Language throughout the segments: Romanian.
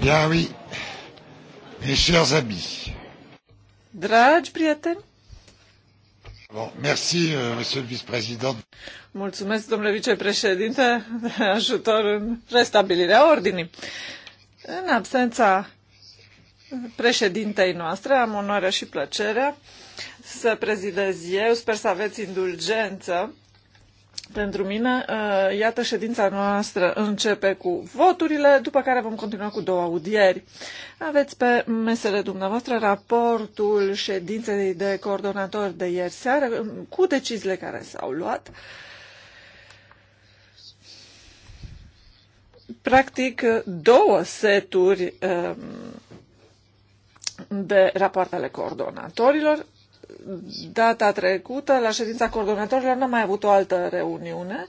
Bien oui, mes chers amis. Dragi prieteni. Bon, merci, euh, monsieur le vice-président. Mulțumesc, domnule vicepreședinte, de ajutor în restabilirea ordinii. În absența președintei noastre, am onoarea și plăcerea să prezidez eu. Sper să aveți indulgență pentru mine, uh, iată, ședința noastră începe cu voturile, după care vom continua cu două audieri. Aveți pe mesele dumneavoastră raportul ședinței de coordonator de ieri seară cu deciziile care s-au luat. Practic, două seturi um, de rapoartele coordonatorilor data trecută, la ședința coordonatorilor, n-am mai avut o altă reuniune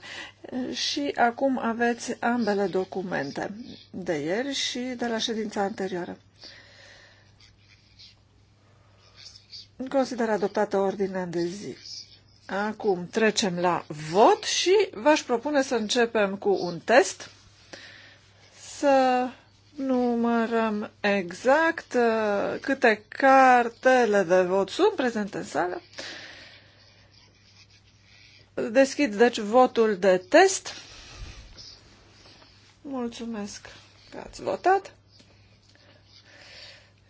și acum aveți ambele documente de ieri și de la ședința anterioară. Consider adoptată ordinea de zi. Acum trecem la vot și v-aș propune să începem cu un test. Să numărăm exact uh, câte cartele de vot sunt prezente în sală. Deschid, deci, votul de test. Mulțumesc că ați votat.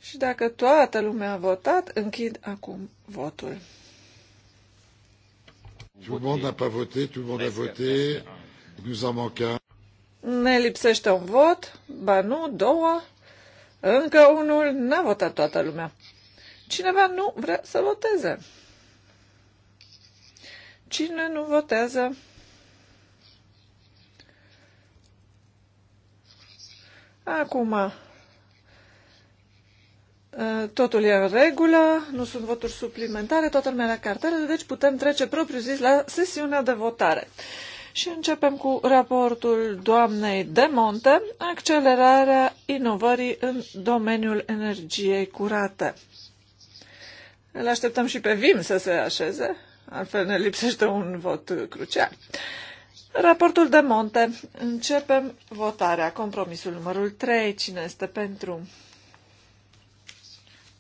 Și dacă toată lumea a votat, închid acum votul. Tout le monde n'a pas voté, tout le monde a voté. Il nous en manque un. Ne lipsește un vot, ba nu, două, încă unul, n-a votat toată lumea. Cineva nu vrea să voteze. Cine nu votează? Acum, uh, totul e în regulă, nu sunt voturi suplimentare, toată lumea la cartele, deci putem trece propriu zis la sesiunea de votare și începem cu raportul doamnei De Monte, accelerarea inovării în domeniul energiei curate. Îl așteptăm și pe Vim să se așeze, altfel ne lipsește un vot crucial. Raportul de monte. Începem votarea. Compromisul numărul 3. Cine este pentru?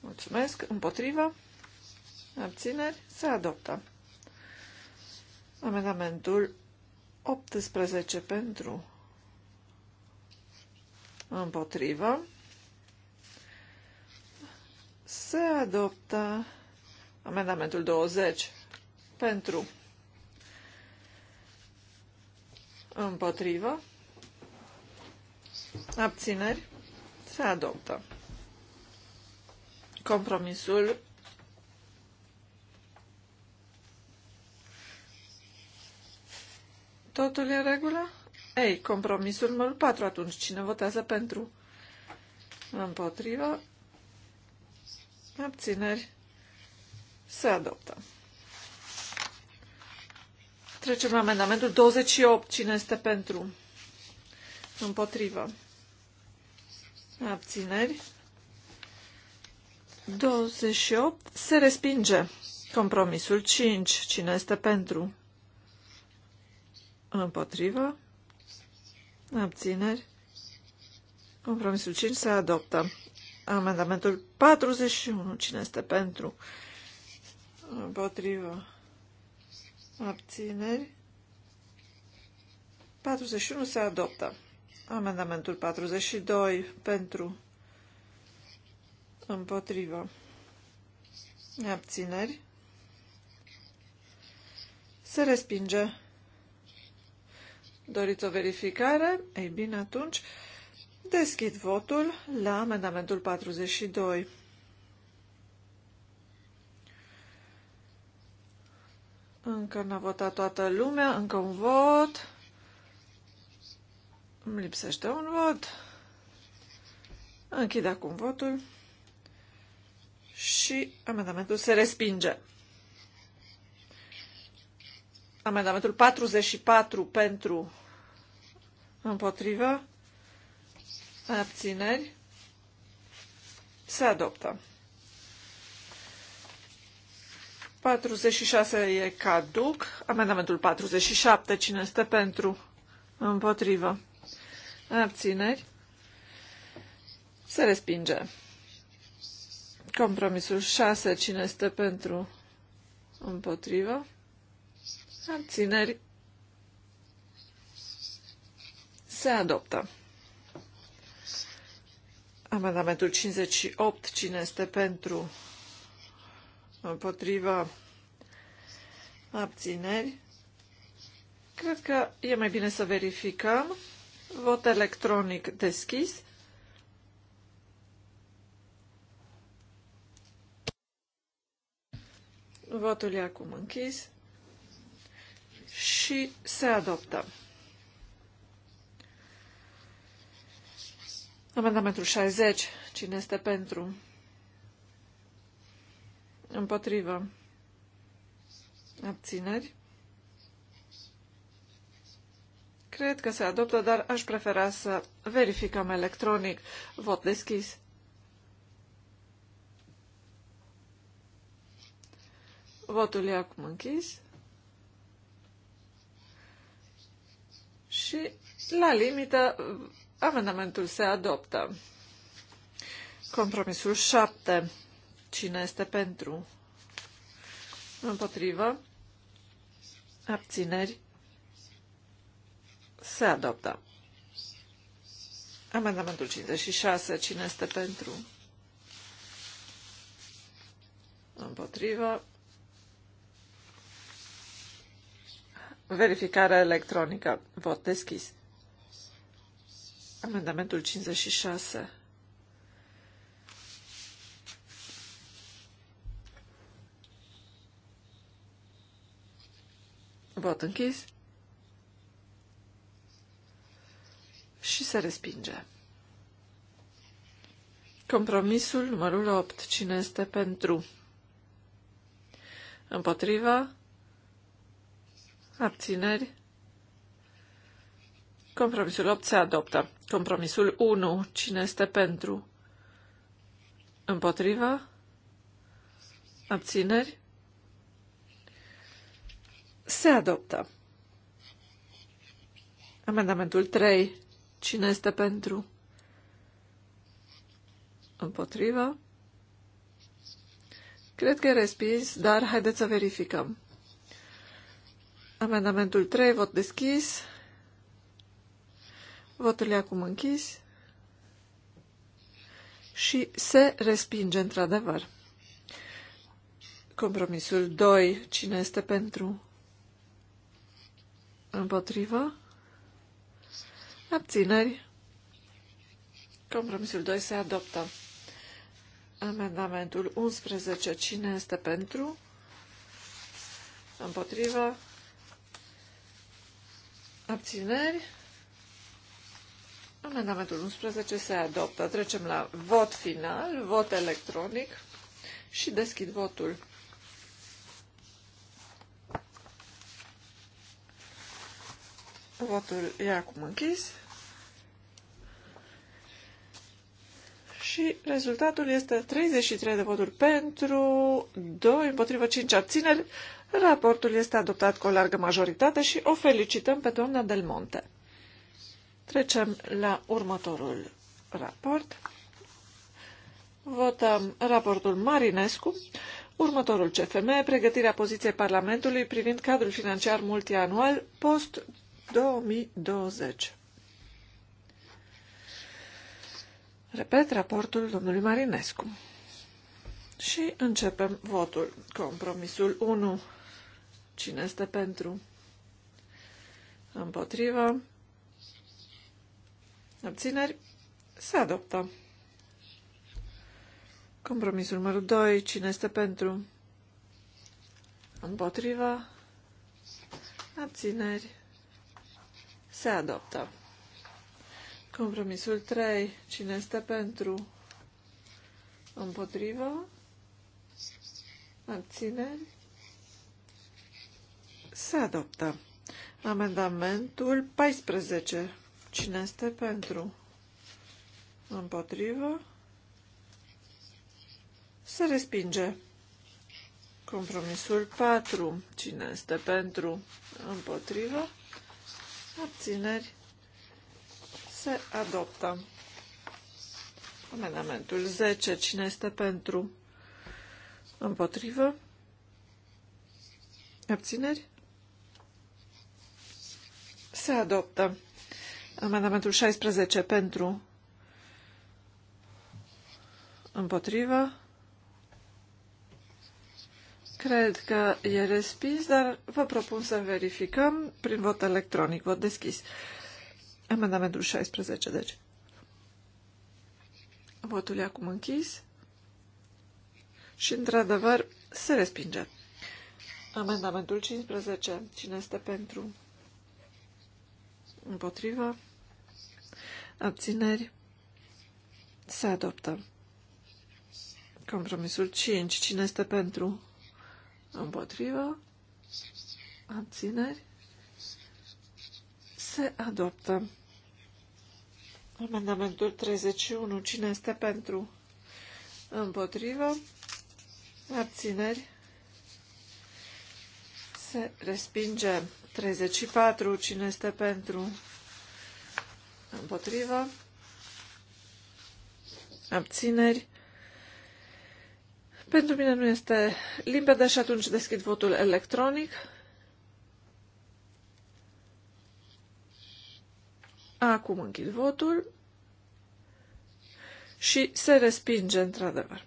Mulțumesc. Împotrivă? Abțineri? Se adoptă. Amendamentul 18 pentru împotrivă. Se adoptă amendamentul 20 pentru împotrivă. Abțineri. Se adoptă. Compromisul Totul e în regulă? Ei, compromisul numărul 4 atunci. Cine votează pentru? Împotrivă. Abțineri. Se adoptă. Trecem la amendamentul 28. Cine este pentru? Împotrivă. Abțineri. 28. Se respinge. Compromisul 5. Cine este pentru? Împotrivă. Abțineri. Compromisul 5 se adoptă. Amendamentul 41. Cine este pentru? Împotrivă. Abțineri. 41 se adoptă. Amendamentul 42 pentru împotrivă. Abțineri. Se respinge. Doriți o verificare? Ei bine, atunci deschid votul la amendamentul 42. Încă n-a votat toată lumea, încă un vot. Îmi lipsește un vot. Închid acum votul și amendamentul se respinge. Amendamentul 44 pentru împotrivă, abțineri, se adoptă. 46 e caduc. Amendamentul 47, cine este pentru? Împotrivă. Abțineri. Se respinge. Compromisul 6, cine este pentru? Împotrivă abțineri, se adoptă. Amendamentul 58, cine este pentru, împotriva, abțineri, cred că e mai bine să verificăm. Vot electronic deschis. Votul e acum închis și se adoptă. Amendamentul 60. Cine este pentru? Împotrivă. Abțineri. Cred că se adoptă, dar aș prefera să verificăm electronic. Vot deschis. Votul e acum închis. și, la limită, amendamentul se adoptă. Compromisul 7. Cine este pentru? Împotrivă? Abțineri? Se adoptă. Amendamentul 56. Cine este pentru? Împotrivă? Verificare electronică. Vot deschis. Amendamentul 56. Vot închis. Și se respinge. Compromisul numărul 8. Cine este pentru? Împotriva? Abțineri. Compromisul 8 se adoptă. Compromisul 1. Cine este pentru? Împotriva? Abțineri? Se adoptă. Amendamentul 3. Cine este pentru? Împotriva? Cred că e respins, dar haideți să verificăm. Amendamentul 3, vot deschis. Votul e acum închis. Și se respinge într-adevăr. Compromisul 2. Cine este pentru? Împotrivă? Abțineri? Compromisul 2 se adoptă. Amendamentul 11. Cine este pentru? Împotrivă? Abțineri. Amendamentul 11 se adoptă. Trecem la vot final, vot electronic și deschid votul. Votul e acum închis. Și rezultatul este 33 de voturi pentru, 2 împotrivă, 5 abțineri. Raportul este adoptat cu o largă majoritate și o felicităm pe doamna Del Monte. Trecem la următorul raport. Votăm raportul Marinescu, următorul CFM, pregătirea poziției Parlamentului privind cadrul financiar multianual post-2020. Repet raportul domnului Marinescu. Și începem votul. Compromisul 1 Cine este pentru? Împotrivă. Abțineri. Se adoptă. Compromisul numărul 2. Cine este pentru? Împotrivă. Abțineri. Se adoptă. Compromisul 3. Cine este pentru? Împotrivă? Abțineri? Se adoptă. Amendamentul 14. Cine este pentru? Împotrivă? Se respinge. Compromisul 4. Cine este pentru? Împotrivă? Abțineri? Se adoptă. Amendamentul 10. Cine este pentru? Împotrivă? Abțineri? Se adoptă. Amendamentul 16 pentru. Împotrivă. Cred că e respins, dar vă propun să verificăm prin vot electronic, vot deschis. Amendamentul 16, deci. Votul e acum închis și, într-adevăr, se respinge. Amendamentul 15. Cine este pentru? Împotrivă. Abțineri. Se adoptă. Compromisul 5. Cine este pentru? Împotrivă. Abțineri. Se adoptă. Amendamentul 31. Cine este pentru? Împotrivă. Abțineri. Se respinge. 34. Cine este pentru? Împotrivă. Abțineri. Pentru mine nu este limpede și atunci deschid votul electronic. Acum închid votul și se respinge într-adevăr.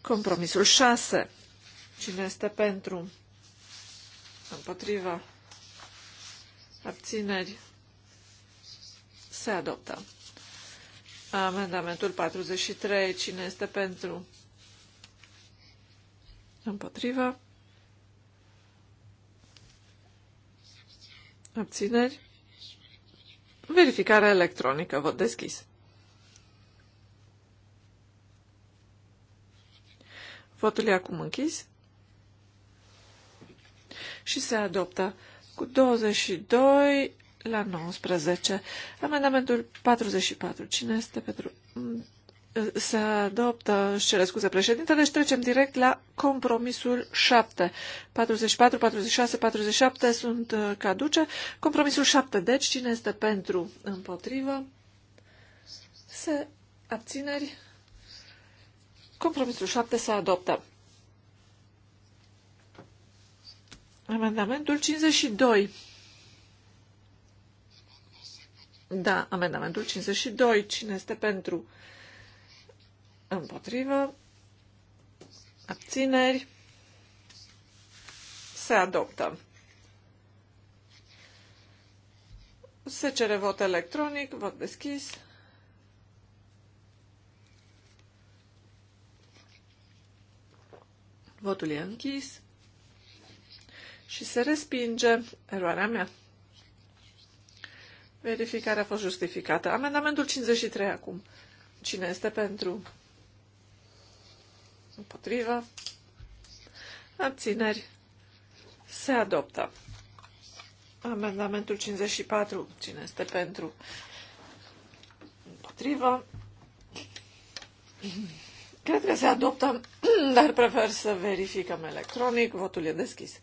Compromisul 6. Cine este pentru? împotriva, abțineri, se adoptă. Amendamentul 43, cine este pentru, împotriva, abțineri, verificare electronică, vot deschis. Votul e acum închis și se adoptă cu 22 la 19. Amendamentul 44. Cine este pentru? Mm, se adoptă, își cere scuze președinte, deci trecem direct la compromisul 7. 44, 46, 47 sunt uh, caduce. Compromisul 7, deci cine este pentru împotrivă? Se abțineri. Compromisul 7 se adoptă. Amendamentul 52. Da, amendamentul 52. Cine este pentru? Împotrivă. Abțineri. Se adoptă. Se cere vot electronic, vot deschis. Votul e închis și se respinge eroarea mea. Verificarea a fost justificată. Amendamentul 53 acum. Cine este pentru? Împotriva? Abțineri. Se adoptă. Amendamentul 54. Cine este pentru? împotriva? Cred că se adoptă, dar prefer să verificăm electronic. Votul e deschis.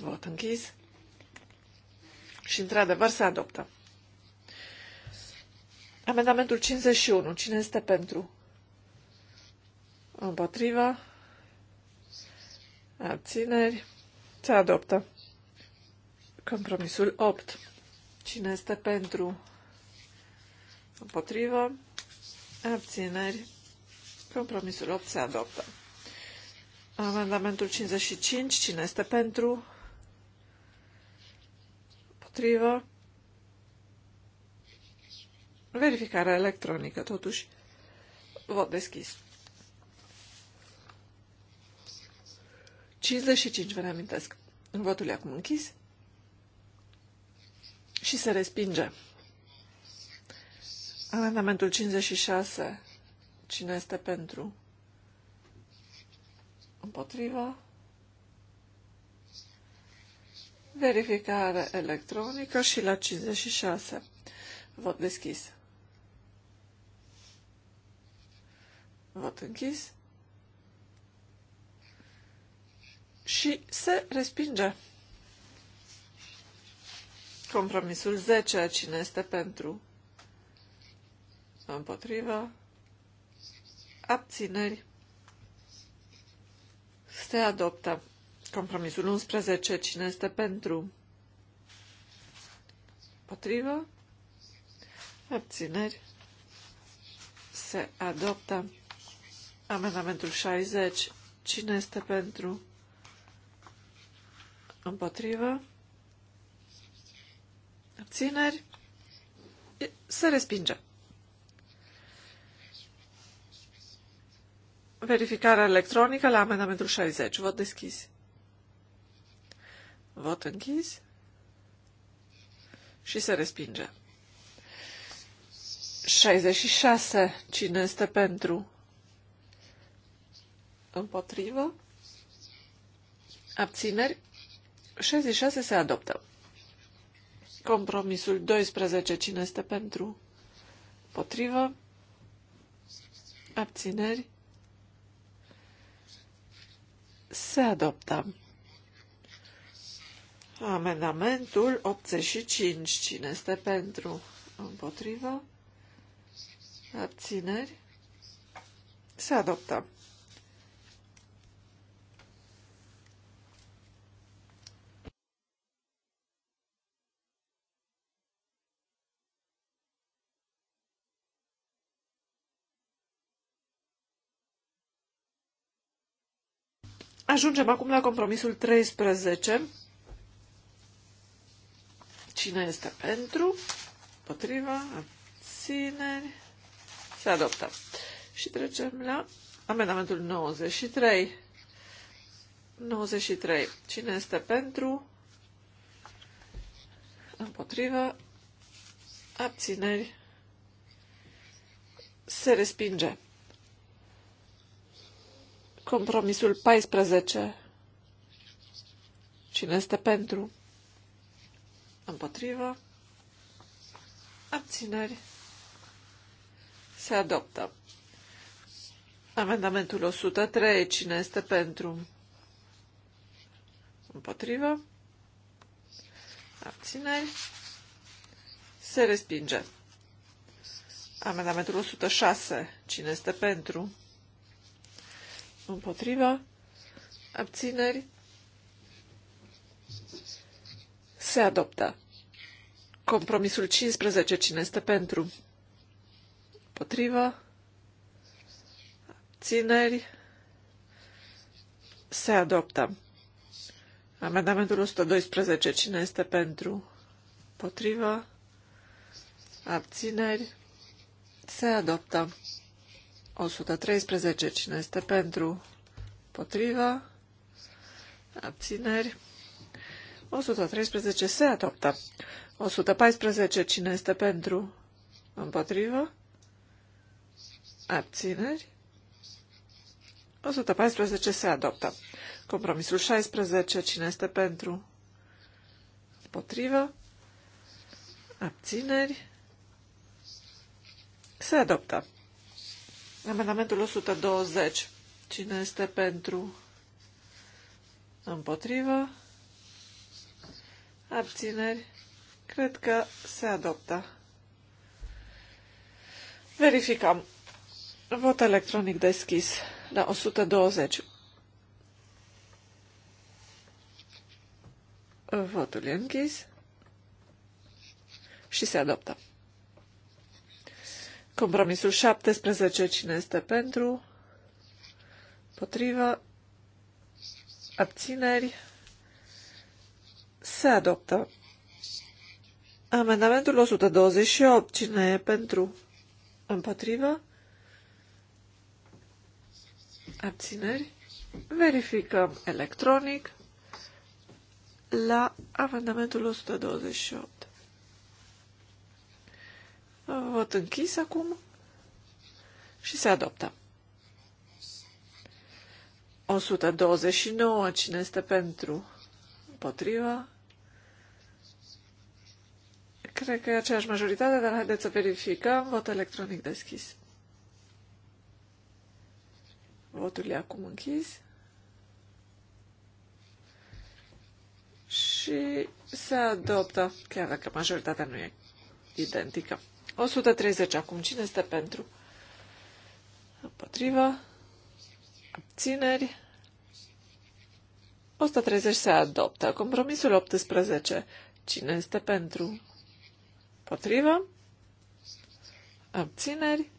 Vot închis. Și într-adevăr se adoptă. Amendamentul 51. Cine este pentru? Împotrivă. Abțineri. Se adoptă. Compromisul 8. Cine este pentru? Împotrivă. Abțineri. Compromisul 8 se adoptă. Amendamentul 55. Cine este pentru? Împotrivă. Verificarea electronică, totuși. Vot deschis. 55, vă reamintesc. Votul e acum închis. Și se respinge. Amendamentul 56. Cine este pentru? Împotriva? Verificare electronică și la 56. Vot deschis. Vot închis. Și se respinge. Compromisul 10. Cine este pentru? Împotriva. Abțineri. Se adoptă. Compromisul 11. Cine este pentru? Potrivă? Abțineri? Se adoptă. Amendamentul 60. Cine este pentru? Împotrivă? Abțineri? Se respinge. Verificare electronică la amendamentul 60. Vot deschis. Vot închis. Și se respinge. 66. Cine este pentru? Împotrivă? Abțineri? 66 se adoptă. Compromisul 12. Cine este pentru? Potrivă? Abțineri? Se adoptă. Amendamentul 85. Cine este pentru? Împotrivă? Abțineri? Se adoptă. Ajungem acum la compromisul 13 Cine este pentru? Potriva? Abțineri? Se adoptă. Și trecem la amendamentul 93. 93. Cine este pentru? Împotriva? Abțineri? Se respinge. Compromisul 14. Cine este pentru? Împotrivă. Abțineri. Se adoptă. Amendamentul 103. Cine este pentru? Împotrivă. Abțineri. Se respinge. Amendamentul 106. Cine este pentru? Împotrivă. Abțineri. Se adoptă. Compromisul 15. Cine este pentru? Potrivă. Țineri. Se adoptă. Amendamentul 112. Cine este pentru? Potrivă. Abțineri. Se adoptă. 113. Cine este pentru? Potrivă. Abțineri. 113 se adoptă. 114 cine este pentru? Împotrivă? Abțineri? 114 se adoptă. Compromisul 16 cine este pentru? Împotrivă? Abțineri? Se adoptă. Amendamentul 120. Cine este pentru? Împotrivă? abțineri, cred că se adoptă. Verificăm. Vot electronic deschis la 120. Votul e închis și se adoptă. Compromisul 17. Cine este pentru? Potrivă? Abțineri? Se adoptă. Amendamentul 128. Cine e pentru? Împotrivă? Abțineri? Verificăm electronic la amendamentul 128. Vot închis acum și se adoptă. 129. Cine este pentru? Împotrivă. Cred că e aceeași majoritate, dar haideți să verificăm. Vot electronic deschis. Votul e acum închis. Și se adoptă, chiar dacă majoritatea nu e identică. 130 acum. Cine este pentru? Împotrivă. Abțineri. 130 se adoptă. Compromisul 18. Cine este pentru? Potrivă? Abțineri?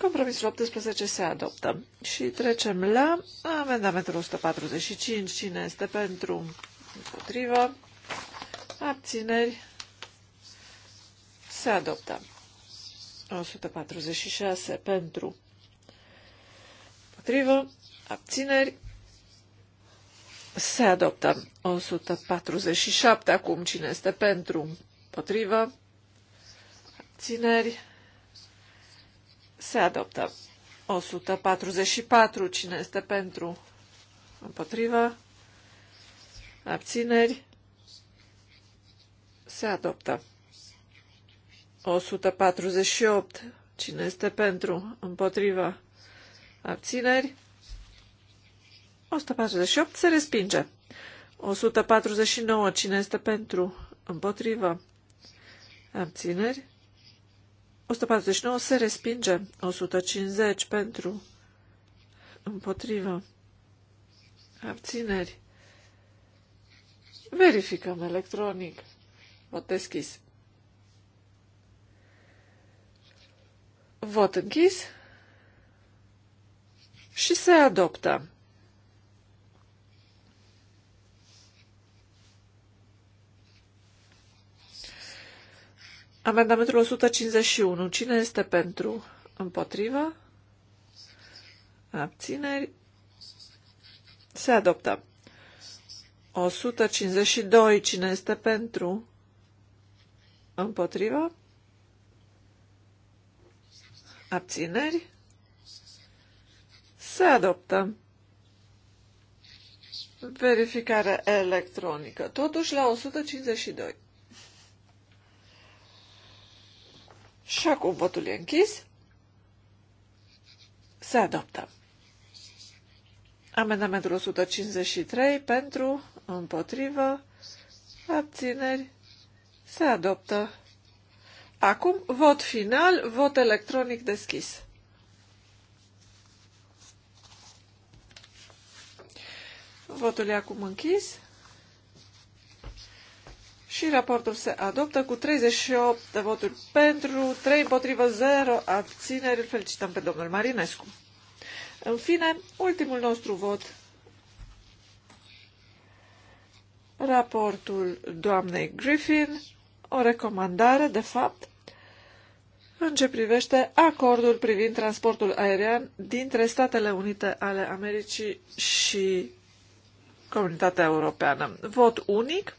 Compromisul 18 se adoptă. Și trecem la amendamentul 145. Cine este pentru? Potrivă. Abțineri? Se adoptă. 146 pentru. Potrivă. Abțineri? Se adoptă 147 acum. Cine este pentru? Potrivă? Țineri? Se adoptă 144. Cine este pentru? Împotrivă? Abțineri? Se adoptă. 148. Cine este pentru? Împotrivă? Abțineri? 148 se respinge. 149. Cine este pentru? Împotrivă. Abțineri. 149 se respinge. 150 pentru. Împotrivă. Abțineri. Verificăm electronic. Vot deschis. Vot închis. Și se adoptă. Amendamentul 151. Cine este pentru? Împotrivă? Abțineri? Se adoptă. 152. Cine este pentru? Împotrivă? Abțineri? Se adoptă. Verificare electronică. Totuși la 152. Și acum votul e închis. Se adoptă. Amendamentul 153 pentru, împotrivă, abțineri, se adoptă. Acum vot final, vot electronic deschis. Votul e acum închis. Și raportul se adoptă cu 38 de voturi pentru, 3 împotrivă, 0 abțineri. Îl felicităm pe domnul Marinescu. În fine, ultimul nostru vot. Raportul doamnei Griffin, o recomandare, de fapt, în ce privește acordul privind transportul aerian dintre Statele Unite ale Americii și Comunitatea Europeană. Vot unic.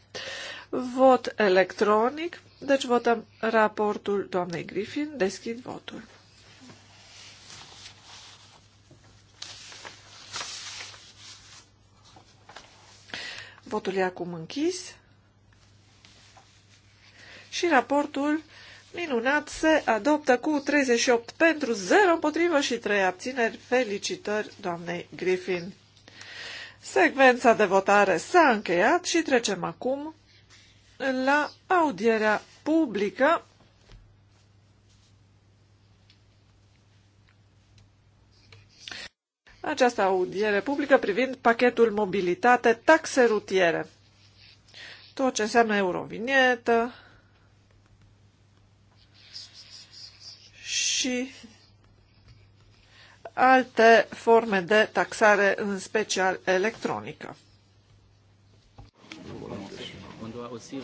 Vot electronic. Deci votăm raportul doamnei Griffin. Deschid votul. Votul e acum închis. Și raportul minunat se adoptă cu 38 pentru 0 împotrivă și 3 abțineri. Felicitări doamnei Griffin. Secvența de votare s-a încheiat și trecem acum la audierea publică această audiere publică privind pachetul mobilitate taxe rutiere. Tot ce înseamnă eurovinietă și alte forme de taxare, în special electronică aussi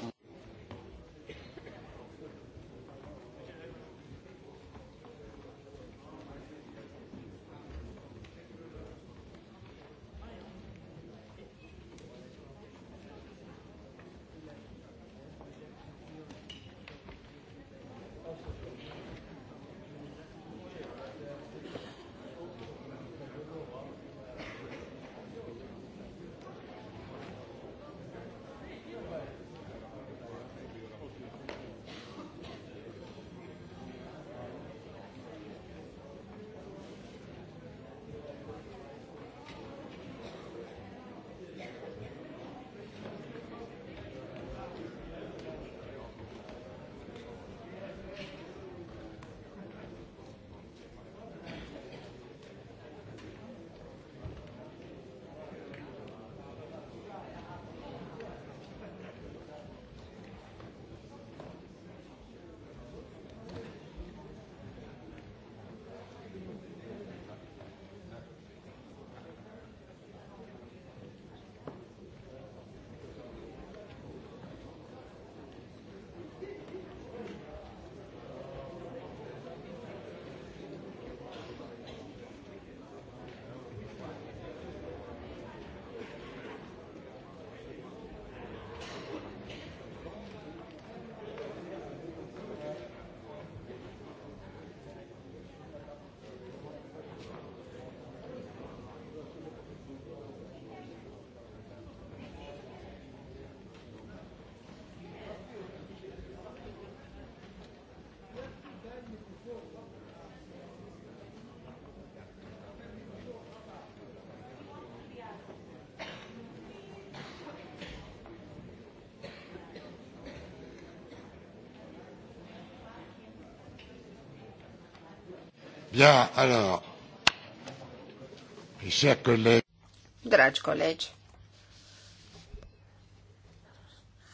Dragi colegi,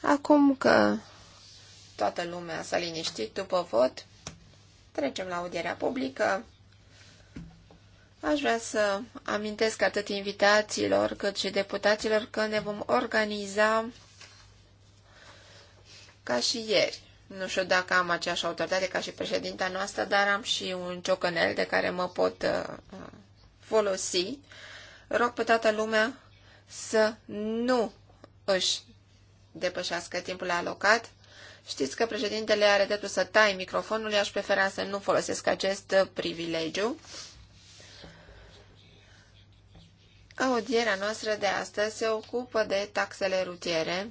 acum că toată lumea s-a liniștit după vot, trecem la audierea publică. Aș vrea să amintesc atât invitațiilor cât și deputaților că ne vom organiza ca și ieri. Nu știu dacă am aceeași autoritate ca și președinta noastră, dar am și un ciocănel de care mă pot uh, uh folosi. Rog pe toată lumea să nu își depășească timpul alocat. Știți că președintele are dreptul să tai microfonul, aș prefera să nu folosesc acest privilegiu. Audierea noastră de astăzi se ocupă de taxele rutiere,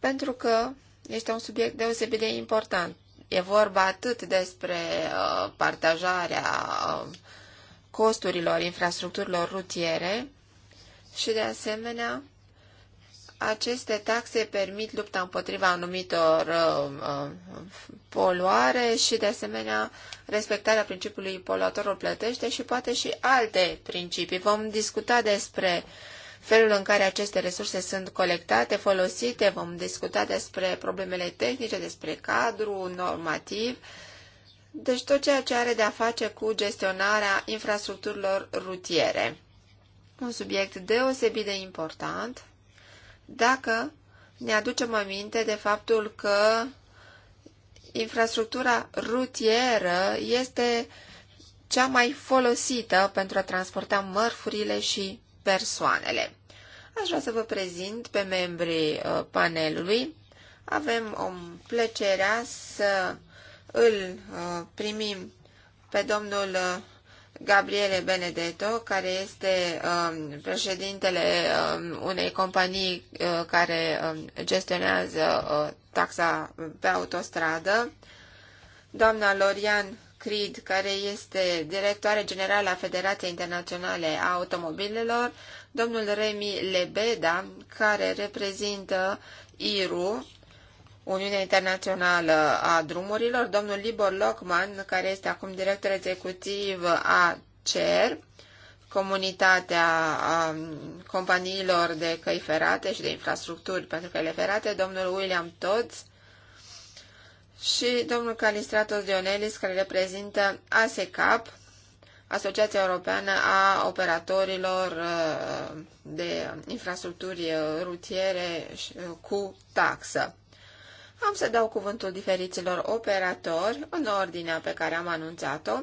pentru că este un subiect deosebit de important. E vorba atât despre uh, partajarea uh, costurilor infrastructurilor rutiere și, de asemenea, aceste taxe permit lupta împotriva anumitor uh, poluare și, de asemenea, respectarea principiului poluatorul plătește și poate și alte principii. Vom discuta despre felul în care aceste resurse sunt colectate, folosite, vom discuta despre problemele tehnice, despre cadru normativ, deci tot ceea ce are de a face cu gestionarea infrastructurilor rutiere. Un subiect deosebit de important dacă ne aducem aminte de faptul că infrastructura rutieră este cea mai folosită pentru a transporta mărfurile și persoanele. Aș vrea să vă prezint pe membrii uh, panelului. Avem o plăcerea să îl uh, primim pe domnul uh, Gabriele Benedetto, care este um, președintele um, unei companii care um, gestionează taxa pe autostradă, doamna Lorian Creed, care este directoare generală a Federației Internaționale a Automobilelor, domnul Remi Lebeda, care reprezintă IRU, Uniunea Internațională a Drumurilor, domnul Libor Lockman, care este acum director executiv a CER, comunitatea um, companiilor de căi ferate și de infrastructuri pentru căile ferate, domnul William Todd, și domnul Calistratos Dionelis, care reprezintă ASECAP, Asociația Europeană a Operatorilor uh, de Infrastructuri uh, Rutiere uh, cu taxă. Am să dau cuvântul diferiților operatori în ordinea pe care am anunțat-o.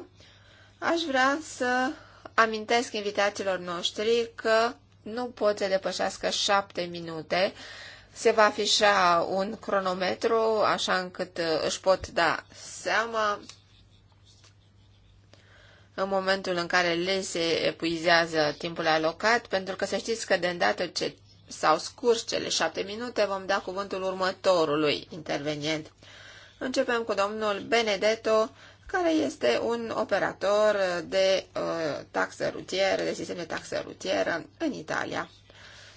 Aș vrea să amintesc invitațiilor noștri că nu pot să depășească șapte minute se va afișa un cronometru, așa încât uh, își pot da seama în momentul în care le se epuizează timpul alocat, pentru că să știți că de îndată ce s-au scurs cele șapte minute, vom da cuvântul următorului intervenient. Începem cu domnul Benedetto, care este un operator de uh, taxă rutieră, de sistem de taxă rutieră în Italia.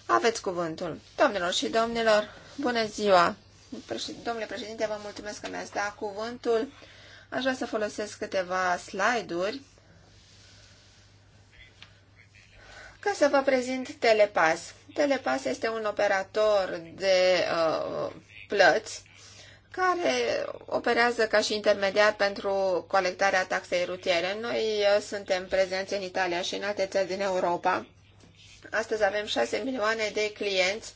Aveți cuvântul. Domnilor și domnilor, bună ziua! Domnule președinte, vă mulțumesc că mi-ați dat cuvântul. Aș vrea să folosesc câteva slide-uri ca să vă prezint telepas. Telepas este un operator de uh, plăți care operează ca și intermediar pentru colectarea taxei rutiere. Noi uh, suntem prezenți în Italia și în alte țări din Europa Astăzi avem 6 milioane de clienți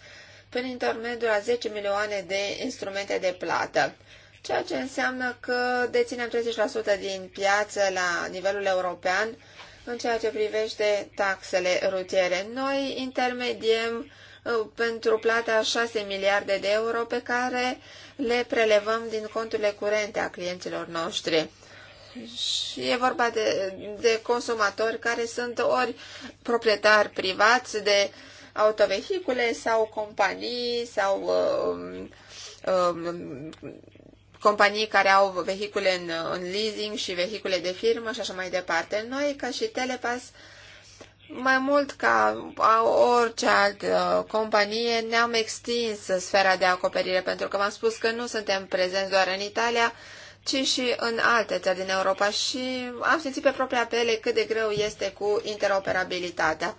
prin intermediul a 10 milioane de instrumente de plată, ceea ce înseamnă că deținem 30% din piață la nivelul european în ceea ce privește taxele rutiere. Noi intermediem uh, pentru plata 6 miliarde de euro pe care le prelevăm din conturile curente a clienților noștri. Și e vorba de, de consumatori care sunt ori proprietari privați de autovehicule sau companii sau uh, uh, companii care au vehicule în, în leasing și vehicule de firmă și așa mai departe. Noi, ca și Telepass, mai mult ca orice altă uh, companie, ne-am extins sfera de acoperire, pentru că v-am spus că nu suntem prezenți doar în Italia, ci și în alte țări din Europa și am simțit pe propria pele cât de greu este cu interoperabilitatea.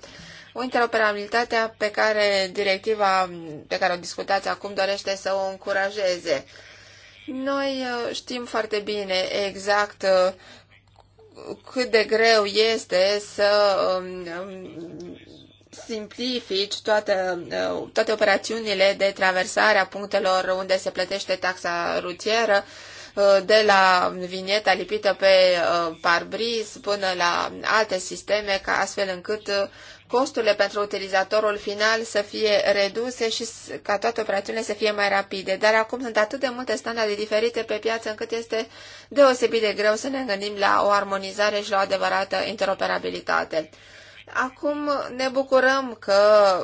O interoperabilitatea pe care directiva pe care o discutați acum dorește să o încurajeze. Noi uh, știm foarte bine exact uh, cât de greu este să um, um, simplifici toate, uh, toate operațiunile de traversare a punctelor unde se plătește taxa rutieră Uh, de la vinieta lipită pe uh, parbriz până la alte sisteme, ca astfel încât uh, costurile pentru utilizatorul final să fie reduse și ca toate operațiunile să fie mai rapide. Dar acum sunt atât de multe standarde diferite pe piață încât este deosebit de greu să ne gândim la o armonizare și la o adevărată interoperabilitate. Acum ne bucurăm că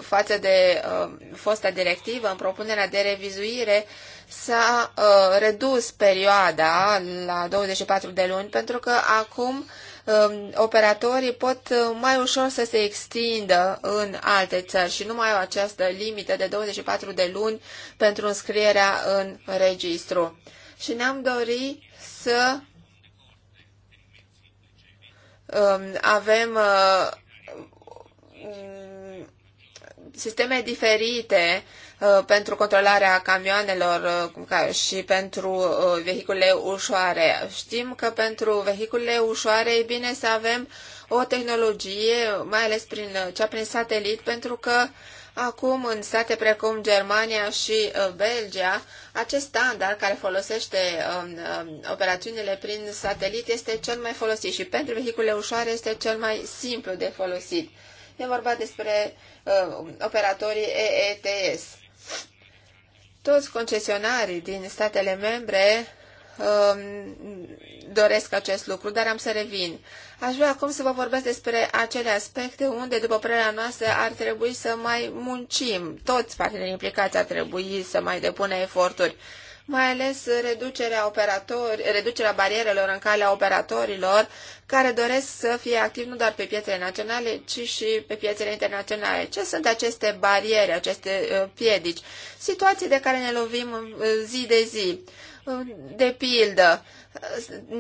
față de uh, fosta directivă, în propunerea de revizuire, uh, s-a uh, redus perioada la 24 de luni pentru că acum uh, operatorii pot uh, mai ușor să se extindă în alte țări și nu mai au această limită de 24 de luni pentru înscrierea în registru. Și ne-am dorit să um, uh, avem mm, sisteme diferite Uh, pentru controlarea camioanelor uh, și pentru uh, vehiculele ușoare. Știm că pentru vehiculele ușoare e bine să avem o tehnologie, mai ales prin cea prin satelit, pentru că acum în state precum Germania și Belgia, acest standard care folosește um, um, operațiunile prin satelit este cel mai folosit și pentru vehiculele ușoare este cel mai simplu de folosit. E vorba despre uh, operatorii EETS. Toți concesionarii din statele membre um, doresc acest lucru, dar am să revin. Aș vrea acum să vă vorbesc despre acele aspecte unde, după părerea noastră, ar trebui să mai muncim. Toți partenerii implicați ar trebui să mai depună eforturi mai ales reducerea, operatori, reducerea barierelor în calea operatorilor care doresc să fie activi nu doar pe piețele naționale, ci și pe piețele internaționale. Ce sunt aceste bariere, aceste uh, piedici? Situații de care ne lovim uh, zi de zi. Uh, de pildă,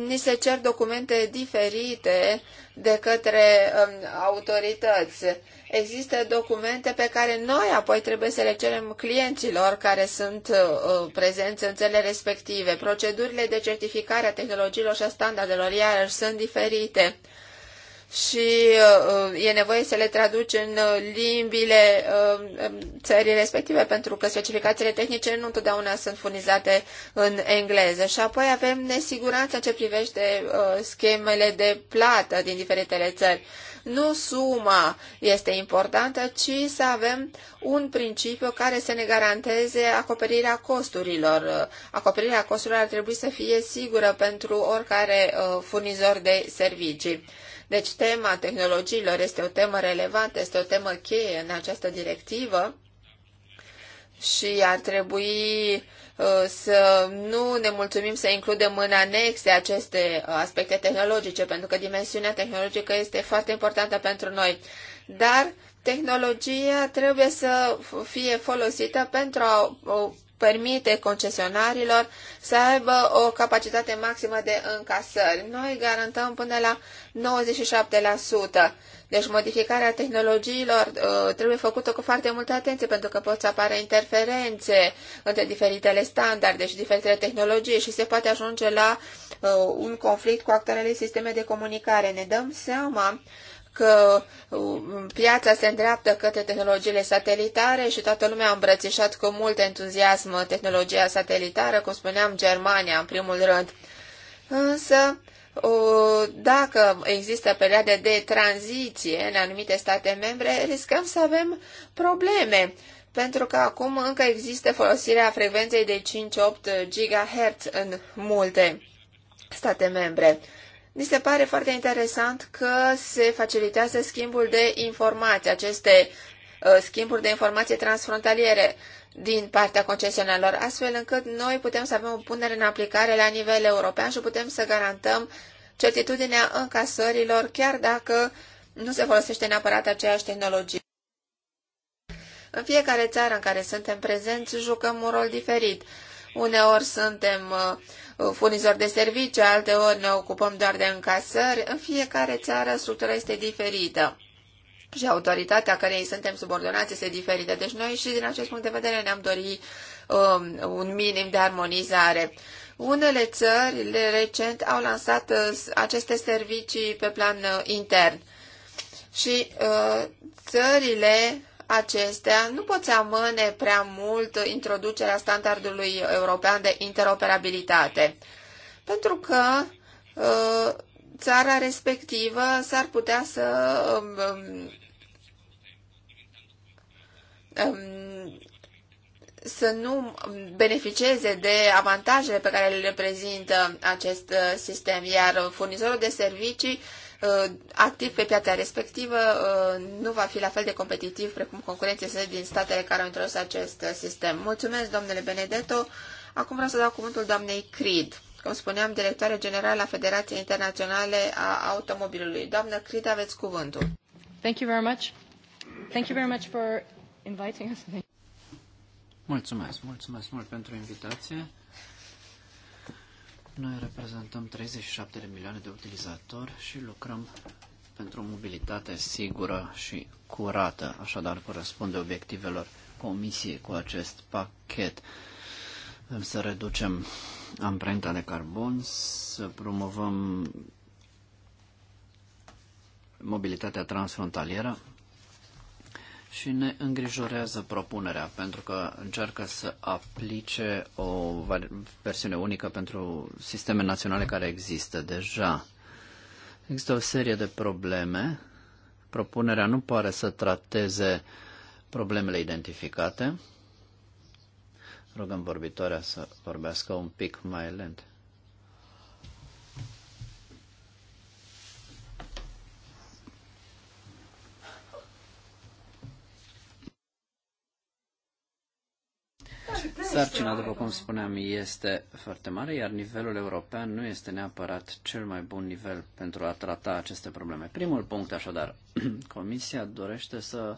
ni se cer documente diferite de către um, autorități. Există documente pe care noi apoi trebuie să le cerem clienților care sunt uh, prezenți în cele respective. Procedurile de certificare a tehnologiilor și a standardelor iarăși sunt diferite. Uh, și uh, uh, e nevoie să le traduci în uh, limbile țării respective, pentru că specificațiile tehnice nu întotdeauna sunt furnizate în engleză. Și apoi avem nesiguranța ce privește schemele de plată din diferitele țări. Nu suma este importantă, ci să avem un principiu care să ne garanteze acoperirea costurilor. Acoperirea costurilor ar trebui să fie sigură pentru oricare furnizor de servicii. Deci tema tehnologiilor este o temă relevantă, este o temă cheie în această directivă și ar trebui uh, să nu ne mulțumim să includem în anexe aceste aspecte tehnologice, pentru că dimensiunea tehnologică este foarte importantă pentru noi. Dar tehnologia trebuie să fie folosită pentru a permite concesionarilor să aibă o capacitate maximă de încasări. Noi garantăm până la 97%. Deci modificarea tehnologiilor uh, trebuie făcută cu foarte multă atenție pentru că pot să apară interferențe între diferitele standarde și diferitele tehnologii și se poate ajunge la uh, un conflict cu actualele sisteme de comunicare. Ne dăm seama că uh, piața se îndreaptă către tehnologiile satelitare și toată lumea a îmbrățișat cu mult entuziasm tehnologia satelitară, cum spuneam, Germania în primul rând. Însă, uh, dacă există perioade de tranziție în anumite state membre, riscăm să avem probleme, pentru că acum încă există folosirea frecvenței de 5-8 GHz în multe state membre. Mi se pare foarte interesant că se facilitează schimbul de informații, aceste uh, schimburi de informații transfrontaliere din partea concesionarilor, astfel încât noi putem să avem o punere în aplicare la nivel european și putem să garantăm certitudinea încasărilor, chiar dacă nu se folosește neapărat aceeași tehnologie. În fiecare țară în care suntem prezenți, jucăm un rol diferit. Uneori suntem uh, Uh, furnizori de servicii, alteori ne ocupăm doar de încasări. În fiecare țară structura este diferită și autoritatea care ei suntem subordonați este diferită. Deci noi și din acest punct de vedere ne-am dorit um, un minim de armonizare. Unele țări recent au lansat uh, aceste servicii pe plan uh, intern și uh, țările acestea nu pot să amâne prea mult introducerea standardului european de interoperabilitate, pentru că uh, țara respectivă s-ar putea să um, um, um, să nu beneficieze de avantajele pe care le reprezintă acest uh, sistem, iar furnizorul de servicii Uh, activ pe piața respectivă uh, nu va fi la fel de competitiv precum concurenții săi din statele care au introdus acest uh, sistem. Mulțumesc, domnule Benedetto. Acum vreau să dau cuvântul doamnei Creed, cum spuneam, directoare generală a Federației Internaționale a Automobilului. Doamnă Creed, aveți cuvântul. Thank you very much. Thank you very much for inviting us. Mulțumesc, mulțumesc mult pentru invitație. Noi reprezentăm 37 de milioane de utilizatori și lucrăm pentru o mobilitate sigură și curată, așadar corespunde obiectivelor comisiei cu acest pachet. Vrem să reducem amprenta de carbon, să promovăm mobilitatea transfrontalieră și ne îngrijorează propunerea pentru că încearcă să aplice o versiune unică pentru sisteme naționale care există deja. Există o serie de probleme. Propunerea nu pare să trateze problemele identificate. Rugăm vorbitoarea să vorbească un pic mai lent. Sarcina, după cum spuneam, este foarte mare, iar nivelul european nu este neapărat cel mai bun nivel pentru a trata aceste probleme. Primul punct, așadar, Comisia dorește să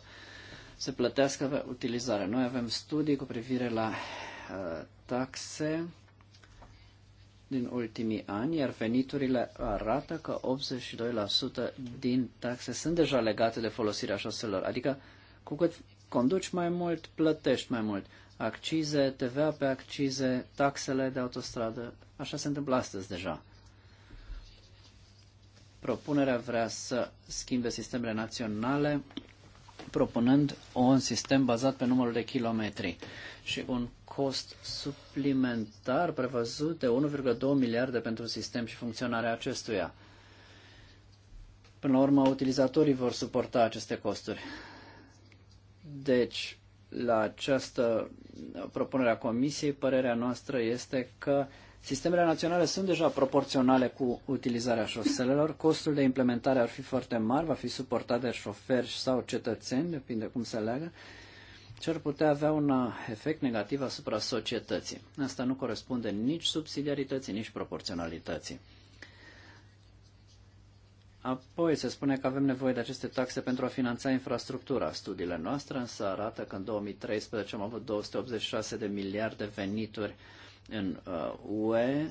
se plătească pe utilizare. Noi avem studii cu privire la uh, taxe din ultimii ani, iar veniturile arată că 82% din taxe sunt deja legate de folosirea șoselor. Adică, cu cât conduci mai mult, plătești mai mult accize, TVA pe accize, taxele de autostradă. Așa se întâmplă astăzi deja. Propunerea vrea să schimbe sistemele naționale, propunând un sistem bazat pe numărul de kilometri și un cost suplimentar prevăzut de 1,2 miliarde pentru sistem și funcționarea acestuia. Până la urmă, utilizatorii vor suporta aceste costuri. Deci, la această propunere a Comisiei, părerea noastră este că sistemele naționale sunt deja proporționale cu utilizarea șoselelor, costul de implementare ar fi foarte mare, va fi suportat de șoferi sau cetățeni, depinde cum se leagă, ce ar putea avea un efect negativ asupra societății. Asta nu corespunde nici subsidiarității, nici proporționalității. Apoi se spune că avem nevoie de aceste taxe pentru a finanța infrastructura. Studiile noastre însă arată că în 2013 am avut 286 de miliarde venituri în uh, UE,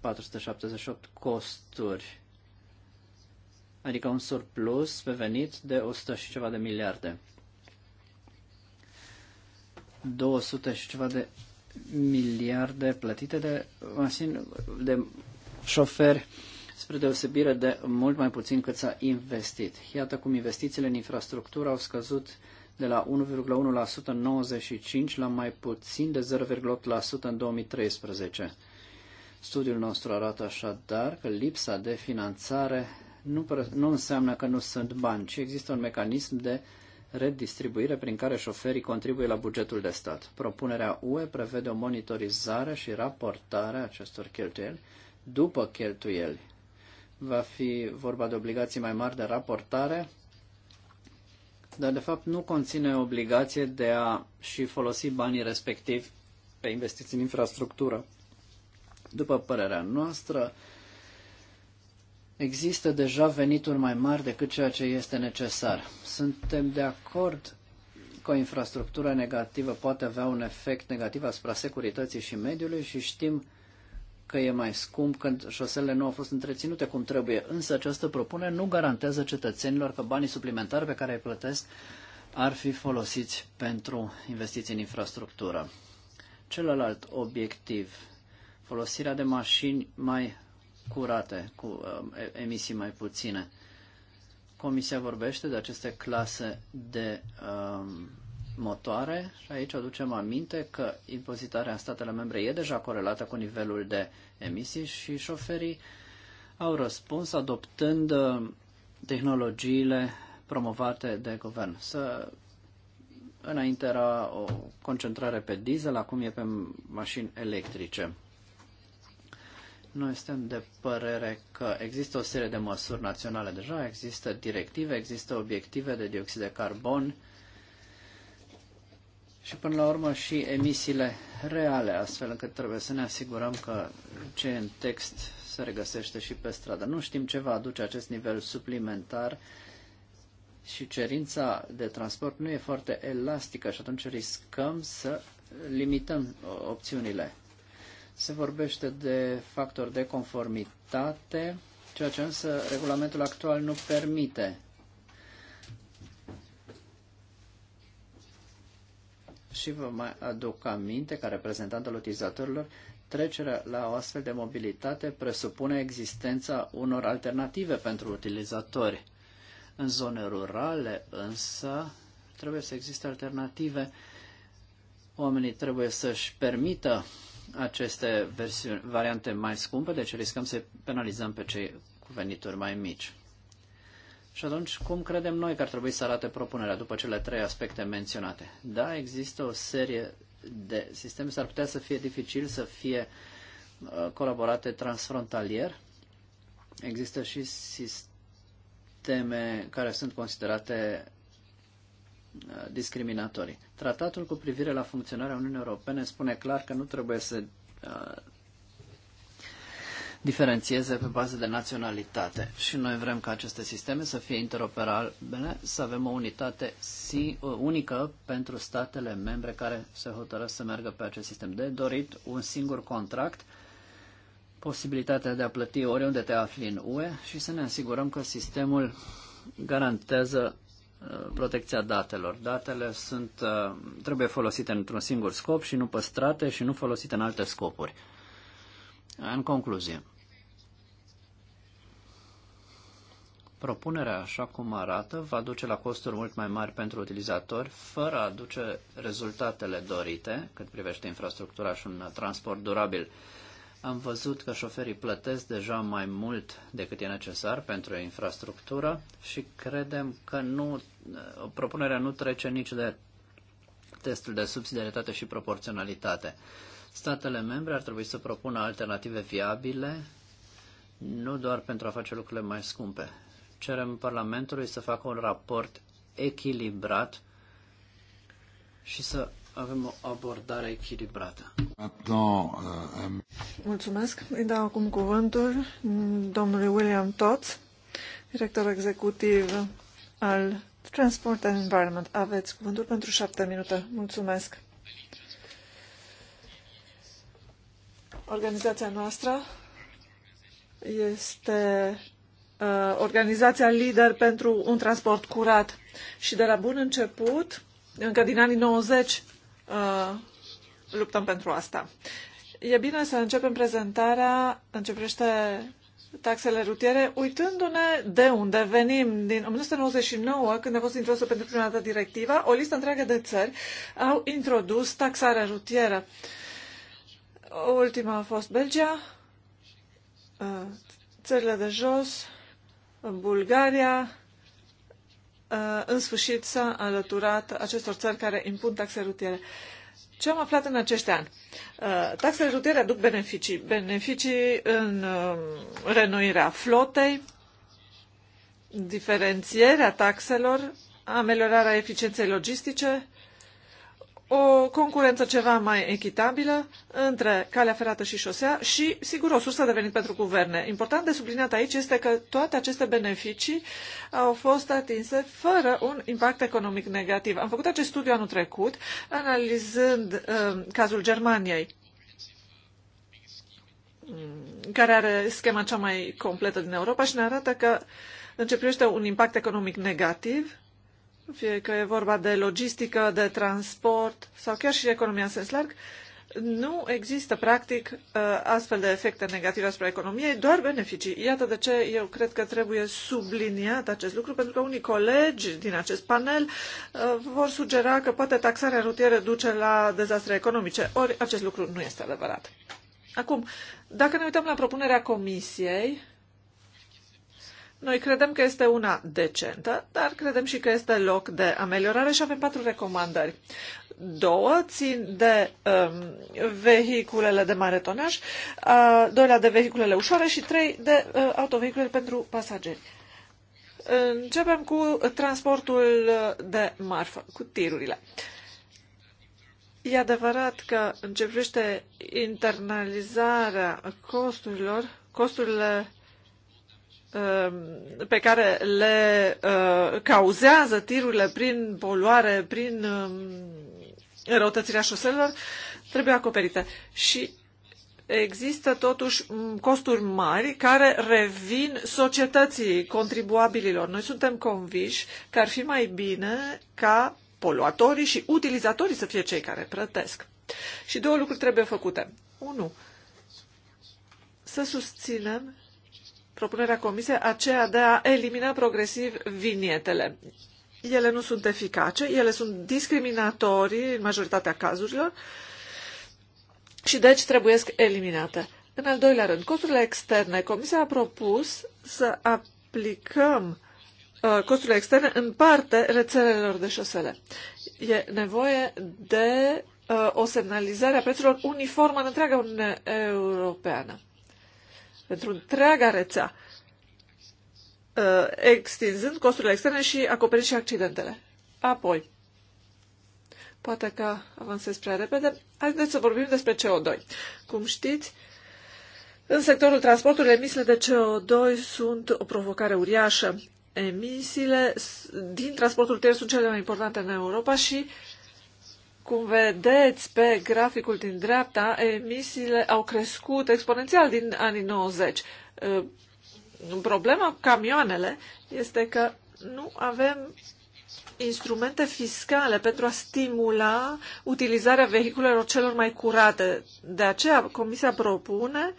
478 costuri, adică un surplus pe venit de 100 și ceva de miliarde. 200 și ceva de miliarde plătite de, masin, de șoferi spre deosebire de mult mai puțin cât s-a investit. Iată cum investițiile în infrastructură au scăzut de la 1,1% în 95 la mai puțin de 0,8% în 2013. Studiul nostru arată așadar că lipsa de finanțare nu, nu înseamnă că nu sunt bani, ci există un mecanism de redistribuire prin care șoferii contribuie la bugetul de stat. Propunerea UE prevede o monitorizare și raportare a acestor cheltuieli după cheltuieli va fi vorba de obligații mai mari de raportare, dar de fapt nu conține obligație de a și folosi banii respectivi pe investiții în infrastructură. După părerea noastră, există deja venituri mai mari decât ceea ce este necesar. Suntem de acord că o infrastructură negativă poate avea un efect negativ asupra securității și mediului și știm că e mai scump când șoselele nu au fost întreținute cum trebuie, însă această propunere nu garantează cetățenilor că banii suplimentari pe care îi plătesc ar fi folosiți pentru investiții în infrastructură. Celălalt obiectiv, folosirea de mașini mai curate, cu uh, emisii mai puține. Comisia vorbește de aceste clase de um, motoare și aici aducem aminte că impozitarea în statele membre e deja corelată cu nivelul de emisii și șoferii au răspuns adoptând uh, tehnologiile promovate de guvern. Să înainte era o concentrare pe diesel, acum e pe mașini electrice. Noi suntem de părere că există o serie de măsuri naționale deja, există directive, există obiective de dioxid de carbon, și până la urmă și emisiile reale, astfel încât trebuie să ne asigurăm că ce e în text se regăsește și pe stradă. Nu știm ce va aduce acest nivel suplimentar și cerința de transport nu e foarte elastică și atunci riscăm să limităm opțiunile. Se vorbește de factori de conformitate, ceea ce însă regulamentul actual nu permite. și vă mai aduc aminte ca reprezentant al utilizatorilor, trecerea la o astfel de mobilitate presupune existența unor alternative pentru utilizatori. În zone rurale însă trebuie să existe alternative. Oamenii trebuie să-și permită aceste versiuni, variante mai scumpe, deci riscăm să penalizăm pe cei cu venituri mai mici. Și atunci, cum credem noi că ar trebui să arate propunerea după cele trei aspecte menționate? Da, există o serie de sisteme, s-ar putea să fie dificil să fie uh, colaborate transfrontalier. Există și sisteme care sunt considerate uh, discriminatorii. Tratatul cu privire la funcționarea Uniunii Europene spune clar că nu trebuie să uh, diferențieze pe bază de naționalitate. Și noi vrem ca aceste sisteme să fie interoperabile, să avem o unitate uh, unică pentru statele membre care se hotărăsc să meargă pe acest sistem. De dorit un singur contract, posibilitatea de a plăti oriunde te afli în UE și să ne asigurăm că sistemul garantează uh, protecția datelor. Datele sunt, uh, trebuie folosite într-un singur scop și nu păstrate și nu folosite în alte scopuri. În concluzie, Propunerea, așa cum arată, va duce la costuri mult mai mari pentru utilizatori, fără a aduce rezultatele dorite, cât privește infrastructura și un transport durabil. Am văzut că șoferii plătesc deja mai mult decât e necesar pentru infrastructură și credem că nu, propunerea nu trece nici de testul de subsidiaritate și proporționalitate. Statele membre ar trebui să propună alternative viabile, nu doar pentru a face lucrurile mai scumpe cerem Parlamentului să facă un raport echilibrat și să avem o abordare echilibrată. Mulțumesc. Îi dau acum cuvântul domnului William Tots, director executiv al Transport and Environment. Aveți cuvântul pentru șapte minute. Mulțumesc. Organizația noastră este Uh, organizația Lider pentru un transport curat. Și de la bun început, încă din anii 90, uh, luptăm pentru asta. E bine să începem prezentarea, începește taxele rutiere, uitându-ne de unde venim. Din 1999, când a fost introdusă pentru prima dată directiva, o listă întreagă de țări au introdus taxarea rutieră. Ultima a fost Belgia, uh, țările de jos, Bulgaria, uh, în sfârșit, s-a alăturat acestor țări care impun taxe rutiere. Ce am aflat în acești ani? Uh, taxele rutiere aduc beneficii. Beneficii în uh, renoirea flotei, diferențierea taxelor, ameliorarea eficienței logistice, o concurență ceva mai echitabilă între calea ferată și șosea și, sigur, o sursă de venit pentru guverne. Important de subliniat aici este că toate aceste beneficii au fost atinse fără un impact economic negativ. Am făcut acest studiu anul trecut, analizând uh, cazul Germaniei mm, care are schema cea mai completă din Europa și ne arată că începește un impact economic negativ, fie că e vorba de logistică, de transport sau chiar și economia în sens larg, nu există, practic, uh, astfel de efecte negative asupra economiei, doar beneficii. Iată de ce eu cred că trebuie subliniat acest lucru, pentru că unii colegi din acest panel uh, vor sugera că poate taxarea rutieră duce la dezastre economice. Ori acest lucru nu este adevărat. Acum, dacă ne uităm la propunerea Comisiei, noi credem că este una decentă, dar credem și că este loc de ameliorare și avem patru recomandări. Două țin de um, vehiculele de mare tonaj, uh, doilea de vehiculele ușoare și trei de uh, autovehicule pentru pasageri. Începem cu transportul uh, de marfă, cu tirurile. E adevărat că în ce privește internalizarea costurilor, costurile Um, pe care le uh, cauzează tirurile prin poluare, prin um, răutățirea șoselelor, trebuie acoperite. Și există totuși um, costuri mari care revin societății contribuabililor. Noi suntem conviși că ar fi mai bine ca poluatorii și utilizatorii să fie cei care plătesc. Și două lucruri trebuie făcute. Unu, să susținem propunerea comisiei aceea de a elimina progresiv vinietele. Ele nu sunt eficace, ele sunt discriminatorii în majoritatea cazurilor și deci trebuie eliminate. În al doilea rând, costurile externe. Comisia a propus să aplicăm uh, costurile externe în parte rețelelor de șosele. E nevoie de uh, o semnalizare a prețurilor uniformă în întreaga Uniune Europeană pentru întreaga rețea, uh, extinzând costurile externe și acoperind și accidentele. Apoi, poate că avansez prea repede, haideți să vorbim despre CO2. Cum știți, în sectorul transportului, emisiile de CO2 sunt o provocare uriașă. Emisiile din transportul rutier sunt cele mai importante în Europa și uh, cum vedeți pe graficul din dreapta, emisiile au crescut exponențial din anii 90. Ă, problema cu camioanele este că nu avem instrumente fiscale pentru a stimula utilizarea vehiculelor celor mai curate. De aceea, Comisia propune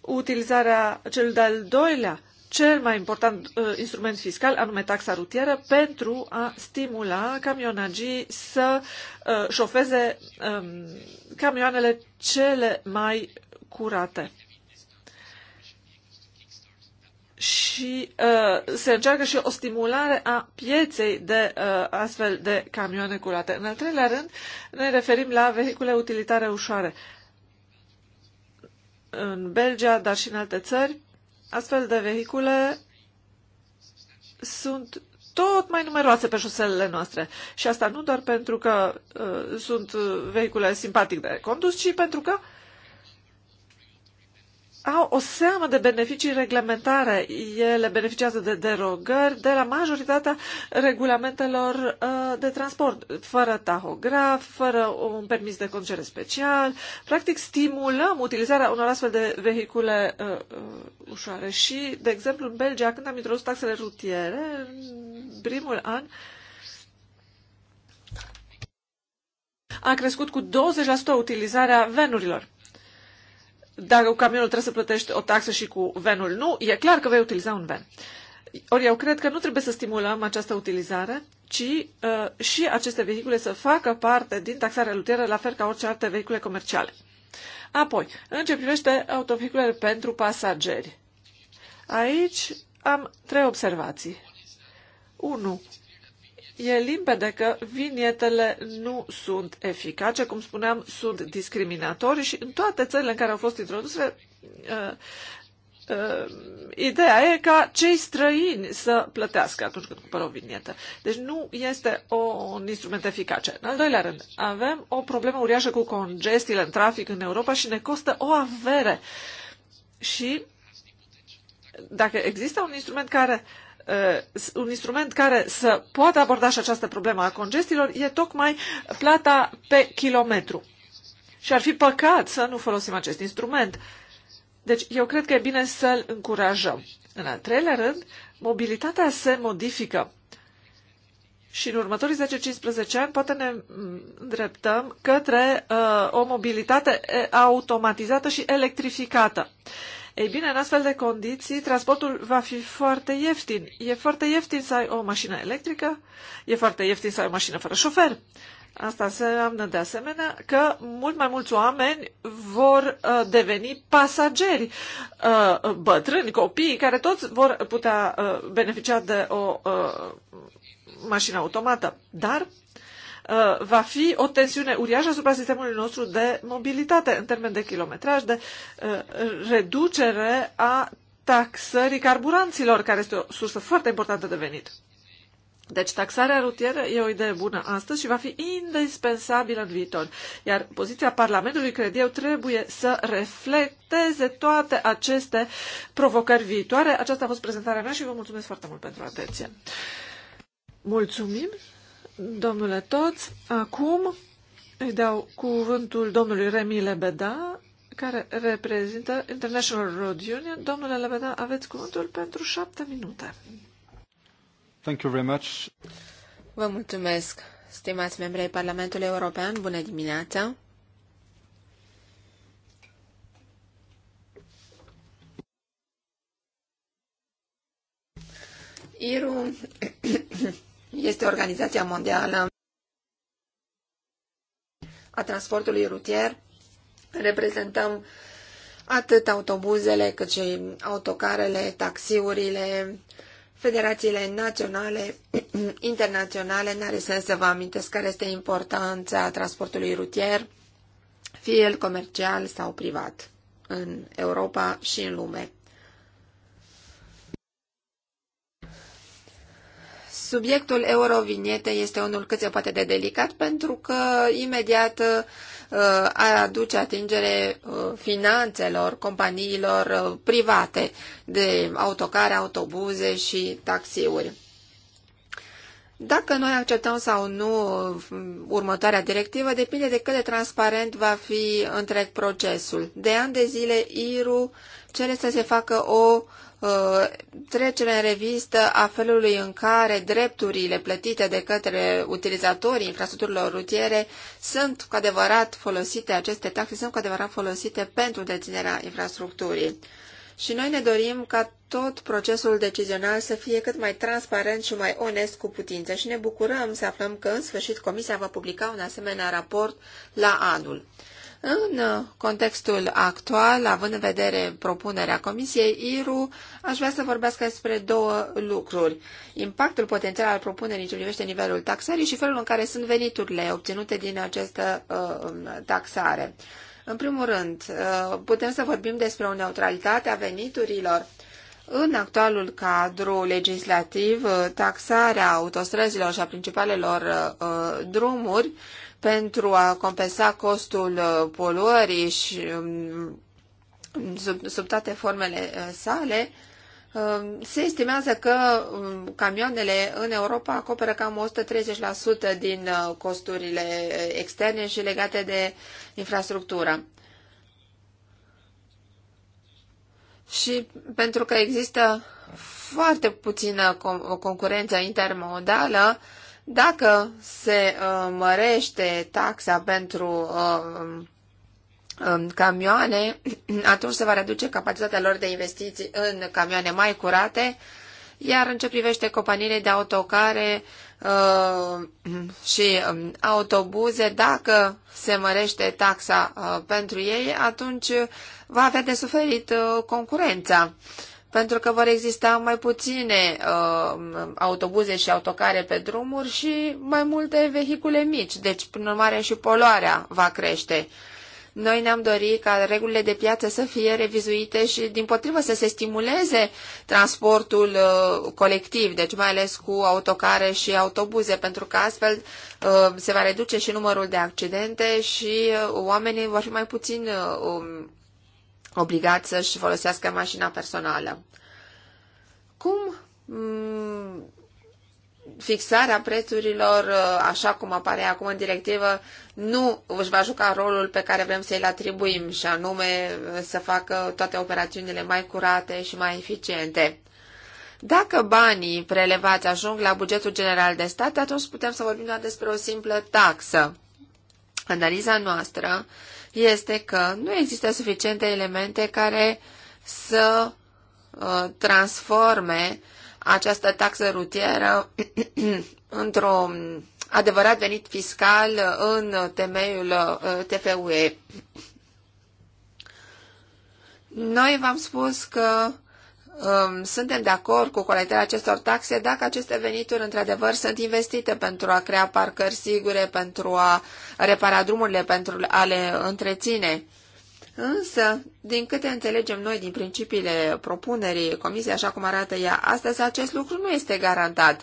utilizarea celui de-al doilea cel mai important uh, instrument fiscal, anume taxa rutieră, pentru a stimula camionagii să uh, șofeze um, camioanele cele mai curate. Și uh, se încearcă și o stimulare a pieței de uh, astfel de camioane curate. În al treilea rând, ne referim la vehicule utilitare ușoare. În Belgia, dar și în alte țări, Astfel de vehicule sunt tot mai numeroase pe șoselele noastre. Și asta nu doar pentru că uh, sunt uh, vehicule simpatic de condus, ci pentru că uh, au o seamă de beneficii reglementare. Ele beneficiază de derogări de la majoritatea regulamentelor uh, de transport, fără tahograf, fără un permis de concere special. Practic, stimulăm utilizarea unor astfel de vehicule uh, uh, ușoare și, de exemplu, în Belgia, când am introdus taxele rutiere, în primul an, a crescut cu 20% utilizarea venurilor dacă cu camionul trebuie să plătești o taxă și cu venul nu, e clar că vei utiliza un ven. Ori eu cred că nu trebuie să stimulăm această utilizare, ci uh, și aceste vehicule să facă parte din taxarea rutieră, la fel ca orice alte vehicule comerciale. Apoi, în ce privește autovehiculele pentru pasageri, aici am trei observații. 1. E limpede că vinietele nu sunt eficace, cum spuneam, sunt discriminatorii și în toate țările în care au fost introduse, uh, uh, ideea e ca cei străini să plătească atunci când cumpără o vinietă. Deci nu este o, un instrument eficace. În al doilea rând, avem o problemă uriașă cu congestiile în trafic în Europa și ne costă o avere. Și dacă există un instrument care uh, Uh, un instrument care să poată aborda și această problemă a congestiilor e tocmai plata pe kilometru. Și ar fi păcat să nu folosim acest instrument. Deci eu cred că e bine să-l încurajăm. În al treilea rând, mobilitatea se modifică. Și în următorii 10-15 ani poate ne îndreptăm către uh, o mobilitate automatizată și electrificată. Uh, ei bine, în astfel de condiții, transportul va fi foarte ieftin. E foarte ieftin să ai o mașină electrică, e foarte ieftin să ai o mașină fără șofer. Asta înseamnă de asemenea că mult mai mulți oameni vor uh, deveni pasageri, uh, bătrâni, copii, care toți vor putea uh, beneficia de o uh, mașină automată. Dar Uh, va fi o tensiune uriașă asupra sistemului nostru de mobilitate în termen de kilometraj, de uh, reducere a taxării carburanților, care este o sursă foarte importantă de venit. Deci taxarea rutieră e o idee bună astăzi și va fi indispensabilă în viitor. Iar poziția Parlamentului, cred eu, trebuie să reflecteze toate aceste provocări viitoare. Aceasta a fost prezentarea mea și vă mulțumesc foarte mult pentru atenție. Mulțumim! Domnule toți, acum îi dau cuvântul domnului Remi Lebeda, care reprezintă International Road Union. Domnule Lebeda, aveți cuvântul pentru șapte minute. Thank you very much. Vă mulțumesc, stimați membri ai Parlamentului European. Bună dimineața! Iru este Organizația Mondială a Transportului Rutier. Reprezentăm atât autobuzele cât și autocarele, taxiurile, federațiile naționale, internaționale, n-are sens să vă amintesc care este importanța transportului rutier, fie el comercial sau privat, în Europa și în lume. Subiectul euroviniete este unul cât se poate de delicat pentru că imediat ar uh, aduce atingere uh, finanțelor companiilor uh, private de autocare, autobuze și taxiuri. Dacă noi acceptăm sau nu următoarea directivă, depinde de cât de transparent va fi întreg procesul. De ani de zile, IRU cere să se facă o uh, Uh, trecere în revistă a felului în care drepturile plătite de către utilizatorii infrastructurilor rutiere sunt cu adevărat folosite, aceste taxe sunt cu adevărat folosite pentru deținerea infrastructurii. Și noi ne dorim ca tot procesul decizional să fie cât mai transparent și mai onest cu putință și ne bucurăm să aflăm că în sfârșit Comisia va publica un asemenea raport la anul. În uh, contextul actual, având în vedere propunerea Comisiei IRU, aș vrea să vorbească despre două lucruri. Impactul potențial al propunerii ce privește nivelul taxării și felul în care sunt veniturile obținute din această uh, um, taxare. În primul rând, uh, putem să vorbim despre o neutralitate a veniturilor în actualul cadru legislativ, uh, taxarea autostrăzilor și a principalelor uh, uh drumuri pentru a compensa costul uh, poluării și um, sub, sub toate formele uh, sale, um, se estimează că um, camioanele în Europa acoperă cam 130% din uh, costurile externe și legate de infrastructură. Și pentru că există foarte puțină concurență intermodală, dacă se uh, mărește taxa pentru uh, um, um, camioane, atunci se va reduce capacitatea lor de investiții în camioane mai curate, iar în ce privește companiile de autocare uh, și um, autobuze, dacă se mărește taxa uh, pentru ei, atunci va avea de suferit uh, concurența. Uh, pentru că vor exista mai puține uh, autobuze și autocare pe drumuri și mai multe vehicule mici, deci, prin urmare, și poluarea va crește. Noi ne-am dorit ca regulile de piață să fie revizuite și, din potrivă, să se stimuleze transportul uh, colectiv, deci mai ales cu autocare și autobuze, pentru că astfel uh, se va reduce și numărul de accidente și uh, oamenii vor fi mai puțin uh, um, obligat să-și folosească mașina personală. Cum mm, fixarea prețurilor, uh, așa cum apare acum în directivă, nu își va juca rolul pe care vrem să i atribuim, și anume uh, să facă toate operațiunile mai curate și mai eficiente. Dacă banii prelevați ajung la bugetul general de stat, atunci putem să vorbim doar despre o simplă taxă. Analiza noastră este că nu există suficiente elemente care să uh, transforme această taxă rutieră într-un um, adevărat venit fiscal în temeiul uh, TFUE. Noi v-am spus că um, suntem de acord cu colectarea acestor taxe dacă aceste venituri într-adevăr sunt investite pentru a crea parcări sigure, pentru a repara drumurile, pentru a le întreține. Însă, din câte înțelegem noi din principiile propunerii Comisiei, așa cum arată ea astăzi, acest lucru nu este garantat.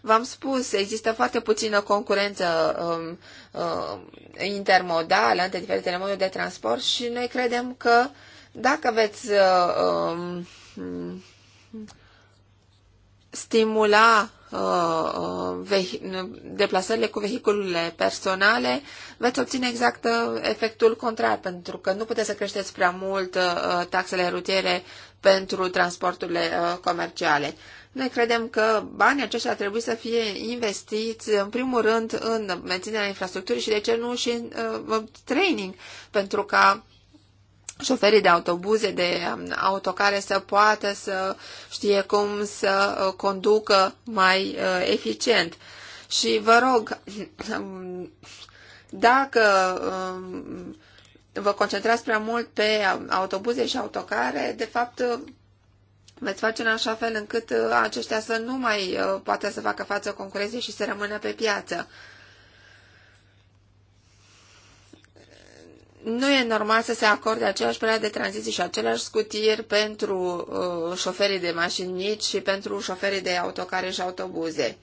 V-am spus, există foarte puțină concurență um, um, intermodală între diferitele moduri de transport și noi credem că dacă veți uh, um, stimula uh, uh, deplasările cu vehiculele personale, veți obține exact uh, efectul contrar, pentru că nu puteți să creșteți prea mult taxele rutiere pentru transporturile comerciale. Noi credem că banii aceștia trebuie să fie investiți, în primul rând, în menținerea infrastructurii și, de ce nu, și în training, pentru ca șoferii de autobuze, de um, autocare să poată să știe cum să uh, conducă mai uh, eficient. Și vă rog, dacă um, vă concentrați prea mult pe um, autobuze și autocare, de fapt uh, veți face în așa fel încât aceștia să nu mai poată să facă față concurenței și să rămână pe piață. nu e normal să se acorde aceeași perioadă de tranziție și aceleași scutiri pentru uh, șoferii de mașini mici și pentru șoferii de autocare și autobuze.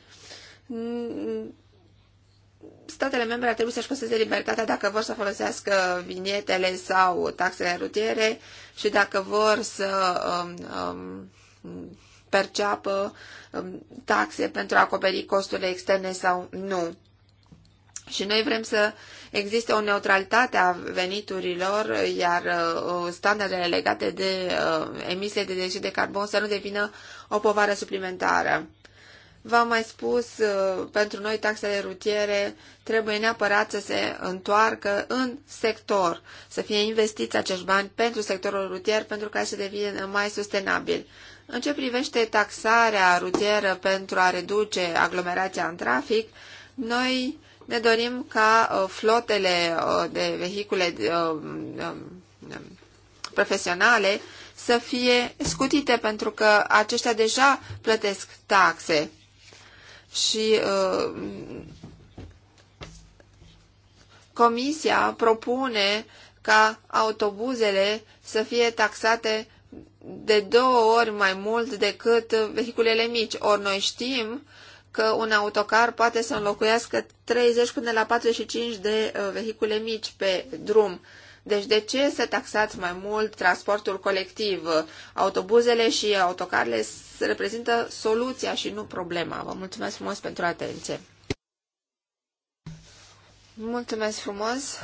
Mm, statele membre ar trebui să-și păstreze libertatea dacă vor să folosească vinietele sau taxele rutiere și dacă vor să um, um, perceapă um, taxe pentru a acoperi costurile externe sau nu. Și noi vrem să uh, existe o neutralitate a veniturilor, iar uh, standardele legate de uh, emisiile de dioxid de carbon să nu devină o povară suplimentară. V-am mai spus, uh, pentru noi taxele rutiere trebuie neapărat să se întoarcă în sector, să fie investiți acești bani pentru sectorul rutier pentru ca să devină mai sustenabil. În ce privește taxarea rutieră pentru a reduce aglomerația în trafic, noi ne dorim ca uh, flotele uh, de vehicule uh, um, um, profesionale să fie scutite pentru că aceștia deja plătesc taxe și comisia propune ca autobuzele să fie taxate de două ori mai mult decât vehiculele mici. Ori noi știm că un autocar poate să înlocuiască 30 până la 45 de uh, vehicule mici pe drum. Deci de ce să taxați mai mult transportul colectiv? Autobuzele și autocarele reprezintă soluția și nu problema. Vă mulțumesc frumos pentru atenție. Mulțumesc frumos.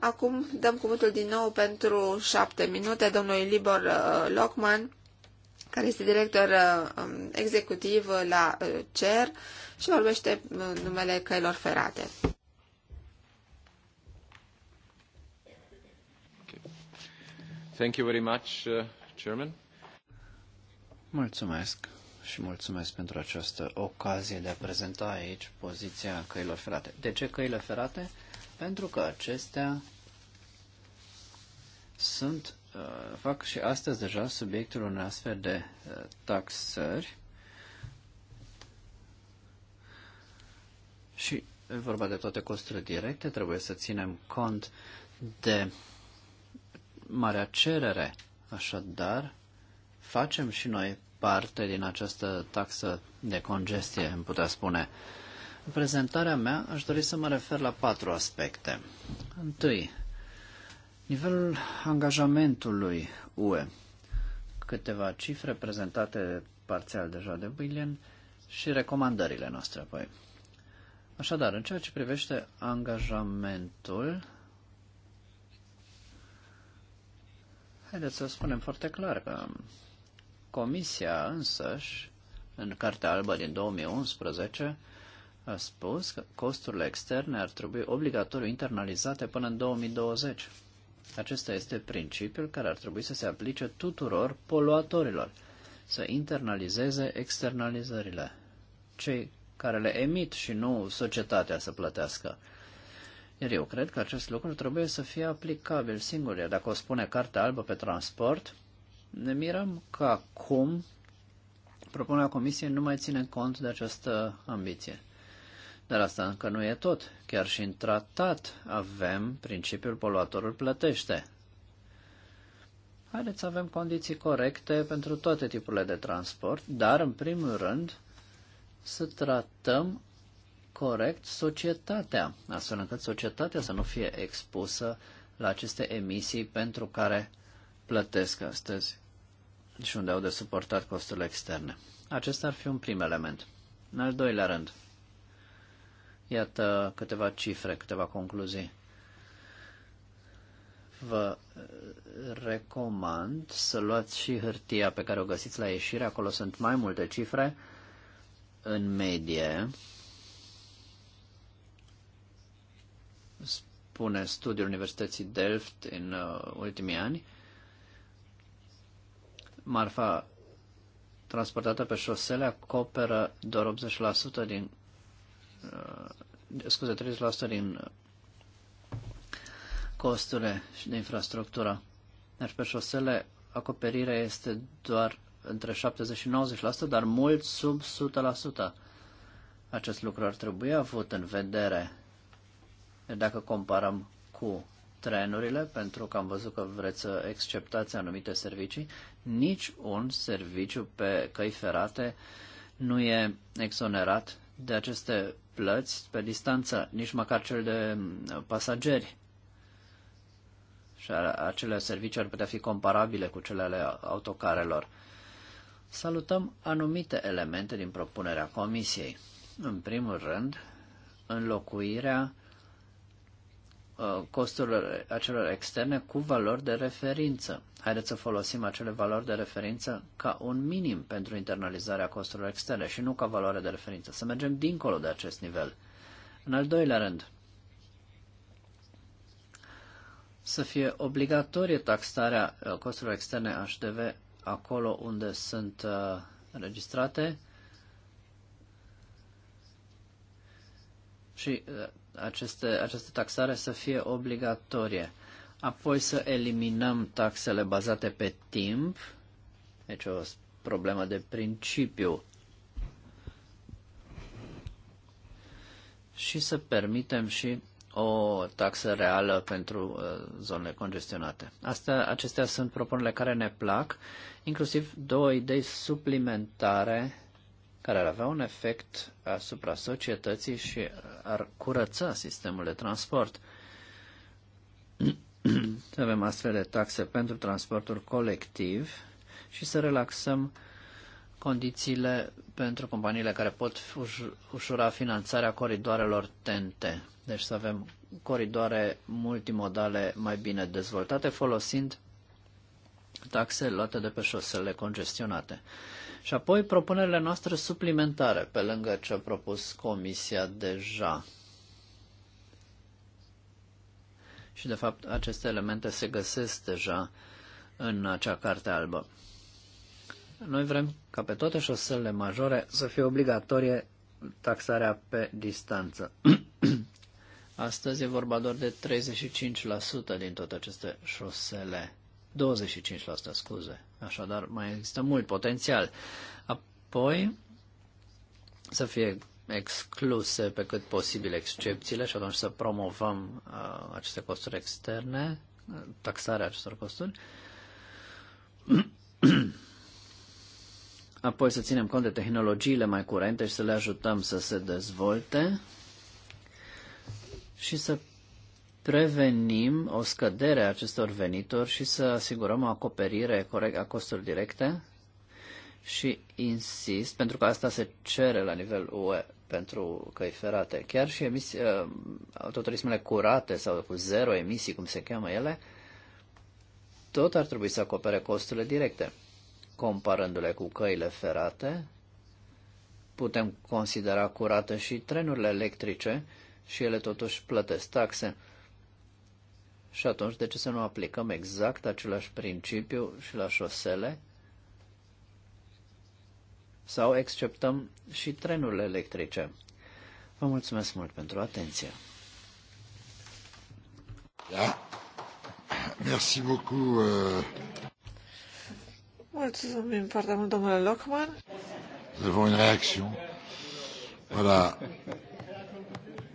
Acum dăm cuvântul din nou pentru șapte minute domnului Libor uh, Locman care este director uh, um, executiv uh, la uh, CER și vorbește numele căilor ferate. Thank you very much, Chairman. Mulțumesc și mulțumesc pentru această ocazie de a prezenta aici poziția căilor ferate. De ce căile ferate? Pentru că acestea sunt Uh, fac și astăzi deja subiectul unei astfel de uh, taxări. Și e vorba de toate costurile directe, trebuie să ținem cont de marea cerere. Așadar, facem și noi parte din această taxă de congestie, îmi putea spune. În prezentarea mea aș dori să mă refer la patru aspecte. Întâi, Nivelul angajamentului UE. Câteva cifre prezentate parțial deja de William și recomandările noastre apoi. Așadar, în ceea ce privește angajamentul, haideți să spunem foarte clar că Comisia însăși, în Cartea Albă din 2011, a spus că costurile externe ar trebui obligatoriu internalizate până în 2020. Acesta este principiul care ar trebui să se aplice tuturor poluatorilor, să internalizeze externalizările. Cei care le emit și nu societatea să plătească. Iar eu cred că acest lucru trebuie să fie aplicabil singur. Iar dacă o spune Cartea Albă pe transport, ne mirăm că acum propunerea Comisiei nu mai ține cont de această ambiție. Dar asta încă nu e tot. Chiar și în tratat avem principiul poluatorul plătește. Haideți să avem condiții corecte pentru toate tipurile de transport, dar în primul rând să tratăm corect societatea, astfel încât societatea să nu fie expusă la aceste emisii pentru care plătesc astăzi și unde au de suportat costurile externe. Acesta ar fi un prim element. În al doilea rând, Iată câteva cifre, câteva concluzii. Vă uh, recomand să luați și hârtia pe care o găsiți la ieșire. Acolo sunt mai multe cifre în medie. Spune studiul Universității Delft în uh, ultimii ani. Marfa transportată pe șosele acoperă doar 80% din Uh, scuze, 30% din costurile și de infrastructură. Deci pe șosele acoperirea este doar între 70 și 90%, dar mult sub 100%. Acest lucru ar trebui avut în vedere deci, dacă comparăm cu trenurile, pentru că am văzut că vreți să exceptați anumite servicii, nici un serviciu pe căi ferate nu e exonerat de aceste plăți pe distanță, nici măcar cel de uh, pasageri. Și acele servicii ar putea fi comparabile cu cele ale autocarelor. Salutăm anumite elemente din propunerea Comisiei. În primul rând, înlocuirea Uh, costurilor acelor externe cu valori de referință. Haideți să folosim acele valori de referință ca un minim pentru internalizarea costurilor externe și nu ca valoare de referință. Să mergem dincolo de acest nivel. În al doilea rând, să fie obligatorie taxarea uh, costurilor externe HDV acolo unde sunt uh, înregistrate și aceste, această taxare să fie obligatorie. Apoi să eliminăm taxele bazate pe timp, deci o problemă de principiu. Și să permitem și o taxă reală pentru uh, zonele congestionate. Astea, acestea sunt propunerile care ne plac, inclusiv două idei suplimentare care ar avea un efect asupra societății și ar curăța sistemul de transport. să avem astfel de taxe pentru transportul colectiv și să relaxăm condițiile pentru companiile care pot ușura finanțarea coridoarelor TENTE. Deci să avem coridoare multimodale mai bine dezvoltate folosind taxe luate de pe șosele congestionate. Și apoi propunerile noastre suplimentare pe lângă ce a propus Comisia deja. Și de fapt aceste elemente se găsesc deja în acea carte albă. Noi vrem ca pe toate șoselele majore să fie obligatorie taxarea pe distanță. Astăzi e vorba doar de 35% din toate aceste șosele. 25%, scuze. Așadar, mai există mult potențial. Apoi, să fie excluse pe cât posibil excepțiile și atunci să promovăm uh, aceste costuri externe, taxarea acestor costuri. Apoi să ținem cont de tehnologiile mai curente și să le ajutăm să se dezvolte și să prevenim o scădere a acestor venituri și să asigurăm o acoperire corectă a costurilor directe și insist, pentru că asta se cere la nivel UE pentru căi ferate, chiar și emisii, ă, autoturismele curate sau cu zero emisii, cum se cheamă ele, tot ar trebui să acopere costurile directe. Comparându-le cu căile ferate, putem considera curate și trenurile electrice și ele totuși plătesc taxe. Și atunci, de ce să nu aplicăm exact același principiu și la șosele? Sau exceptăm și trenurile electrice? Vă mulțumesc mult pentru atenție. Da. Merci beaucoup. Uh... Mulțumim foarte mult, domnule Lockman. Nous avons une réaction. Voilà.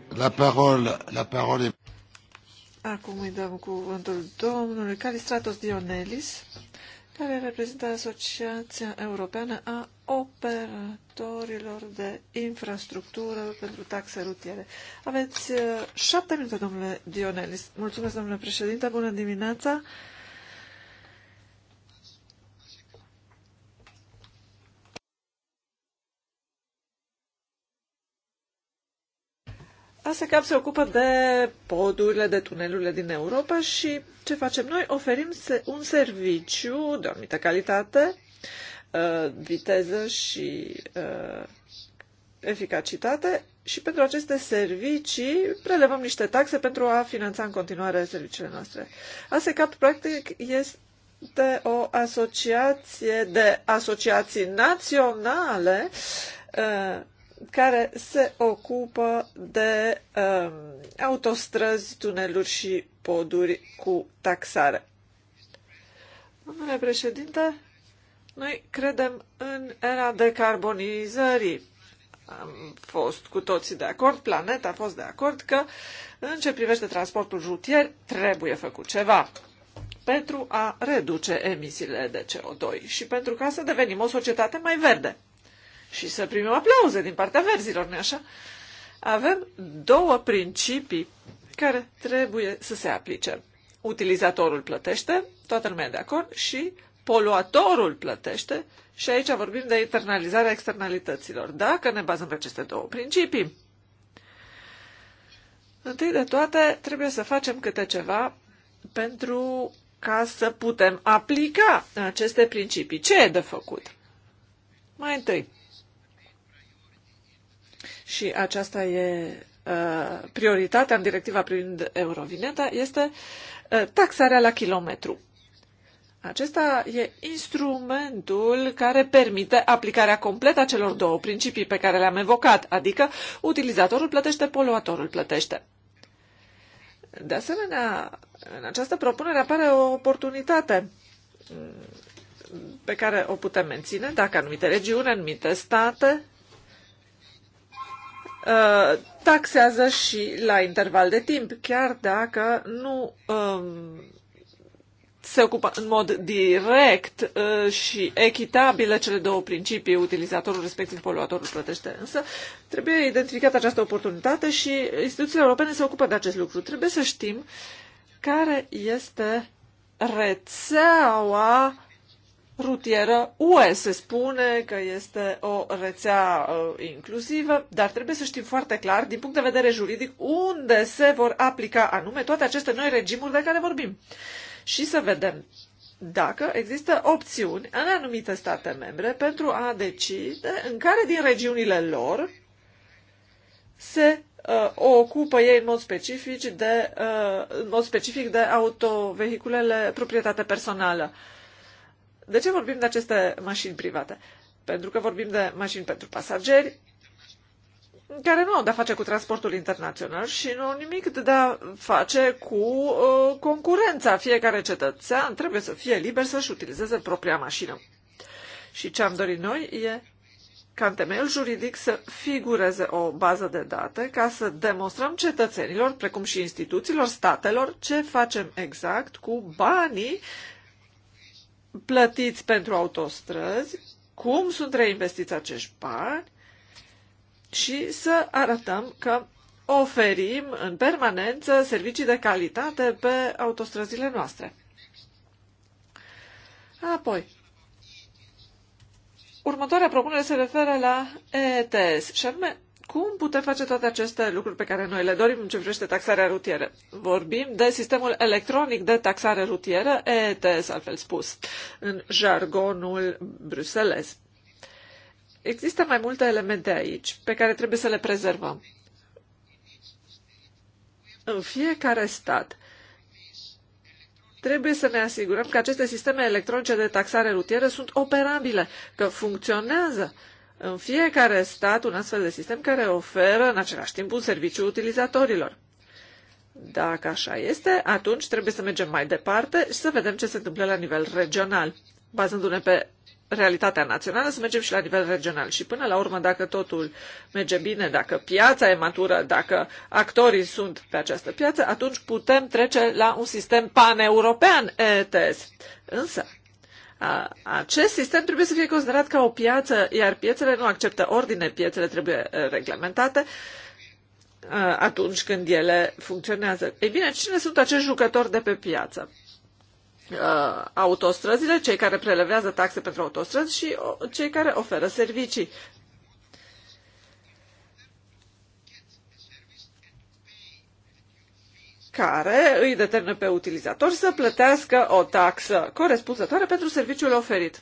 La parole, la parole est... Acum îi dăm cuvântul domnului Calistratos Dionelis, care reprezintă Asociația Europeană a Operatorilor de Infrastructură pentru Taxe Rutiere. Aveți uh, șapte minute, domnule Dionelis. Mulțumesc, domnule președinte. Bună dimineața! ASECAP se ocupă de podurile, de tunelurile din Europa și ce facem noi? Oferim un serviciu de o anumită calitate, uh, viteză și uh, eficacitate și pentru aceste servicii prelevăm niște taxe pentru a finanța în continuare serviciile noastre. ASECAP, practic, este o asociație de asociații naționale uh, care se ocupă de um, autostrăzi, tuneluri și poduri cu taxare. Domnule președinte, noi credem în era decarbonizării. Am fost cu toții de acord, planeta a fost de acord că în ce privește transportul rutier trebuie făcut ceva pentru a reduce emisiile de CO2 și pentru ca să devenim o societate mai verde și să primim aplauze din partea verzilor, nu așa? Avem două principii care trebuie să se aplice. Utilizatorul plătește, toată lumea de acord, și poluatorul plătește și aici vorbim de internalizarea externalităților. Dacă ne bazăm pe aceste două principii, întâi de toate trebuie să facem câte ceva pentru ca să putem aplica aceste principii. Ce e de făcut? Mai întâi, și aceasta e uh, prioritatea în directiva privind Eurovineta, este uh, taxarea la kilometru. Acesta e instrumentul care permite aplicarea completă a celor două principii pe care le-am evocat, adică utilizatorul plătește, poluatorul plătește. De asemenea, în această propunere apare o oportunitate mm, pe care o putem menține dacă anumite regiuni, anumite state Uh, taxează și la interval de timp, chiar dacă nu um, se ocupă în mod direct uh, și echitabil cele două principii, utilizatorul respectiv poluatorul plătește. Însă trebuie identificată această oportunitate și instituțiile europene se ocupă de acest lucru. Trebuie să știm care este rețeaua rutieră UE. Se spune că este o rețea uh, inclusivă, dar trebuie să știm foarte clar, din punct de vedere juridic, unde se vor aplica anume toate aceste noi regimuri de care vorbim. Și să vedem dacă există opțiuni în anumite state membre pentru a decide în care din regiunile lor se uh, o ocupă ei în mod specific de, uh, în mod specific de autovehiculele proprietate personală. De ce vorbim de aceste mașini private? Pentru că vorbim de mașini pentru pasageri, care nu au de-a face cu transportul internațional și nu au nimic de a face cu uh, concurența. Fiecare cetățean trebuie să fie liber să-și utilizeze propria mașină. Și ce am dorit noi e ca în temeiul juridic să figureze o bază de date ca să demonstrăm cetățenilor, precum și instituțiilor, statelor, ce facem exact cu banii plătiți pentru autostrăzi, cum sunt reinvestiți acești bani și să arătăm că oferim în permanență servicii de calitate pe autostrăzile noastre. Apoi, următoarea propunere se referă la ETS și anume cum putem face toate aceste lucruri pe care noi le dorim în ce privește taxarea rutieră? Vorbim de sistemul electronic de taxare rutieră, ETS, altfel spus, în jargonul bruselez. Există mai multe elemente aici pe care trebuie să le prezervăm. În fiecare stat trebuie să ne asigurăm că aceste sisteme electronice de taxare rutieră sunt operabile, că funcționează în fiecare stat un astfel de sistem care oferă în același timp un serviciu utilizatorilor. Dacă așa este, atunci trebuie să mergem mai departe și să vedem ce se întâmplă la nivel regional. Bazându-ne pe realitatea națională, să mergem și la nivel regional. Și până la urmă, dacă totul merge bine, dacă piața e matură, dacă actorii sunt pe această piață, atunci putem trece la un sistem paneuropean ETS. Însă, acest sistem trebuie să fie considerat ca o piață, iar piețele nu acceptă ordine, piețele trebuie reglementate atunci când ele funcționează. Ei bine, cine sunt acești jucători de pe piață? autostrăzile, cei care prelevează taxe pentru autostrăzi și cei care oferă servicii care îi determină pe utilizator să plătească o taxă corespunzătoare pentru serviciul oferit.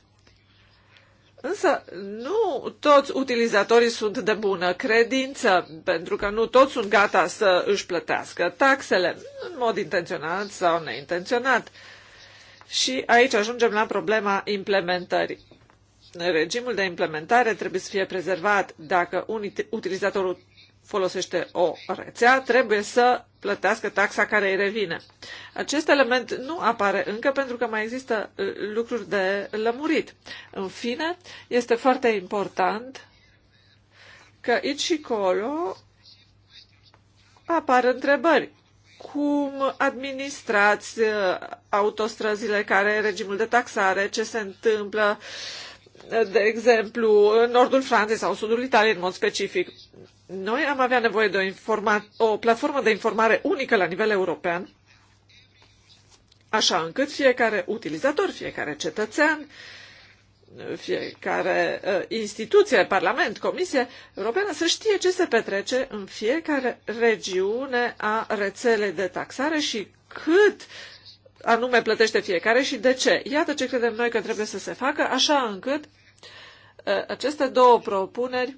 Însă nu toți utilizatorii sunt de bună credință, pentru că nu toți sunt gata să își plătească taxele, în mod intenționat sau neintenționat. Și aici ajungem la problema implementării. Regimul de implementare trebuie să fie prezervat dacă un utilizator folosește o rețea, trebuie să plătească taxa care îi revine. Acest element nu apare încă pentru că mai există uh, lucruri de lămurit. În fine, este foarte important că aici și acolo apar întrebări. Cum administrați uh, autostrăzile, care e regimul de taxare, ce se întâmplă, uh, de exemplu, în nordul Franței sau sudul Italiei în mod specific. Noi am avea nevoie de o, informa- o platformă de informare unică la nivel european, așa încât fiecare utilizator, fiecare cetățean, fiecare ă, instituție, Parlament, Comisie Europeană să știe ce se petrece în fiecare regiune a rețelei de taxare și cât anume plătește fiecare și de ce. Iată ce credem noi că trebuie să se facă, așa încât ă, aceste două propuneri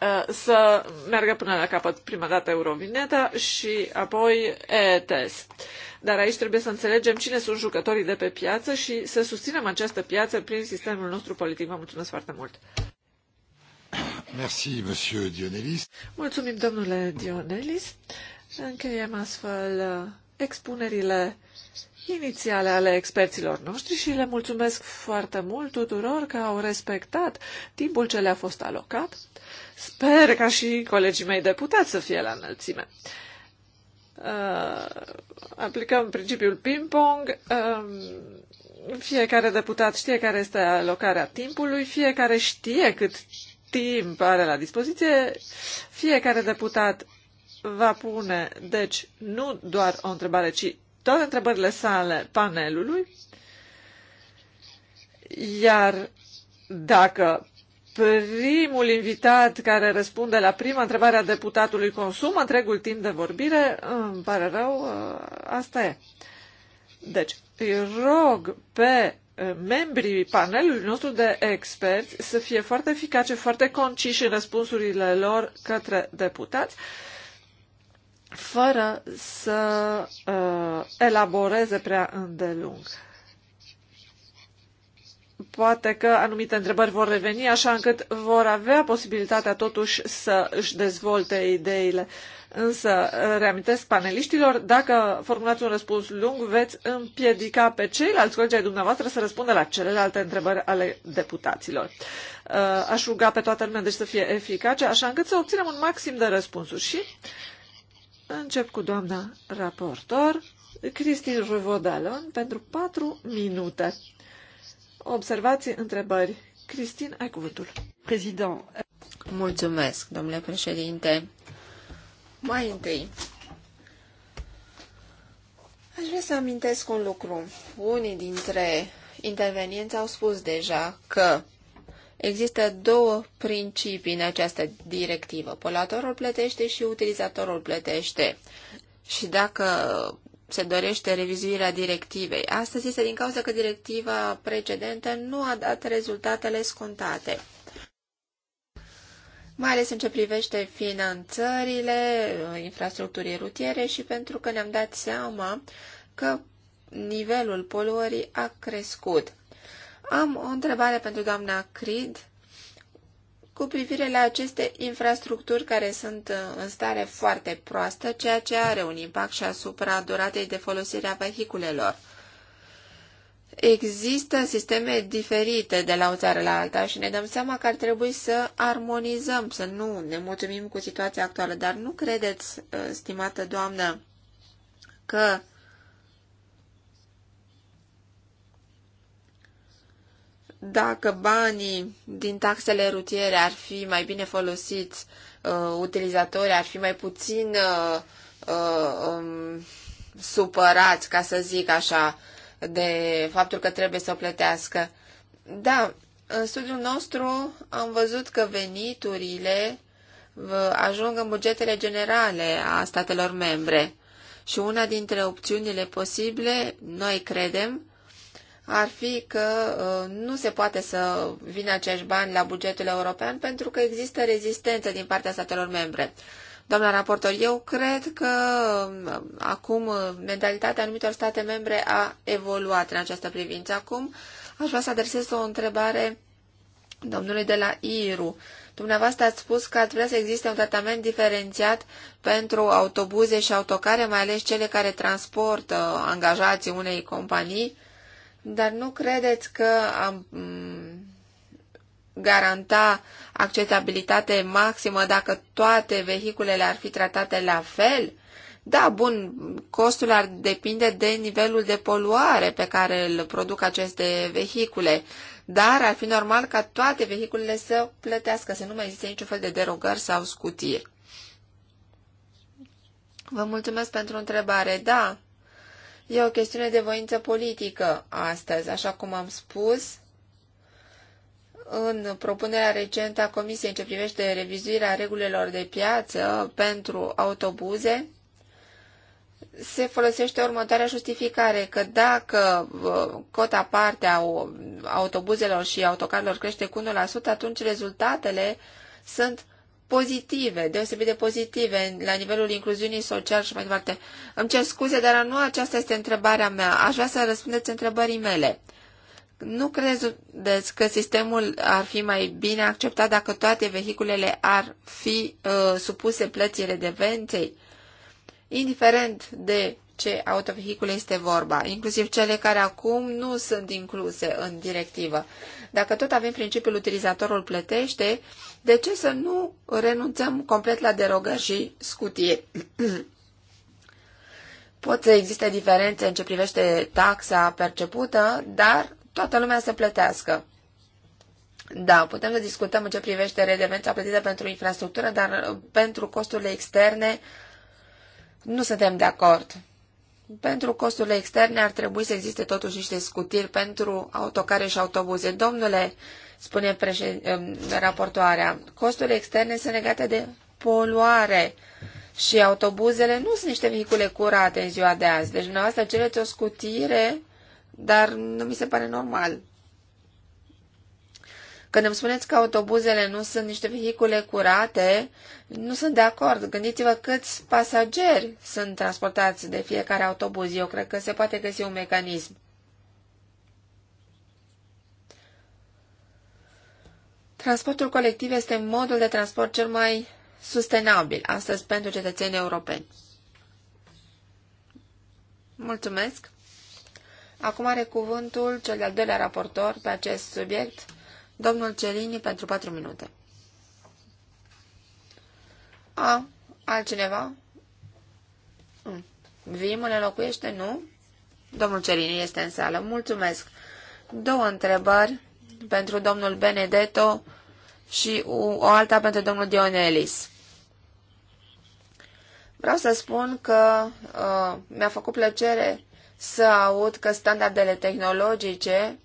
Eh, să meargă până la capăt prima dată Eurovineta și apoi ETS. Dar aici trebuie să înțelegem cine sunt jucătorii de pe piață și să susținem această piață prin sistemul nostru politic. Vă mulțumesc foarte mult! Merci, monsieur Dionelis. Mulțumim, domnule Dionelis. Încheiem astfel eh, expunerile inițiale ale experților noștri și le mulțumesc foarte mult tuturor că au respectat timpul ce le-a fost alocat. Sper ca și colegii mei deputați să fie la înălțime. Uh, aplicăm principiul ping-pong. Uh, fiecare deputat știe care este alocarea timpului, fiecare știe cât timp are la dispoziție, fiecare deputat va pune, deci, nu doar o întrebare, ci toate întrebările sale panelului, iar dacă primul invitat care răspunde la prima întrebare a deputatului consumă întregul timp de vorbire, îmi pare rău, ă, asta e. Deci, îi rog pe ă, membrii panelului nostru de experți să fie foarte eficace, foarte conciși în răspunsurile lor către deputați fără să uh, elaboreze prea îndelung. Poate că anumite întrebări vor reveni, așa încât vor avea posibilitatea totuși să își dezvolte ideile. Însă, reamintesc paneliștilor, dacă formulați un răspuns lung, veți împiedica pe ceilalți colegi ai dumneavoastră să răspundă la celelalte întrebări ale deputaților. Uh, aș ruga pe toată lumea deci să fie eficace, așa încât să obținem un maxim de răspunsuri. Și Încep cu doamna raportor, Cristin Ruvodalon, pentru patru minute. Observații, întrebări. Cristin, ai cuvântul. Prezident. Mulțumesc, domnule președinte. Mai întâi, aș vrea să amintesc un lucru. Unii dintre intervenienți au spus deja că Există două principii în această directivă. Polatorul plătește și utilizatorul plătește. Și dacă se dorește revizuirea directivei. Astăzi este din cauza că directiva precedentă nu a dat rezultatele scontate. Mai ales în ce privește finanțările infrastructurii rutiere și pentru că ne-am dat seama că nivelul poluării a crescut. Am o întrebare pentru doamna Creed cu privire la aceste infrastructuri care sunt uh, în stare foarte proastă, ceea ce are un impact și asupra duratei de folosire a vehiculelor. Există sisteme diferite de la o țară la alta și ne dăm seama că ar trebui să armonizăm, să nu ne mulțumim cu situația actuală, dar nu credeți, uh, stimată doamnă, că dacă banii din taxele rutiere ar fi mai bine folosiți, uh, utilizatorii ar fi mai puțin uh, uh, um, supărați, ca să zic așa, de faptul că trebuie să o plătească. Da, în studiul nostru am văzut că veniturile uh, ajung în bugetele generale a statelor membre și una dintre opțiunile posibile, noi credem, ar fi că uh, nu se poate să vină acești bani la bugetul european pentru că există rezistență din partea statelor membre. Doamna raportor, eu cred că uh, acum uh, mentalitatea anumitor state membre a evoluat în această privință. Acum aș vrea să adresez o întrebare domnului de la IRU. Dumneavoastră ați spus că ați vrea să existe un tratament diferențiat pentru autobuze și autocare, mai ales cele care transportă angajații unei companii dar nu credeți că am mm, garanta accesibilitate maximă dacă toate vehiculele ar fi tratate la fel? Da, bun, costul ar depinde de nivelul de poluare pe care îl produc aceste vehicule, dar ar fi normal ca toate vehiculele să plătească, să nu mai existe niciun fel de derogări sau scutiri. Vă mulțumesc pentru întrebare. Da, E o chestiune de voință politică astăzi, așa cum am spus. În propunerea recentă a Comisiei în ce privește revizuirea regulilor de piață pentru autobuze, se folosește următoarea justificare, că dacă cota parte a autobuzelor și autocarilor crește cu 1%, atunci rezultatele sunt pozitive, deosebit de pozitive, la nivelul incluziunii sociale și mai departe. Îmi cer scuze, dar nu aceasta este întrebarea mea. Aș vrea să răspundeți întrebării mele. Nu credeți că sistemul ar fi mai bine acceptat dacă toate vehiculele ar fi uh, supuse plății redevenței? Indiferent de ce autovehicule este vorba, inclusiv cele care acum nu sunt incluse în directivă. Dacă tot avem principiul utilizatorul plătește, de ce să nu renunțăm complet la derogări și scutiri? Pot să existe diferențe în ce privește taxa percepută, dar toată lumea să plătească. Da, putem să discutăm în ce privește redevența plătită pentru infrastructură, dar uh, pentru costurile externe nu suntem de acord. Pentru costurile externe ar trebui să existe totuși niște scutiri pentru autocare și autobuze. Domnule spune eh, raportoarea. Costurile externe sunt legate de poluare și autobuzele nu sunt niște vehicule curate în ziua de azi. Deci dumneavoastră cereți o scutire, dar nu mi se pare normal. Când îmi spuneți că autobuzele nu sunt niște vehicule curate, nu sunt de acord. Gândiți-vă câți pasageri sunt transportați de fiecare autobuz. Eu cred că se poate găsi un mecanism. Transportul colectiv este modul de transport cel mai sustenabil astăzi pentru cetățenii europeni. Mulțumesc! Acum are cuvântul cel de-al doilea raportor pe acest subiect, domnul Celini, pentru patru minute. A, altcineva? Mm. Vim, îl locuiește, nu? Domnul Celini este în sală. Mulțumesc! Două întrebări pentru domnul Benedetto și o alta pentru domnul Dionelis. Vreau să spun că uh, mi-a făcut plăcere să aud că standardele tehnologice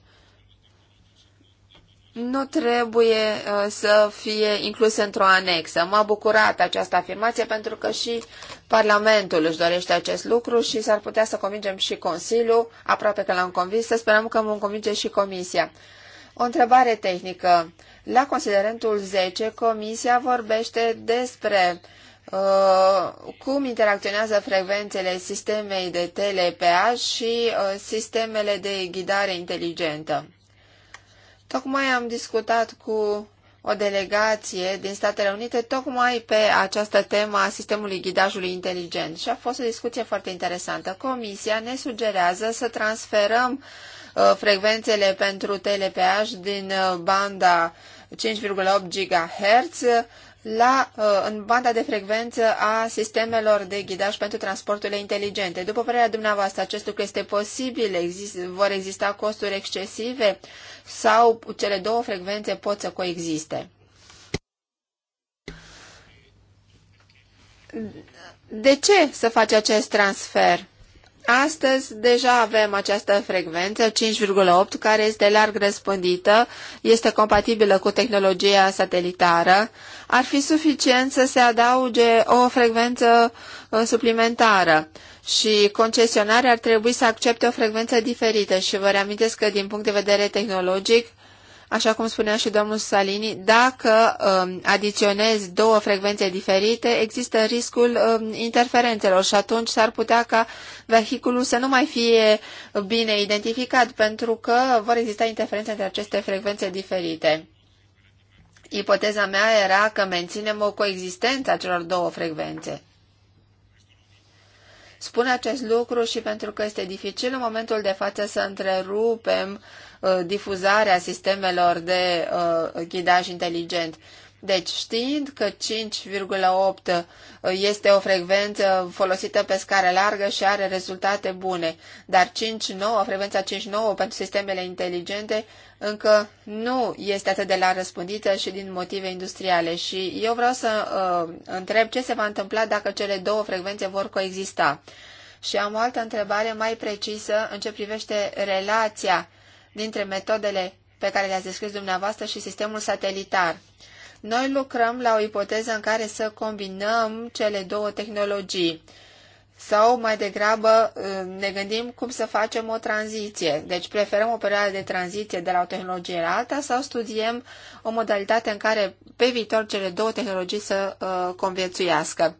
nu trebuie uh, să fie incluse într-o anexă. M-a bucurat această afirmație pentru că și Parlamentul își dorește acest lucru și s-ar putea să convingem și Consiliul, aproape că l-am convins, să sperăm că vom convinge și Comisia. O întrebare tehnică. La considerentul 10, Comisia vorbește despre uh, cum interacționează frecvențele sistemei de TLPA și uh, sistemele de ghidare inteligentă. Tocmai am discutat cu o delegație din Statele Unite tocmai pe această temă a sistemului ghidajului inteligent și a fost o discuție foarte interesantă. Comisia ne sugerează să transferăm uh, Uh, frecvențele pentru TLPH din uh, banda 5,8 GHz la, uh, în banda de frecvență a sistemelor de ghidaj pentru transporturile inteligente. După părerea dumneavoastră, acest lucru este posibil? Exist, vor exista costuri excesive sau cele două frecvențe pot să coexiste? De ce să faci acest transfer? Astăzi deja avem această frecvență 5,8 care este larg răspândită, este compatibilă cu tehnologia satelitară. Ar fi suficient să se adauge o frecvență uh, suplimentară și concesionarea ar trebui să accepte o frecvență diferită și vă reamintesc că din punct de vedere tehnologic așa cum spunea și domnul Salini, dacă um, adiționezi două frecvențe diferite, există riscul um, interferențelor și atunci s-ar putea ca vehiculul să nu mai fie bine identificat, pentru că vor exista interferențe între aceste frecvențe diferite. Ipoteza mea era că menținem o coexistență a celor două frecvențe. Spun acest lucru și pentru că este dificil în momentul de față să întrerupem uh, Uh, difuzarea sistemelor de uh, ghidaj inteligent. Deci, știind că 5,8 uh, este o frecvență folosită pe scară largă și are rezultate bune, dar 5,9, frecvența 5,9 pentru sistemele inteligente încă nu este atât de la răspândită și din motive industriale. Și eu vreau să uh, întreb ce se va întâmpla dacă cele două frecvențe vor coexista. Și am o altă întrebare mai precisă în ce privește relația dintre metodele pe care le-ați descris dumneavoastră și sistemul satelitar. Noi lucrăm la o ipoteză în care să combinăm cele două tehnologii sau mai degrabă ne gândim cum să facem o tranziție. Deci preferăm o perioadă de tranziție de la o tehnologie la alta sau studiem o modalitate în care pe viitor cele două tehnologii să uh, conviețuiască.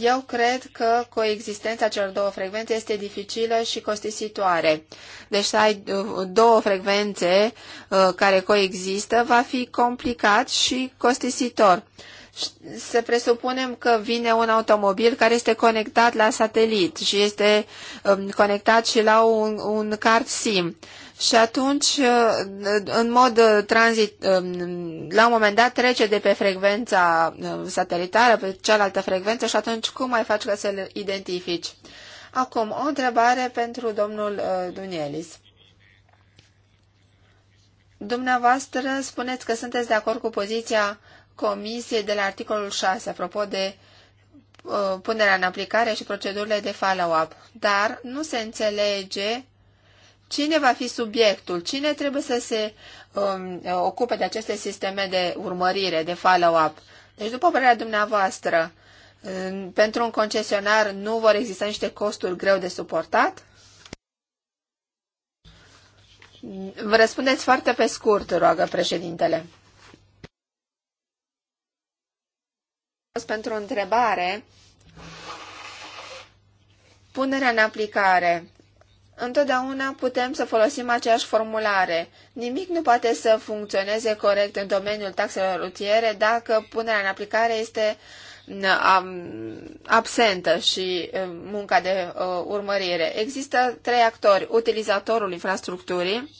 Eu cred că coexistența celor două frecvențe este dificilă și costisitoare. Deci să ai uh, două frecvențe uh, care coexistă va fi complicat și costisitor. Să presupunem că vine un automobil care este conectat la satelit și este um, conectat și la un, un card SIM și atunci, uh, în mod uh, tranzit, uh, la un moment dat trece de pe frecvența satelitară pe cealaltă frecvență și atunci cum mai faci ca să-l identifici? Acum, o întrebare pentru domnul Dunielis. Dumneavoastră spuneți că sunteți de acord cu poziția comisiei de la articolul 6, apropo de punerea în aplicare și procedurile de follow-up, dar nu se înțelege Cine va fi subiectul? Cine trebuie să se um, ocupe de aceste sisteme de urmărire, de follow-up? Deci, după părerea dumneavoastră, pentru un concesionar nu vor exista niște costuri greu de suportat? Vă răspundeți foarte pe scurt, roagă președintele. Pentru o întrebare, punerea în aplicare Întotdeauna putem să folosim aceeași formulare. Nimic nu poate să funcționeze corect în domeniul taxelor rutiere dacă punerea în aplicare este mm, absentă și mm, munca de uh, urmărire. Există trei actori. Utilizatorul infrastructurii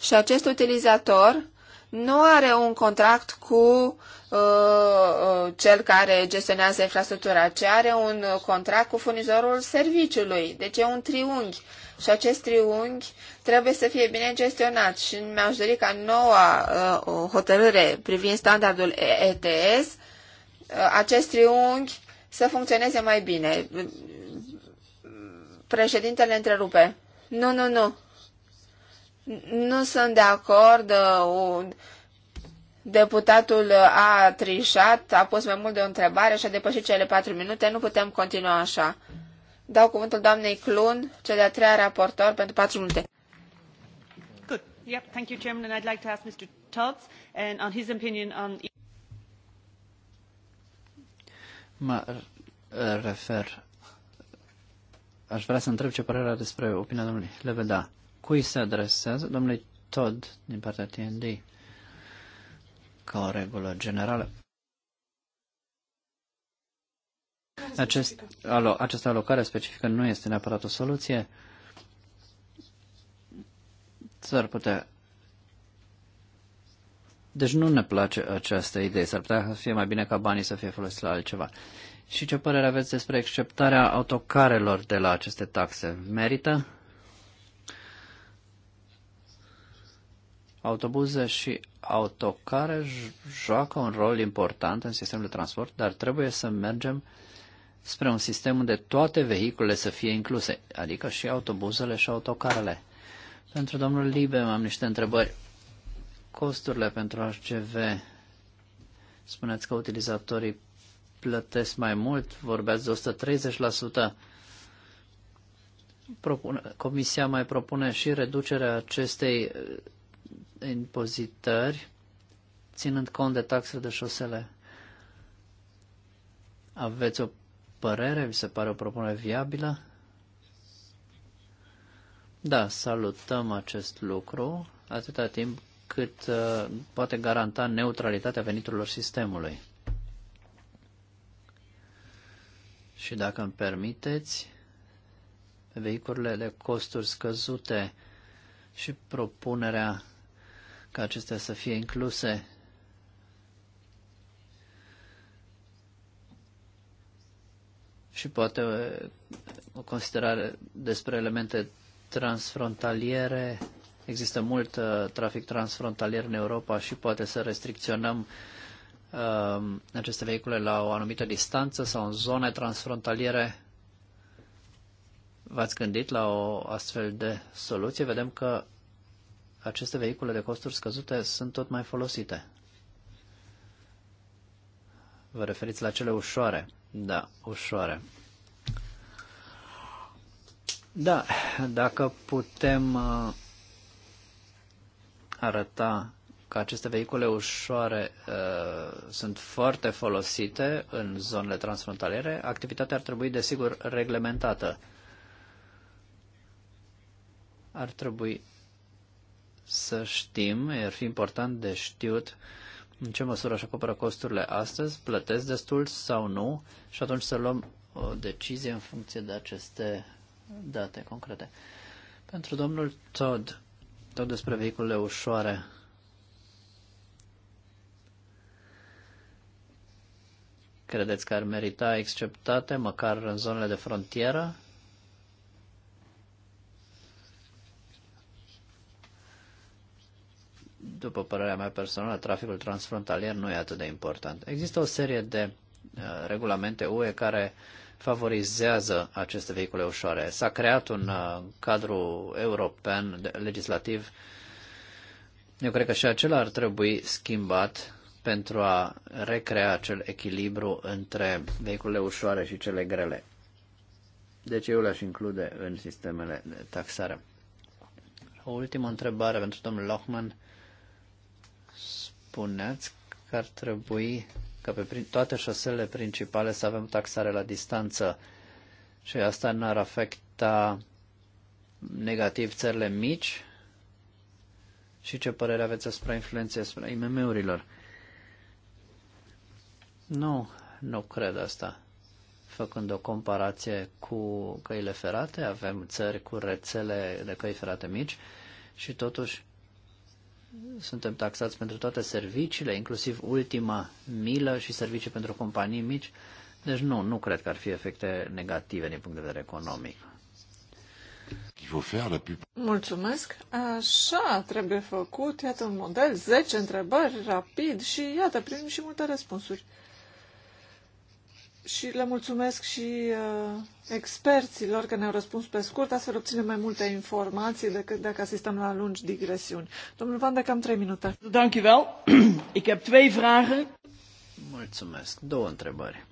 și acest utilizator nu are un contract cu Uh, uh, cel care gestionează infrastructura, ci are un contract cu furnizorul serviciului. Deci e un triunghi și acest triunghi trebuie să fie bine gestionat și mi-aș dori ca noua uh, hotărâre privind standardul ETS, acest triunghi să funcționeze mai bine. Președintele întrerupe. Nu, nu, nu. Nu sunt de acord. Uh, Deputatul a trișat, a pus mai mult de o întrebare și a depășit cele patru minute. Nu putem continua așa. Dau cuvântul doamnei Clun, cel de-a treia raportor, pentru patru minute. Good. Yep, thank you, Chairman, and I'd like to ask Mr. Tubbs and on his opinion on... Mă refer. Aș vrea să întreb ce părere are despre opinia domnului Leveda. Cui se adresează? Domnului Todd, din partea TND ca o regulă generală. Acest, alo, această alocare specifică nu este neapărat o soluție. S-ar putea. Deci nu ne place această idee. S-ar putea să fie mai bine ca banii să fie folosiți la altceva. Și ce părere aveți despre acceptarea autocarelor de la aceste taxe? Merită? Autobuze și autocare joacă un rol important în sistemul de transport, dar trebuie să mergem spre un sistem unde toate vehiculele să fie incluse, adică și autobuzele și autocarele. Pentru domnul Libe am niște întrebări. Costurile pentru HGV, spuneți că utilizatorii plătesc mai mult, vorbeați de 130%. Propune, comisia mai propune și reducerea acestei impozitări, ținând cont de taxele de șosele. Aveți o părere? Vi se pare o propunere viabilă? Da, salutăm acest lucru atâta timp cât uh, poate garanta neutralitatea veniturilor sistemului. Și dacă îmi permiteți, vehiculele de costuri scăzute și propunerea ca acestea să fie incluse. Și poate uh, o considerare despre elemente transfrontaliere. Există mult uh, trafic transfrontalier în Europa și poate să restricționăm uh, aceste vehicule la o anumită distanță sau în zone transfrontaliere. V-ați gândit la o astfel de soluție? Vedem că aceste vehicule de costuri scăzute sunt tot mai folosite. Vă referiți la cele ușoare? Da, ușoare. Da, dacă putem uh, arăta că aceste vehicule ușoare uh, sunt foarte folosite în zonele transfrontaliere, activitatea ar trebui, desigur, reglementată. Ar trebui să știm, ar fi important de știut în ce măsură își acoperă costurile astăzi, plătesc destul sau nu și atunci să luăm o decizie în funcție de aceste date concrete. Pentru domnul Todd, tot despre vehiculele ușoare, credeți că ar merita exceptate, măcar în zonele de frontieră? după părerea mea personală, traficul transfrontalier nu e atât de important. Există o serie de uh, regulamente UE care favorizează aceste vehicule ușoare. S-a creat un uh, cadru european de, legislativ. Eu cred că și acela ar trebui schimbat pentru a recrea acel echilibru între vehiculele ușoare și cele grele. Deci eu le-aș include în sistemele de taxare. O ultimă întrebare pentru domnul Lochman spuneați că ar trebui că pe toate șoselele principale să avem taxare la distanță și asta n-ar afecta negativ țările mici și ce părere aveți asupra influenței asupra IMM-urilor? Nu, nu cred asta. Făcând o comparație cu căile ferate, avem țări cu rețele de căi ferate mici și totuși suntem taxați pentru toate serviciile, inclusiv ultima milă și servicii pentru companii mici. Deci nu, nu cred că ar fi efecte negative din punct de vedere economic. Mulțumesc. Așa trebuie făcut. Iată un model, 10 întrebări, rapid și iată, primim și multe răspunsuri și le mulțumesc și uh, experților că ne-au răspuns pe scurt, astfel obținem mai multe informații decât dacă asistăm la lungi digresiuni. Domnul Van de cam trei minute. Dank Ik heb twee vragen. Mulțumesc. Două întrebări.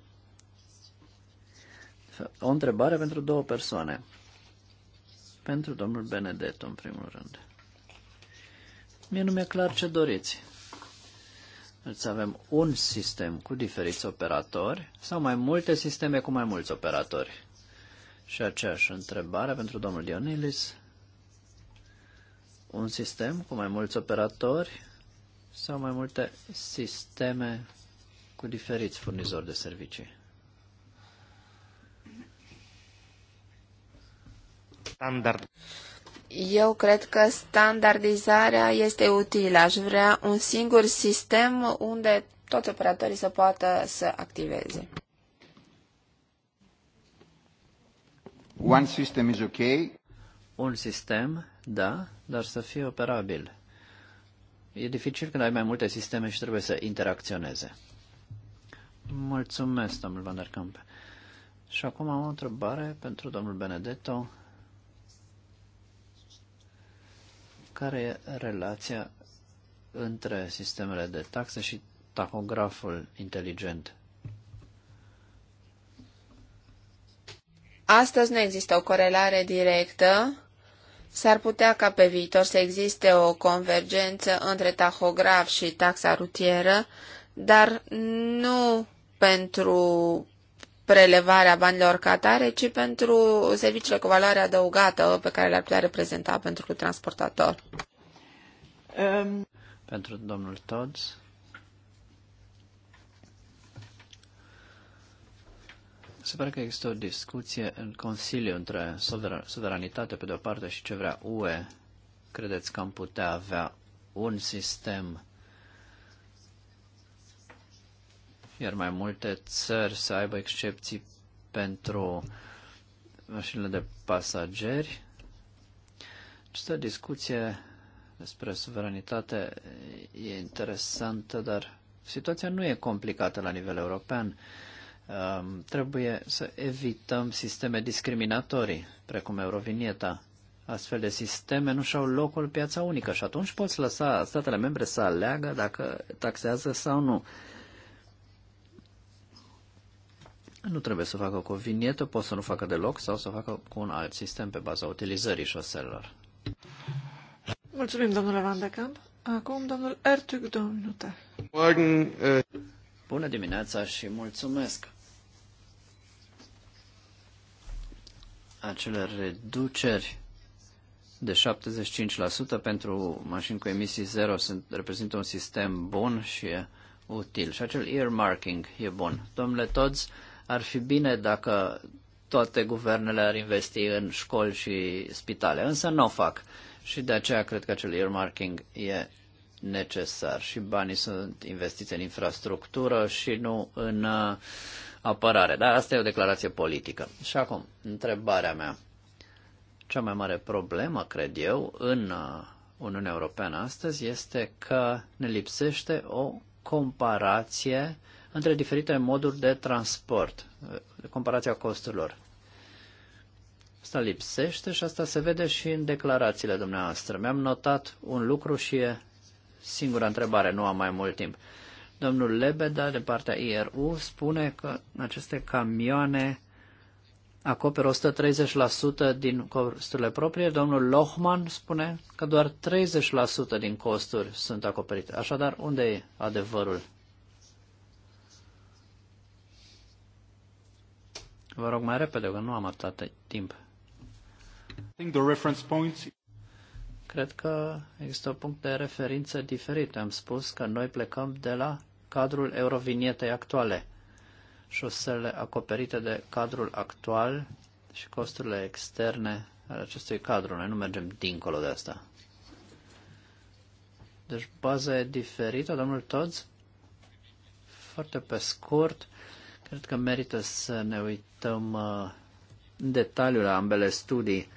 O întrebare pentru două persoane. Pentru domnul Benedetto, în primul rând. Mie nu mi-e clar ce doriți să avem un sistem cu diferiți operatori sau mai multe sisteme cu mai mulți operatori. Și aceeași întrebare pentru domnul Dionilis. Un sistem cu mai mulți operatori sau mai multe sisteme cu diferiți furnizori de servicii? Standard. Eu cred că standardizarea este utilă. Aș vrea un singur sistem unde toți operatorii să poată să activeze. One system is okay. Un sistem, da, dar să fie operabil. E dificil când ai mai multe sisteme și trebuie să interacționeze. Mulțumesc, domnul Van der Kamp. Și acum am o întrebare pentru domnul Benedetto care e relația între sistemele de taxe și tahograful inteligent. Astăzi nu există o corelare directă. S-ar putea ca pe viitor să existe o convergență între tahograf și taxa rutieră, dar nu pentru prelevarea banilor catare, ci pentru serviciile cu valoare adăugată pe care le-ar putea reprezenta pentru transportator. Um. Pentru domnul Todds. Se pare că există o discuție în Consiliu între suveranitate pe de-o parte și ce vrea UE. Credeți că am putea avea un sistem iar mai multe țări să aibă excepții pentru mașinile de pasageri. Această discuție despre suveranitate e interesantă, dar situația nu e complicată la nivel european. Um, trebuie să evităm sisteme discriminatorii, precum Eurovinieta. Astfel de sisteme nu și-au locul piața unică și atunci poți lăsa statele membre să aleagă dacă taxează sau nu. nu trebuie să facă cu o vinietă, pot să nu facă deloc sau să facă cu un alt sistem pe baza utilizării șoselelor. Mulțumim, domnule Van de Camp. Acum, domnul Ertug, două minute. Eh. Bună dimineața și mulțumesc! Acele reduceri de 75% pentru mașini cu emisii zero sunt, reprezintă un sistem bun și e util. Și acel earmarking e bun. Domnule toți, ar fi bine dacă toate guvernele ar investi în școli și spitale, însă nu o fac. Și de aceea cred că acel earmarking e necesar și banii sunt investiți în infrastructură și nu în uh, apărare. Dar asta e o declarație politică. Și acum, întrebarea mea. Cea mai mare problemă, cred eu, în uh, Uniunea Europeană astăzi este că ne lipsește o comparație între diferite moduri de transport, comparația costurilor. Asta lipsește și asta se vede și în declarațiile dumneavoastră. Mi-am notat un lucru și e singura întrebare, nu am mai mult timp. Domnul Lebeda, de partea IRU, spune că aceste camioane acoperă 130% din costurile proprie. Domnul Lohman spune că doar 30% din costuri sunt acoperite. Așadar, unde e adevărul Vă rog mai repede, că nu am atât timp. Cred că există un punct de referință diferit. Am spus că noi plecăm de la cadrul eurovinietei actuale. Șosele acoperite de cadrul actual și costurile externe ale acestui cadru. Noi nu mergem dincolo de asta. Deci baza e diferită, domnul Toți. Foarte pe scurt, Cred că merită să ne uităm uh, în detaliu la ambele studii.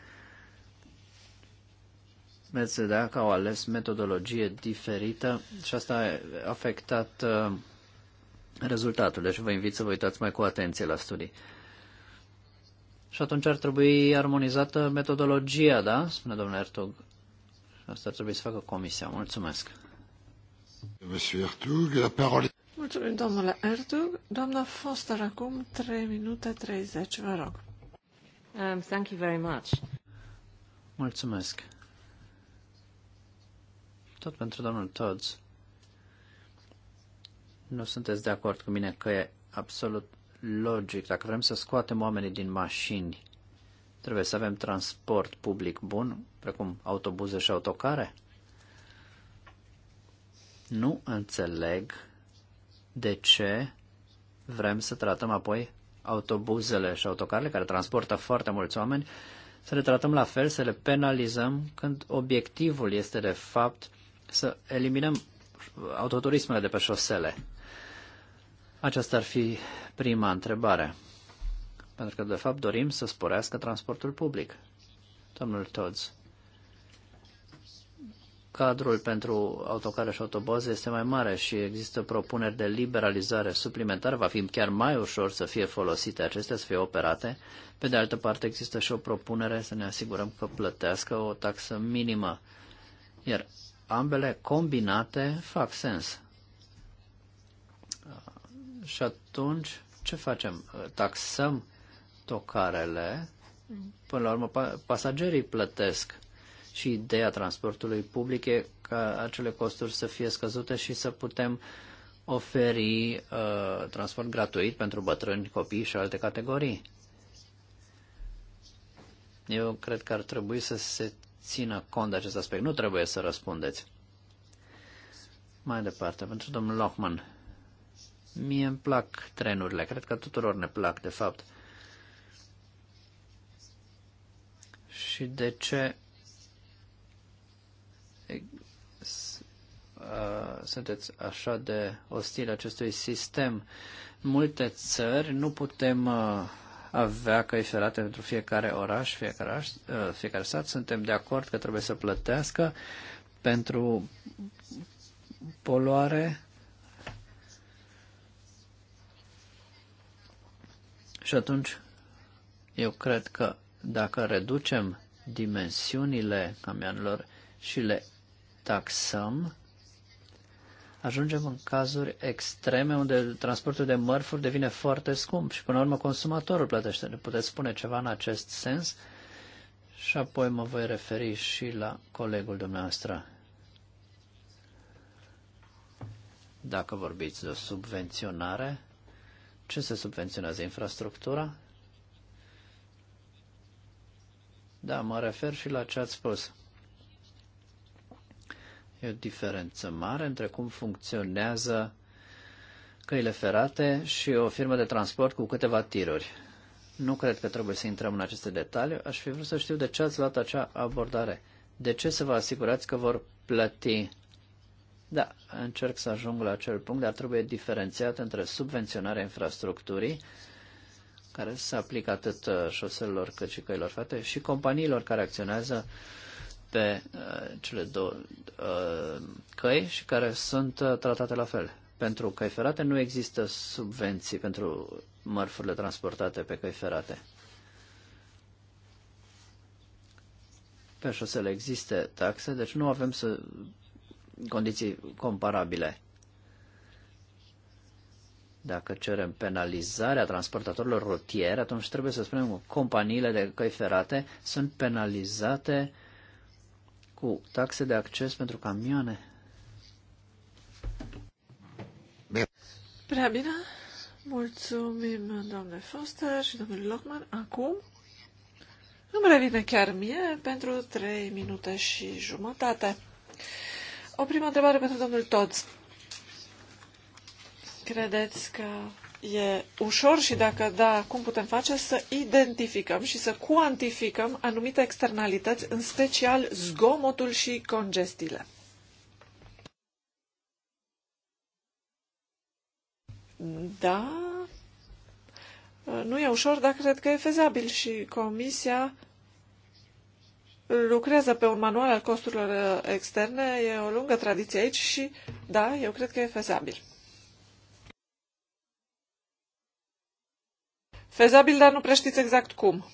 Veți vedea că au ales metodologie diferită și asta a afectat uh, rezultatul. Deci vă invit să vă uitați mai cu atenție la studii. Și atunci ar trebui armonizată metodologia, da? Spune domnul Ertug. Asta ar trebui să facă comisia. Mulțumesc. Monsieur Ertug, la parole Mulțumim, domnule Ertug. Doamna Foster, acum 3 minute 30, vă rog. Um, thank you very much. Mulțumesc. Tot pentru domnul Todds. Nu sunteți de acord cu mine că e absolut logic. Dacă vrem să scoatem oamenii din mașini, trebuie să avem transport public bun, precum autobuze și autocare? Nu înțeleg de ce vrem să tratăm apoi autobuzele și autocarele care transportă foarte mulți oameni, să le tratăm la fel, să le penalizăm când obiectivul este de fapt să eliminăm autoturismele de pe șosele. Aceasta ar fi prima întrebare. Pentru că, de fapt, dorim să sporească transportul public. Domnul toți cadrul pentru autocare și autoboze este mai mare și există propuneri de liberalizare suplimentară, va fi chiar mai ușor să fie folosite acestea, să fie operate. Pe de altă parte, există și o propunere să ne asigurăm că plătească o taxă minimă. Iar ambele combinate fac sens. Și atunci, ce facem? Taxăm tocarele, până la urmă pasagerii plătesc și ideea transportului public e ca acele costuri să fie scăzute și să putem oferi uh, transport gratuit pentru bătrâni, copii și alte categorii. Eu cred că ar trebui să se țină cont de acest aspect. Nu trebuie să răspundeți. Mai departe, pentru domnul Lochman. Mie îmi plac trenurile. Cred că tuturor ne plac, de fapt. Și de ce sunteți așa de ostil acestui sistem. Multe țări nu putem avea căi ferate pentru fiecare oraș, fiecare, oraș, fiecare sat. Suntem de acord că trebuie să plătească pentru poluare. Și atunci, eu cred că dacă reducem dimensiunile camionelor și le taxăm, ajungem în cazuri extreme unde transportul de mărfuri devine foarte scump și până la urmă consumatorul plătește. Ne puteți spune ceva în acest sens? Și apoi mă voi referi și la colegul dumneavoastră. Dacă vorbiți de o subvenționare, ce se subvenționează? Infrastructura? Da, mă refer și la ce ați spus. E o diferență mare între cum funcționează căile ferate și o firmă de transport cu câteva tiruri. Nu cred că trebuie să intrăm în aceste detalii. Aș fi vrut să știu de ce ați luat acea abordare. De ce să vă asigurați că vor plăti? Da, încerc să ajung la acel punct, dar trebuie diferențiat între subvenționarea infrastructurii, care se aplică atât șoselor cât și căilor fate, și companiilor care acționează uh, pe uh, cele două uh, căi și care sunt uh, tratate la fel. Pentru căi ferate nu există subvenții pentru mărfurile transportate pe căi ferate. Pe șosele există taxe, deci nu avem să condiții comparabile. Dacă cerem penalizarea transportatorilor rotieri, atunci trebuie să spunem că companiile de căi ferate sunt penalizate cu taxe de acces pentru camioane? Prea bine. Mulțumim, doamne Foster și domnule Lockman. Acum îmi revine chiar mie pentru 3 minute și jumătate. O primă întrebare pentru domnul Toți. Credeți că e ușor și dacă da, cum putem face să identificăm și să cuantificăm anumite externalități, în special zgomotul și congestiile. Da, nu e ușor, dar cred că e fezabil și Comisia lucrează pe un manual al costurilor uh, externe, e o lungă tradiție aici și, da, eu cred că e fezabil. fezabil, dar nu prea știți exact cum.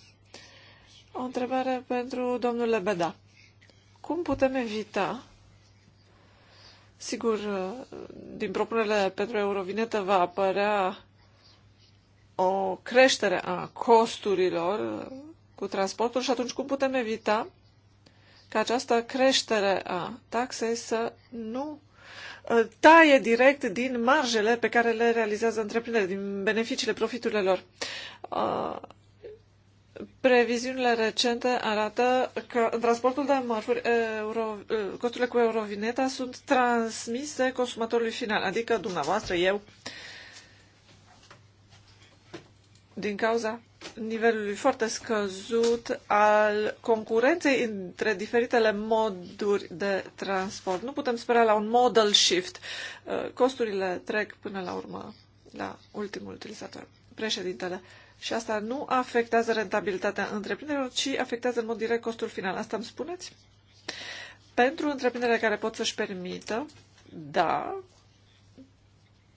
O întrebare pentru domnul Lebeda. Cum putem evita Sigur, din propunerile pentru Eurovinetă va apărea o creștere a costurilor cu transportul și atunci cum putem evita ca această creștere a taxei să nu Uh, taie direct din marjele pe care le realizează întreprinderile, din beneficiile, profiturile lor. Uh, previziunile recente arată că în transportul de mărfuri euro, uh, costurile cu eurovineta sunt transmise consumatorului final, adică dumneavoastră, eu, din cauza nivelului foarte scăzut al concurenței între diferitele moduri de transport. Nu putem spera la un model shift. Uh, costurile trec până la urmă la ultimul utilizator, președintele. Și asta nu afectează rentabilitatea întreprinderilor, ci afectează în mod direct costul final. Asta îmi spuneți? Pentru întreprinderile care pot să-și permită, da,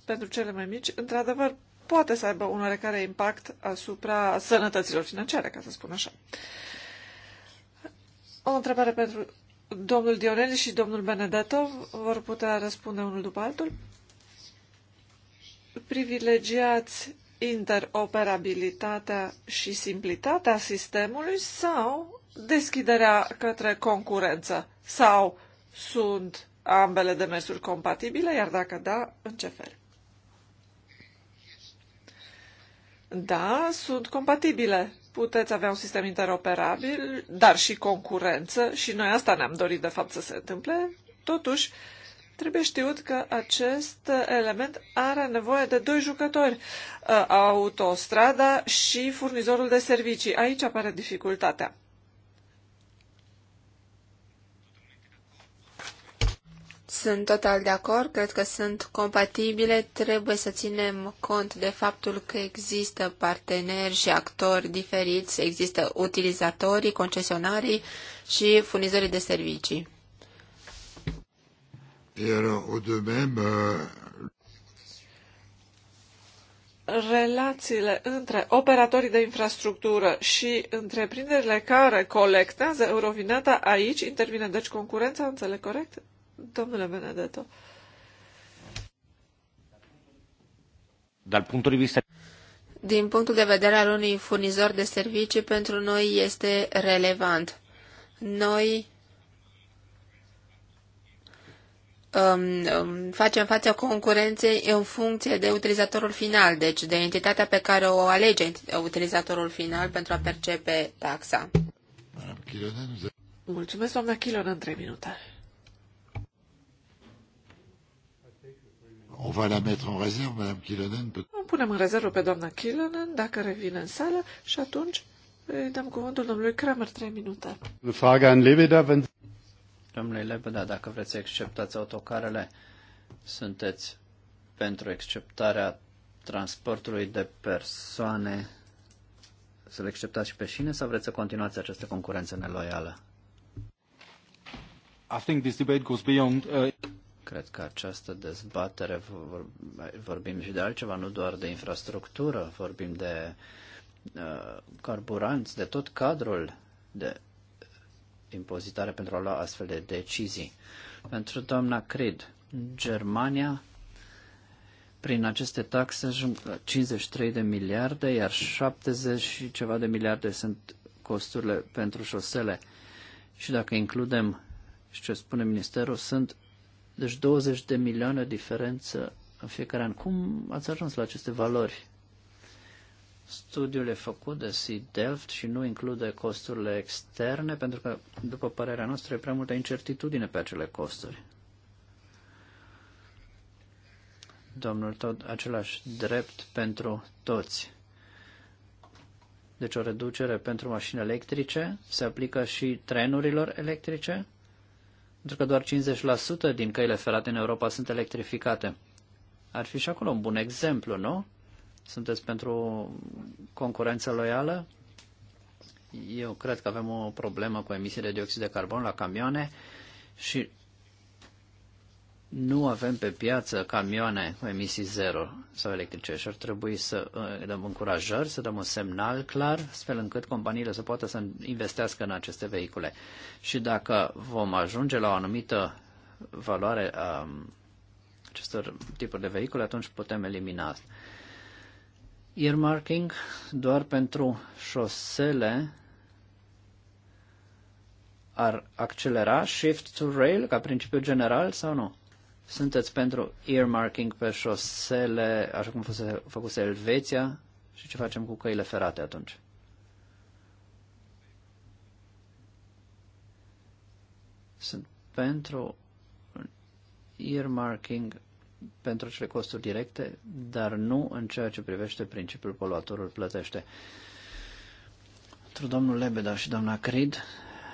pentru cele mai mici, într-adevăr, poate să aibă un oarecare impact asupra sănătăților financiare, ca să spun așa. O întrebare pentru domnul Dionel și domnul Benedetto. Vor putea răspunde unul după altul. Privilegiați interoperabilitatea și simplitatea sistemului sau deschiderea către concurență? Sau sunt ambele demersuri compatibile, iar dacă da, în ce fel? Da, sunt compatibile. Puteți avea un sistem interoperabil, dar și concurență și noi asta ne-am dorit de fapt să se întâmple. Totuși, trebuie știut că acest element are nevoie de doi jucători, uh, autostrada și furnizorul de servicii. Aici apare dificultatea. Sunt total de acord, cred că sunt compatibile. Trebuie să ținem cont de faptul că există parteneri și actori diferiți, există utilizatorii, concesionarii și furnizorii de servicii. Uh, relațiile între operatorii de infrastructură și întreprinderile care colectează Eurovineta aici intervine, deci concurența, înțeleg corect? Domnule Benedetto. Dal punto di vista... Din punctul de vedere al unui furnizor de servicii, pentru noi este relevant. Noi um, um, facem față concurenței în funcție de utilizatorul final, deci de entitatea pe care o alege utilizatorul final pentru a percepe taxa. Mulțumesc, doamna Chilonen, în 3 minute. On va la mettre en réserve, Madame Kilonen. O punem în rezervă pe doamna Kilonen, dacă revine în sală, și atunci îi dăm cuvântul domnului Kramer, trei minute. Frage an Lebeda, wenn... Domnule Lebeda, dacă vreți să acceptați autocarele, sunteți pentru acceptarea transportului de persoane să le acceptați și pe șine sau vreți să continuați această concurență neloială? I think this debate goes beyond, uh... Cred că această dezbatere, vorbim și de altceva, nu doar de infrastructură, vorbim de uh, carburanți, de tot cadrul de impozitare pentru a lua astfel de decizii. Pentru doamna Crid, Germania, prin aceste taxe, ajung 53 de miliarde, iar 70 și ceva de miliarde sunt costurile pentru șosele. Și dacă includem și ce spune Ministerul, sunt deci 20 de milioane diferență în fiecare an. Cum ați ajuns la aceste valori? Studiul e făcut de C. Delft și nu include costurile externe, pentru că, după părerea noastră, e prea multă incertitudine pe acele costuri. Domnul tot același drept pentru toți. Deci o reducere pentru mașini electrice se aplică și trenurilor electrice pentru că doar 50% din căile ferate în Europa sunt electrificate. Ar fi și acolo un bun exemplu, nu? Sunteți pentru concurență loială? Eu cred că avem o problemă cu emisiile de dioxid de carbon la camioane și nu avem pe piață camioane cu emisii zero sau electrice și ar trebui să uh, dăm încurajări, să dăm un semnal clar, astfel încât companiile să poată să investească în aceste vehicule. Și dacă vom ajunge la o anumită valoare a um, acestor tipuri de vehicule, atunci putem elimina asta. Earmarking doar pentru șosele ar accelera shift to rail ca principiu general sau nu? sunteți pentru earmarking pe șosele, așa cum fost făcuse Elveția, și ce facem cu căile ferate atunci? Sunt pentru earmarking pentru cele costuri directe, dar nu în ceea ce privește principiul poluatorul plătește. Pentru domnul Lebeda și doamna Crid,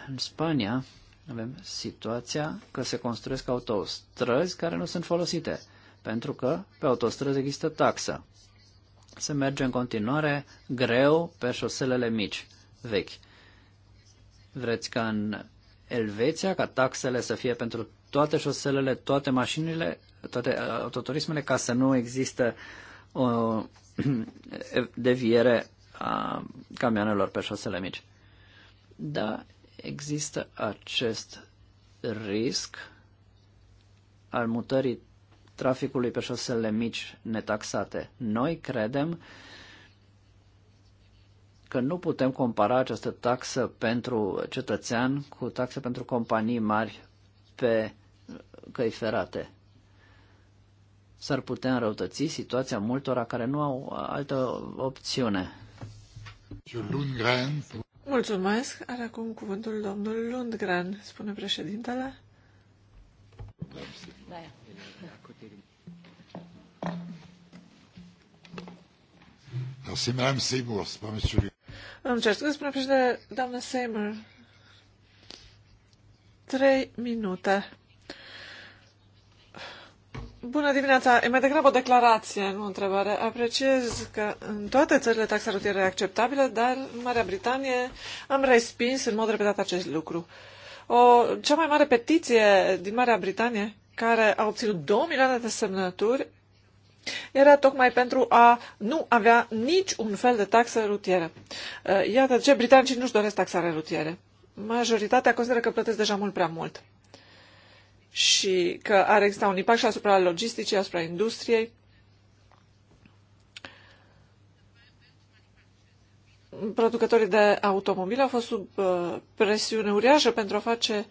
în Spania, avem situația că se construiesc autostrăzi care nu sunt folosite, pentru că pe autostrăzi există taxă. Se merge în continuare greu pe șoselele mici, vechi. Vreți ca în Elveția, ca taxele să fie pentru toate șoselele, toate mașinile, toate uh, autoturismele, ca să nu există o deviere a camioanelor pe șosele mici. Da, există acest risc al mutării traficului pe șosele mici netaxate. Noi credem că nu putem compara această taxă pentru cetățean cu taxă pentru companii mari pe căi ferate. S-ar putea înrăutăți situația multora care nu au altă opțiune. Mulțumesc. Are acum cuvântul domnul Lundgren, spune președintele. Da. c'est Madame Seymour, c'est pas Monsieur. Îmi cer scuze, spune președinte, doamnă Seymour. Trei minute. Bună dimineața! E mai degrabă o declarație, nu o întrebare. Apreciez că în toate țările taxa rutieră e acceptabilă, dar în Marea Britanie am respins în mod repetat acest lucru. O, cea mai mare petiție din Marea Britanie, care a obținut 2 milioane de semnături, era tocmai pentru a nu avea nici un fel de taxă rutieră. Iată ce britanicii nu-și doresc taxare rutiere. Majoritatea consideră că plătesc deja mult prea mult și că ar exista un impact și asupra logisticii, asupra industriei. Producătorii de automobile au fost sub uh, presiune uriașă pentru a face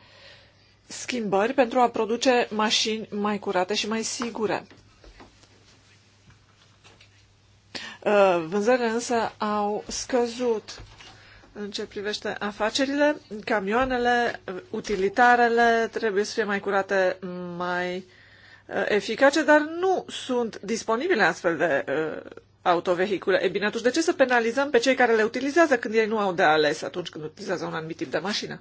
schimbări, pentru a produce mașini mai curate și mai sigure. Uh, vânzările însă au scăzut în ce privește afacerile, camioanele, utilitarele trebuie să fie mai curate, mai uh, eficace, dar nu sunt disponibile astfel de uh, autovehicule. E bine, atunci de ce să penalizăm pe cei care le utilizează când ei nu au de ales atunci când utilizează un anumit tip de mașină?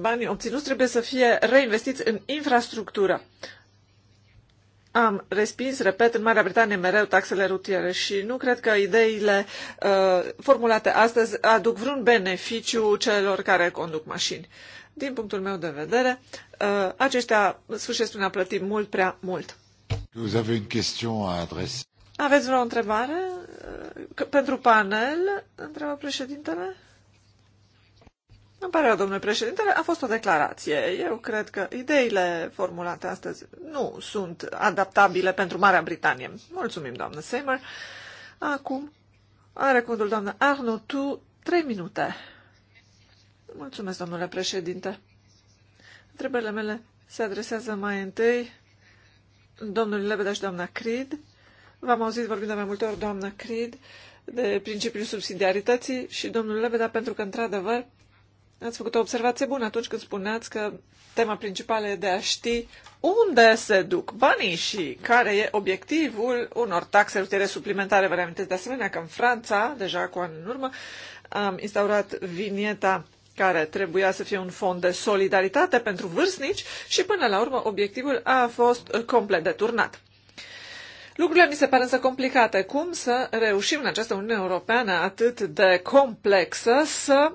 Banii obținuți trebuie să fie reinvestiți în infrastructură am respins, repet, în Marea Britanie mereu taxele rutiere și nu cred că ideile uh, formulate astăzi aduc vreun beneficiu celor care conduc mașini. Din punctul meu de vedere, uh, aceștia sfârșesc prin a plăti mult prea mult. Aveți vreo întrebare? Uh, pentru panel, întreabă președintele? Îmi pare rău, domnule președintele, a fost o declarație. Eu cred că ideile formulate astăzi nu sunt adaptabile pentru Marea Britanie. Mulțumim, doamnă Seymour. Acum are cuvântul doamnă Arno, tu trei minute. Mulțumesc, domnule președinte. Întrebările mele se adresează mai întâi domnului Lebeda și doamna Creed. V-am auzit vorbind de mai multe ori doamna Creed de principiul subsidiarității și domnul Lebeda pentru că, într-adevăr, Ați făcut o observație bună atunci când spuneați că tema principală e de a ști unde se duc banii și care e obiectivul unor taxe rutiere suplimentare. Vă reamintesc de asemenea că în Franța, deja cu ani în urmă, am instaurat vinieta care trebuia să fie un fond de solidaritate pentru vârstnici și până la urmă obiectivul a fost complet deturnat. Lucrurile mi se par însă complicate. Cum să reușim în această Uniune Europeană atât de complexă să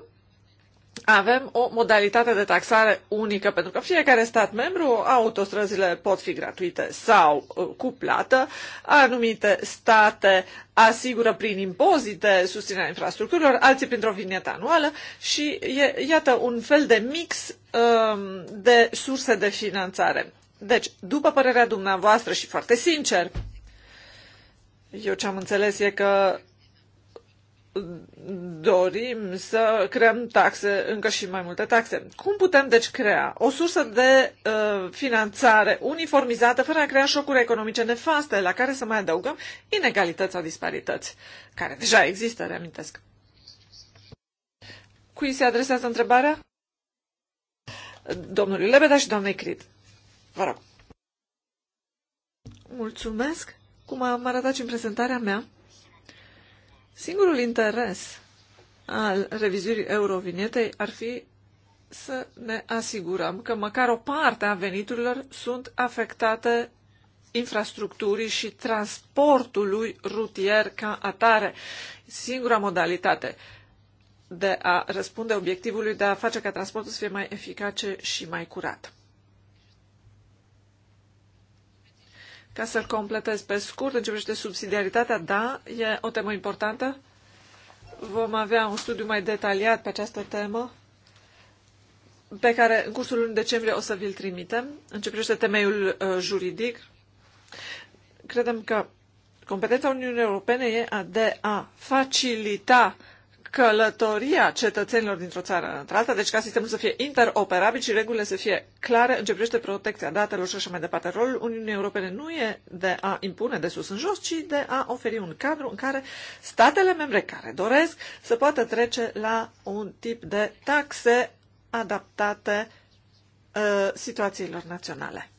avem o modalitate de taxare unică, pentru că fiecare stat membru, autostrăzile pot fi gratuite sau uh, cu plată, anumite state asigură prin impozite susținerea infrastructurilor, alții printr-o vinietă anuală și e, iată un fel de mix um, de surse de finanțare. Deci, după părerea dumneavoastră și foarte sincer, eu ce am înțeles e că dorim să creăm taxe, încă și mai multe taxe. Cum putem, deci, crea o sursă de uh, finanțare uniformizată fără a crea șocuri economice nefaste la care să mai adăugăm inegalități sau disparități, care deja există, reamintesc. Cui se adresează întrebarea? Domnului Lebeda și doamnei Crit. Vă rog. Mulțumesc. Cum am arătat și în prezentarea mea, Singurul interes al revizuirii Eurovinetei ar fi să ne asigurăm că măcar o parte a veniturilor sunt afectate infrastructurii și transportului rutier ca atare. Singura modalitate de a răspunde obiectivului de a face ca transportul să fie mai eficace și mai curat. Ca să-l completez pe scurt, în ce privește subsidiaritatea, da, e o temă importantă. Vom avea un studiu mai detaliat pe această temă, pe care în cursul lunii decembrie o să vi-l trimitem. În ce privește temeiul uh, juridic, credem că competența Uniunii Europene e a de a facilita călătoria cetățenilor dintr-o țară într-alta, deci ca sistemul să fie interoperabil și regulile să fie clare în ce privește protecția datelor și așa mai departe. Rolul Uniunii Europene nu e de a impune de sus în jos, ci de a oferi un cadru în care statele membre care doresc să poată trece la un tip de taxe adaptate uh, situațiilor naționale.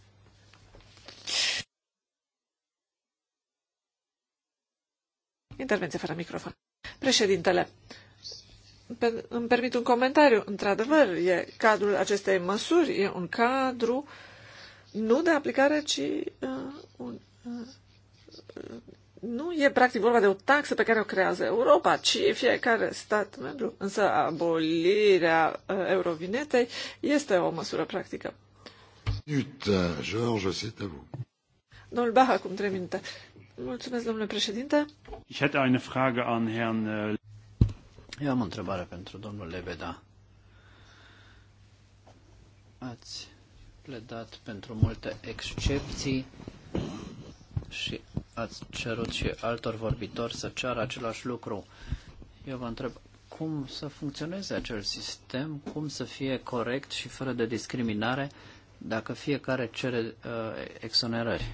Intervenție fără microfon. Președintele, îmi permit un comentariu. Într-adevăr, e cadrul acestei măsuri, e un cadru nu de aplicare, ci uh, un, uh, nu e practic vorba de o taxă pe care o creează Europa, ci fiecare stat membru. Însă abolirea uh, eurovinetei este o măsură practică. Uita, uh, George, c'est à vous. Domnul Bach, acum trei minute. Uh, Mulțumesc, domnule președinte. Ich hätte eine Frage an Herrn... Äh, Eu am o întrebare pentru domnul Lebeda. Ați pledat pentru multe excepții și ați cerut și altor vorbitori să ceară același lucru. Eu vă întreb cum să funcționeze acel sistem, cum să fie corect și fără de discriminare dacă fiecare cere uh, exonerări.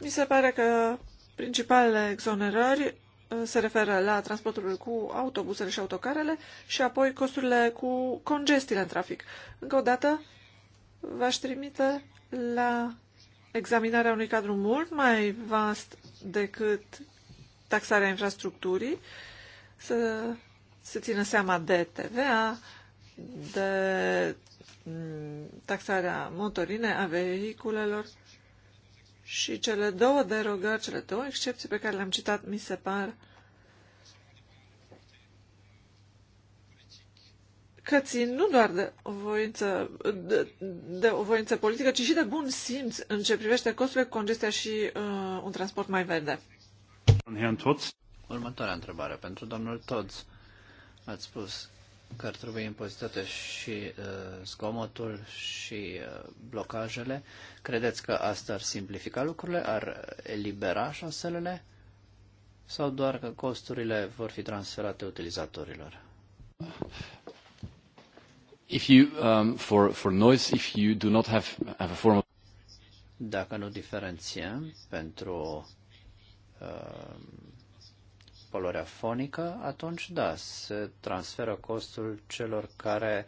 Mi se pare că principalele exonerări uh, se referă la transportul cu autobuzele și autocarele și apoi costurile cu congestiile în trafic. Încă o dată, v-aș trimite la examinarea unui cadru mult mai vast decât taxarea infrastructurii, să se țină seama de TVA, de mm, taxarea motorine a vehiculelor și cele două derogări, cele două excepții pe care le-am citat, mi se par că țin nu doar de o voință, de, de o voință politică, ci și de bun simț în ce privește costurile, congestia și uh, un transport mai verde. Următoarea întrebare pentru domnul Toți. Ați spus că ar trebui impozitate și uh, zgomotul și uh, blocajele. Credeți că asta ar simplifica lucrurile, ar elibera șoselele sau doar că costurile vor fi transferate utilizatorilor? If you, um, for, for noise, if you do not have, have a form of... Dacă nu diferențiem pentru uh, poluarea fonică, atunci da, se transferă costul celor care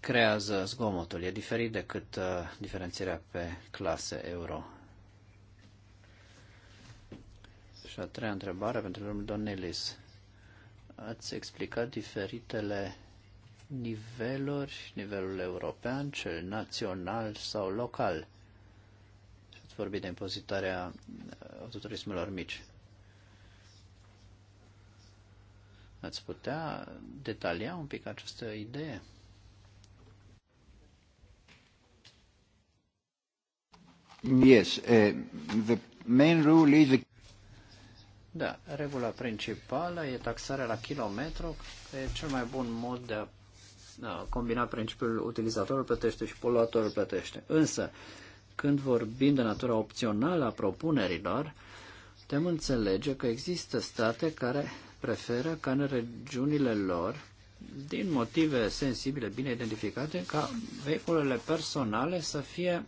creează zgomotul. E diferit decât uh, diferențierea pe clase euro. Și a treia întrebare pentru domnul Donelis. Ați explicat diferitele niveluri, nivelul european, cel național sau local. Ați vorbit de impozitarea uh, autoturismelor mici. Ați putea detalia un pic această idee? Yes, uh, the main rule is the... Da, regula principală e taxarea la kilometru, e cel mai bun mod de a combina principiul utilizatorul plătește și poluatorul plătește. Însă, când vorbim de natura opțională a propunerilor, putem înțelege că există state care preferă ca în regiunile lor, din motive sensibile bine identificate, ca vehiculele personale să fie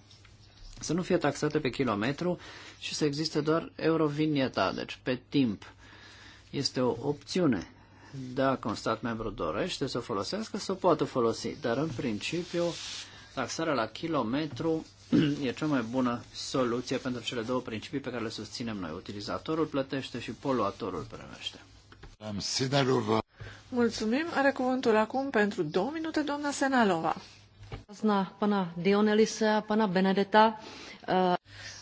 să nu fie taxate pe kilometru și să existe doar eurovinieta, deci pe timp. Este o opțiune. Dacă un stat membru dorește să o folosească, să o poată folosi, dar în principiu taxarea la kilometru e cea mai bună soluție pentru cele două principii pe care le susținem noi. Utilizatorul plătește și poluatorul primește. Mulțumim. Are cuvântul acum pentru două minute doamna Senalova. Pana Dionelisa, pana Benedetta.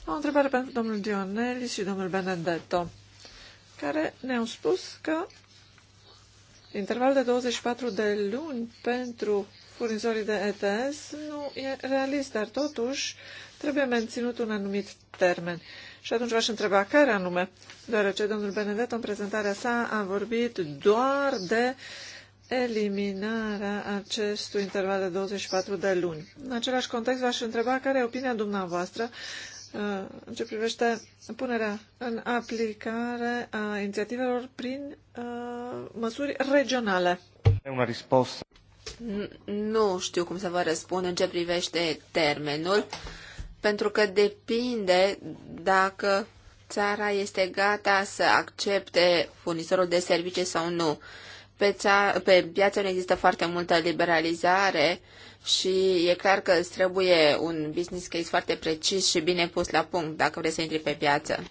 O întrebare pentru domnul Dionelis și domnul Benedetto, care ne-au spus că interval de 24 de luni pentru furnizorii de ETS nu e realist, dar totuși trebuie menținut un anumit termen. Și atunci v-aș întreba care anume, deoarece domnul Benedetto în prezentarea sa a vorbit doar de eliminarea acestui interval de 24 de luni. În același context v-aș întreba care e opinia dumneavoastră uh, în ce privește punerea în aplicare a inițiativelor prin uh, măsuri regionale. una răspuns. Nu știu cum să vă răspund în ce privește termenul, pentru că depinde dacă țara este gata să accepte furnizorul de servicii sau nu. Pe, țara, pe piață nu există foarte multă liberalizare și e clar că îți trebuie un business case foarte precis și bine pus la punct dacă vrei să intri pe piață.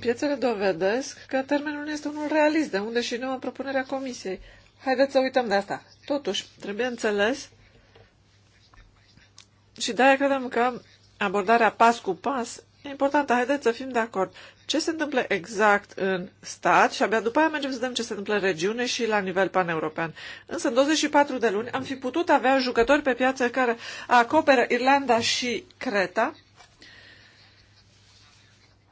Piețele dovedesc că termenul este unul realist, de unde și nouă propunerea Comisiei. Haideți să uităm de asta. Totuși, trebuie înțeles și de-aia credem că abordarea pas cu pas e importantă. Haideți să fim de acord. Ce se întâmplă exact în stat și abia după aia mergem să vedem ce se întâmplă în regiune și la nivel paneuropean. Însă în 24 de luni am fi putut avea jucători pe piață care acoperă Irlanda și Creta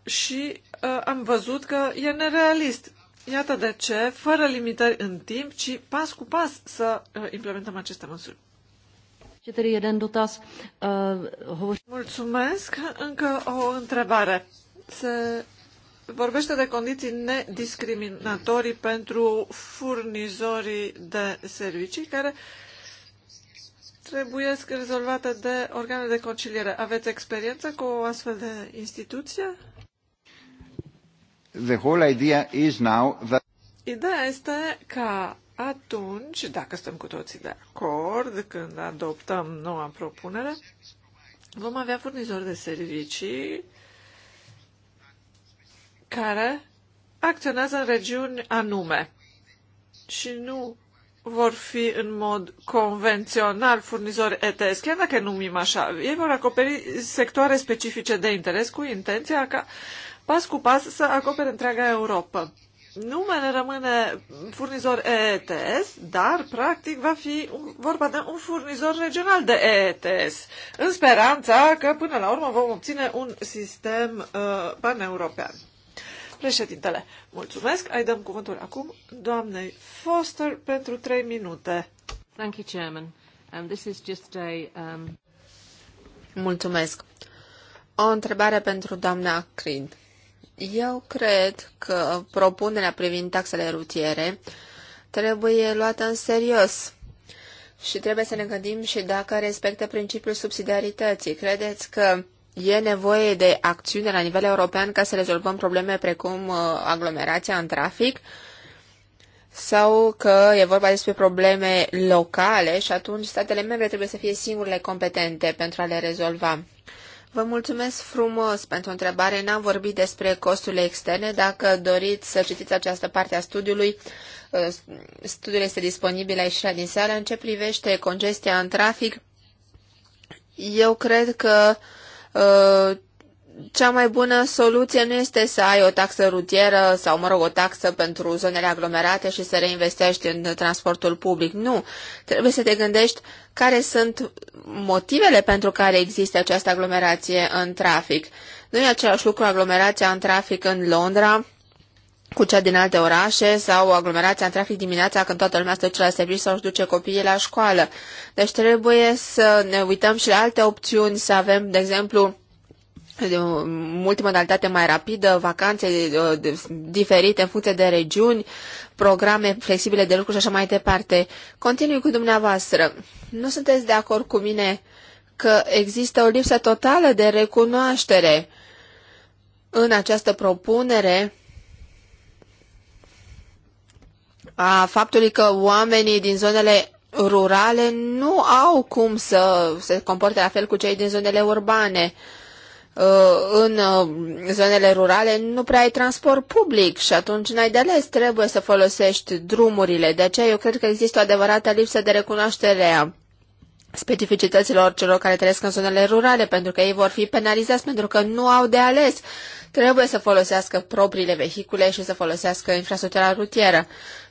și uh, am văzut că e nerealist Iată de ce, fără limitări în timp, ci pas cu pas să uh, implementăm aceste măsuri. Uh, Mulțumesc. Încă o întrebare. Se vorbește de condiții nediscriminatorii pentru furnizorii de servicii care trebuie rezolvate de organele de conciliere. Aveți experiență cu o astfel de instituție? the whole idea is now that Ideea este ca atunci, dacă suntem cu toții de acord, când adoptăm noua propunere, vom avea furnizori de servicii care acționează în regiuni anume și nu vor fi în mod convențional furnizori ETS, chiar dacă numim așa. Ei vor acoperi sectoare specifice de interes cu intenția ca pas cu pas să acopere întreaga Europa. Numele rămâne furnizor ETS, dar practic va fi vorba de un furnizor regional de ETS, în speranța că până la urmă vom obține un sistem uh, pan-european. Președintele, mulțumesc. Ai dăm cuvântul acum doamnei Foster pentru trei minute. Thank you, Chairman. Um, this is just a, um... Mulțumesc. O întrebare pentru doamna Creed. Eu cred că propunerea privind taxele rutiere trebuie luată în serios și trebuie să ne gândim și dacă respectă principiul subsidiarității. Credeți că E nevoie de acțiune la nivel european ca să rezolvăm probleme precum uh, aglomerația în trafic sau că e vorba despre probleme locale și atunci statele membre trebuie să fie singurele competente pentru a le rezolva. Vă mulțumesc frumos pentru întrebare. N-am vorbit despre costurile externe. Dacă doriți să citiți această parte a studiului, uh, studiul este disponibil la ieșirea din seară În ce privește congestia în trafic, eu cred că uh, Uh, cea mai bună soluție nu este să ai o taxă rutieră sau, mă rog, o taxă pentru zonele aglomerate și să reinvestești în transportul public. Nu. Trebuie să te gândești care sunt motivele pentru care există această aglomerație în trafic. Nu e același lucru aglomerația în trafic în Londra cu cea din alte orașe sau aglomerația în trafic dimineața când toată lumea stă duce la serviciu sau își duce copiii la școală. Deci trebuie să ne uităm și la alte opțiuni, să avem, de exemplu, multimodalitate mai rapidă, vacanțe diferite în funcție de regiuni, programe flexibile de lucru și așa mai departe. Continui cu dumneavoastră. Nu sunteți de acord cu mine că există o lipsă totală de recunoaștere în această propunere a faptului că oamenii din zonele rurale nu au cum să se comporte la fel cu cei din zonele urbane. Uh, în uh, zonele rurale nu prea ai transport public și atunci n-ai de ales, trebuie să folosești drumurile. De aceea eu cred că există o adevărată lipsă de recunoaștere a specificităților celor care trăiesc în zonele rurale, pentru că ei vor fi penalizați pentru că nu au de ales. Trebuie să folosească propriile vehicule și să folosească infrastructura rutieră.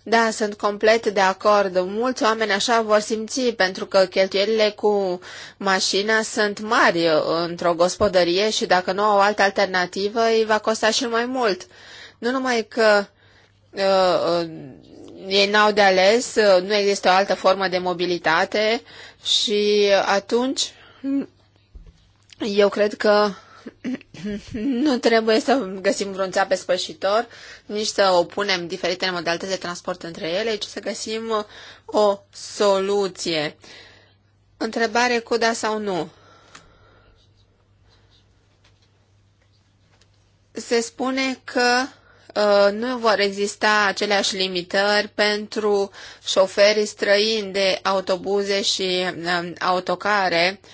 Da, sunt complet de acord. Mulți oameni așa vor simți pentru că cheltuielile cu mașina sunt mari uh, într-o gospodărie și dacă nu au altă alternativă, îi va costa și mai mult. Nu numai că uh, uh ei n-au de ales, uh, nu există o altă formă de mobilitate și atunci mm, eu cred că nu trebuie să găsim vreun pe spășitor, nici să opunem diferitele modalități de transport între ele, ci să găsim o soluție. Întrebare cu da sau nu. Se spune că uh, nu vor exista aceleași limitări pentru șoferii străini de autobuze și uh, autocare uh,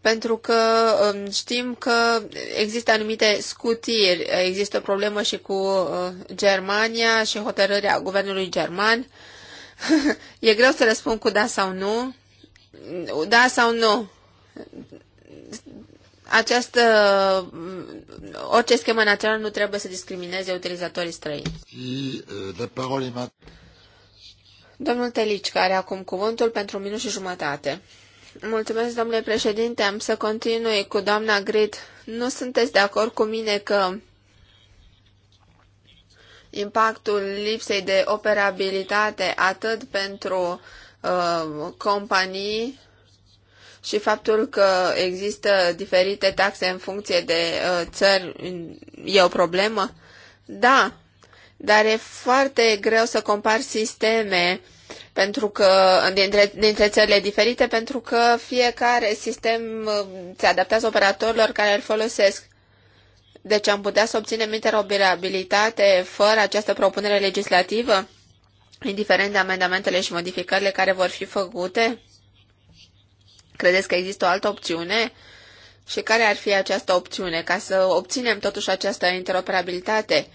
pentru că um, știm că există anumite scutiri. Există o problemă și cu uh, Germania și hotărârea guvernului german. e greu să răspund cu da sau nu. Da sau nu. Această, uh, orice schemă națională nu trebuie să discrimineze utilizatorii străini. Uh, Domnul care are acum cuvântul pentru un minut și jumătate. Mulțumesc, domnule președinte. Am să continui cu doamna Grid. Nu sunteți de acord cu mine că impactul lipsei de operabilitate atât pentru uh, companii și faptul că există diferite taxe în funcție de uh, țări e o problemă? Da, dar e foarte greu să compari sisteme uh, pentru că dintre, dintre țările diferite, pentru că fiecare sistem uh, se adaptează operatorilor care îl folosesc. Deci am putea să obținem interoperabilitate fără această propunere legislativă, indiferent de amendamentele și modificările care vor fi făcute? Credeți că există o altă opțiune? Și care ar fi această opțiune ca să obținem totuși această interoperabilitate?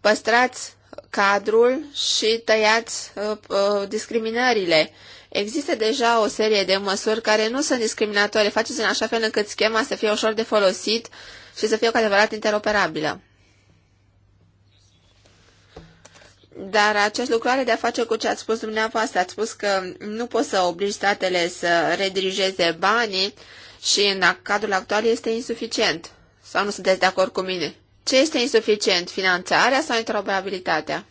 Păstrați cadrul și tăiați uh, uh, discriminările. Există deja o serie de măsuri care nu sunt discriminatorii. Faceți în așa fel încât schema să fie ușor de folosit și să fie o adevărat interoperabilă. Dar acest lucru are de-a face cu ce ați spus dumneavoastră. Ați spus că nu poți să obligi statele să redirigeze banii și în cadrul actual este insuficient. Sau nu sunteți de acord cu mine? Ce este insuficient? Finanțarea sau interoperabilitatea?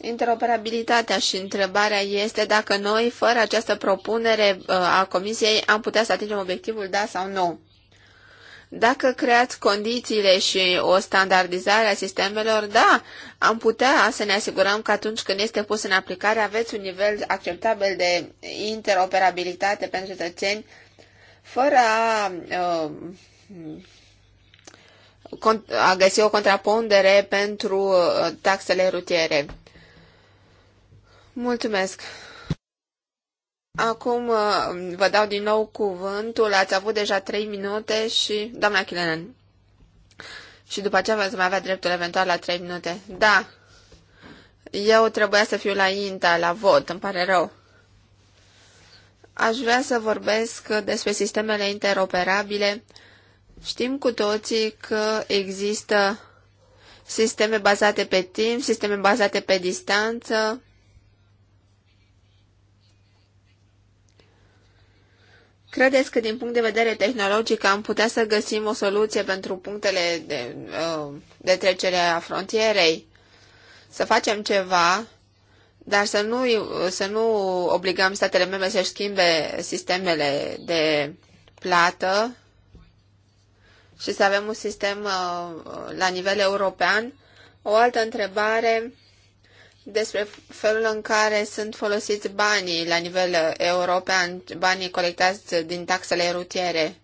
Interoperabilitatea și întrebarea este dacă noi, fără această propunere uh, a Comisiei, am putea să atingem obiectivul da sau nu. Dacă creați condițiile și o standardizare a sistemelor, da, am putea să ne asigurăm că atunci când este pus în aplicare aveți un nivel acceptabil de interoperabilitate pentru cetățeni, fără a uh, a găsi o contrapondere pentru uh, taxele rutiere. Mulțumesc! Acum uh, vă dau din nou cuvântul. Ați avut deja trei minute și... Doamna Chilenen. Și după aceea veți mai avea dreptul eventual la trei minute. Da. Eu trebuia să fiu la INTA, la vot, îmi pare rău. Aș vrea să vorbesc despre sistemele interoperabile Știm cu toții că există sisteme bazate pe timp, sisteme bazate pe distanță. Credeți că din punct de vedere tehnologic am putea să găsim o soluție pentru punctele de, uh, de trecere a frontierei? Să facem ceva, dar să nu, să nu obligăm statele membre să-și schimbe sistemele de plată și să avem un sistem uh, la nivel european. O altă întrebare despre felul în care sunt folosiți banii la nivel uh, european, banii colectați din taxele rutiere.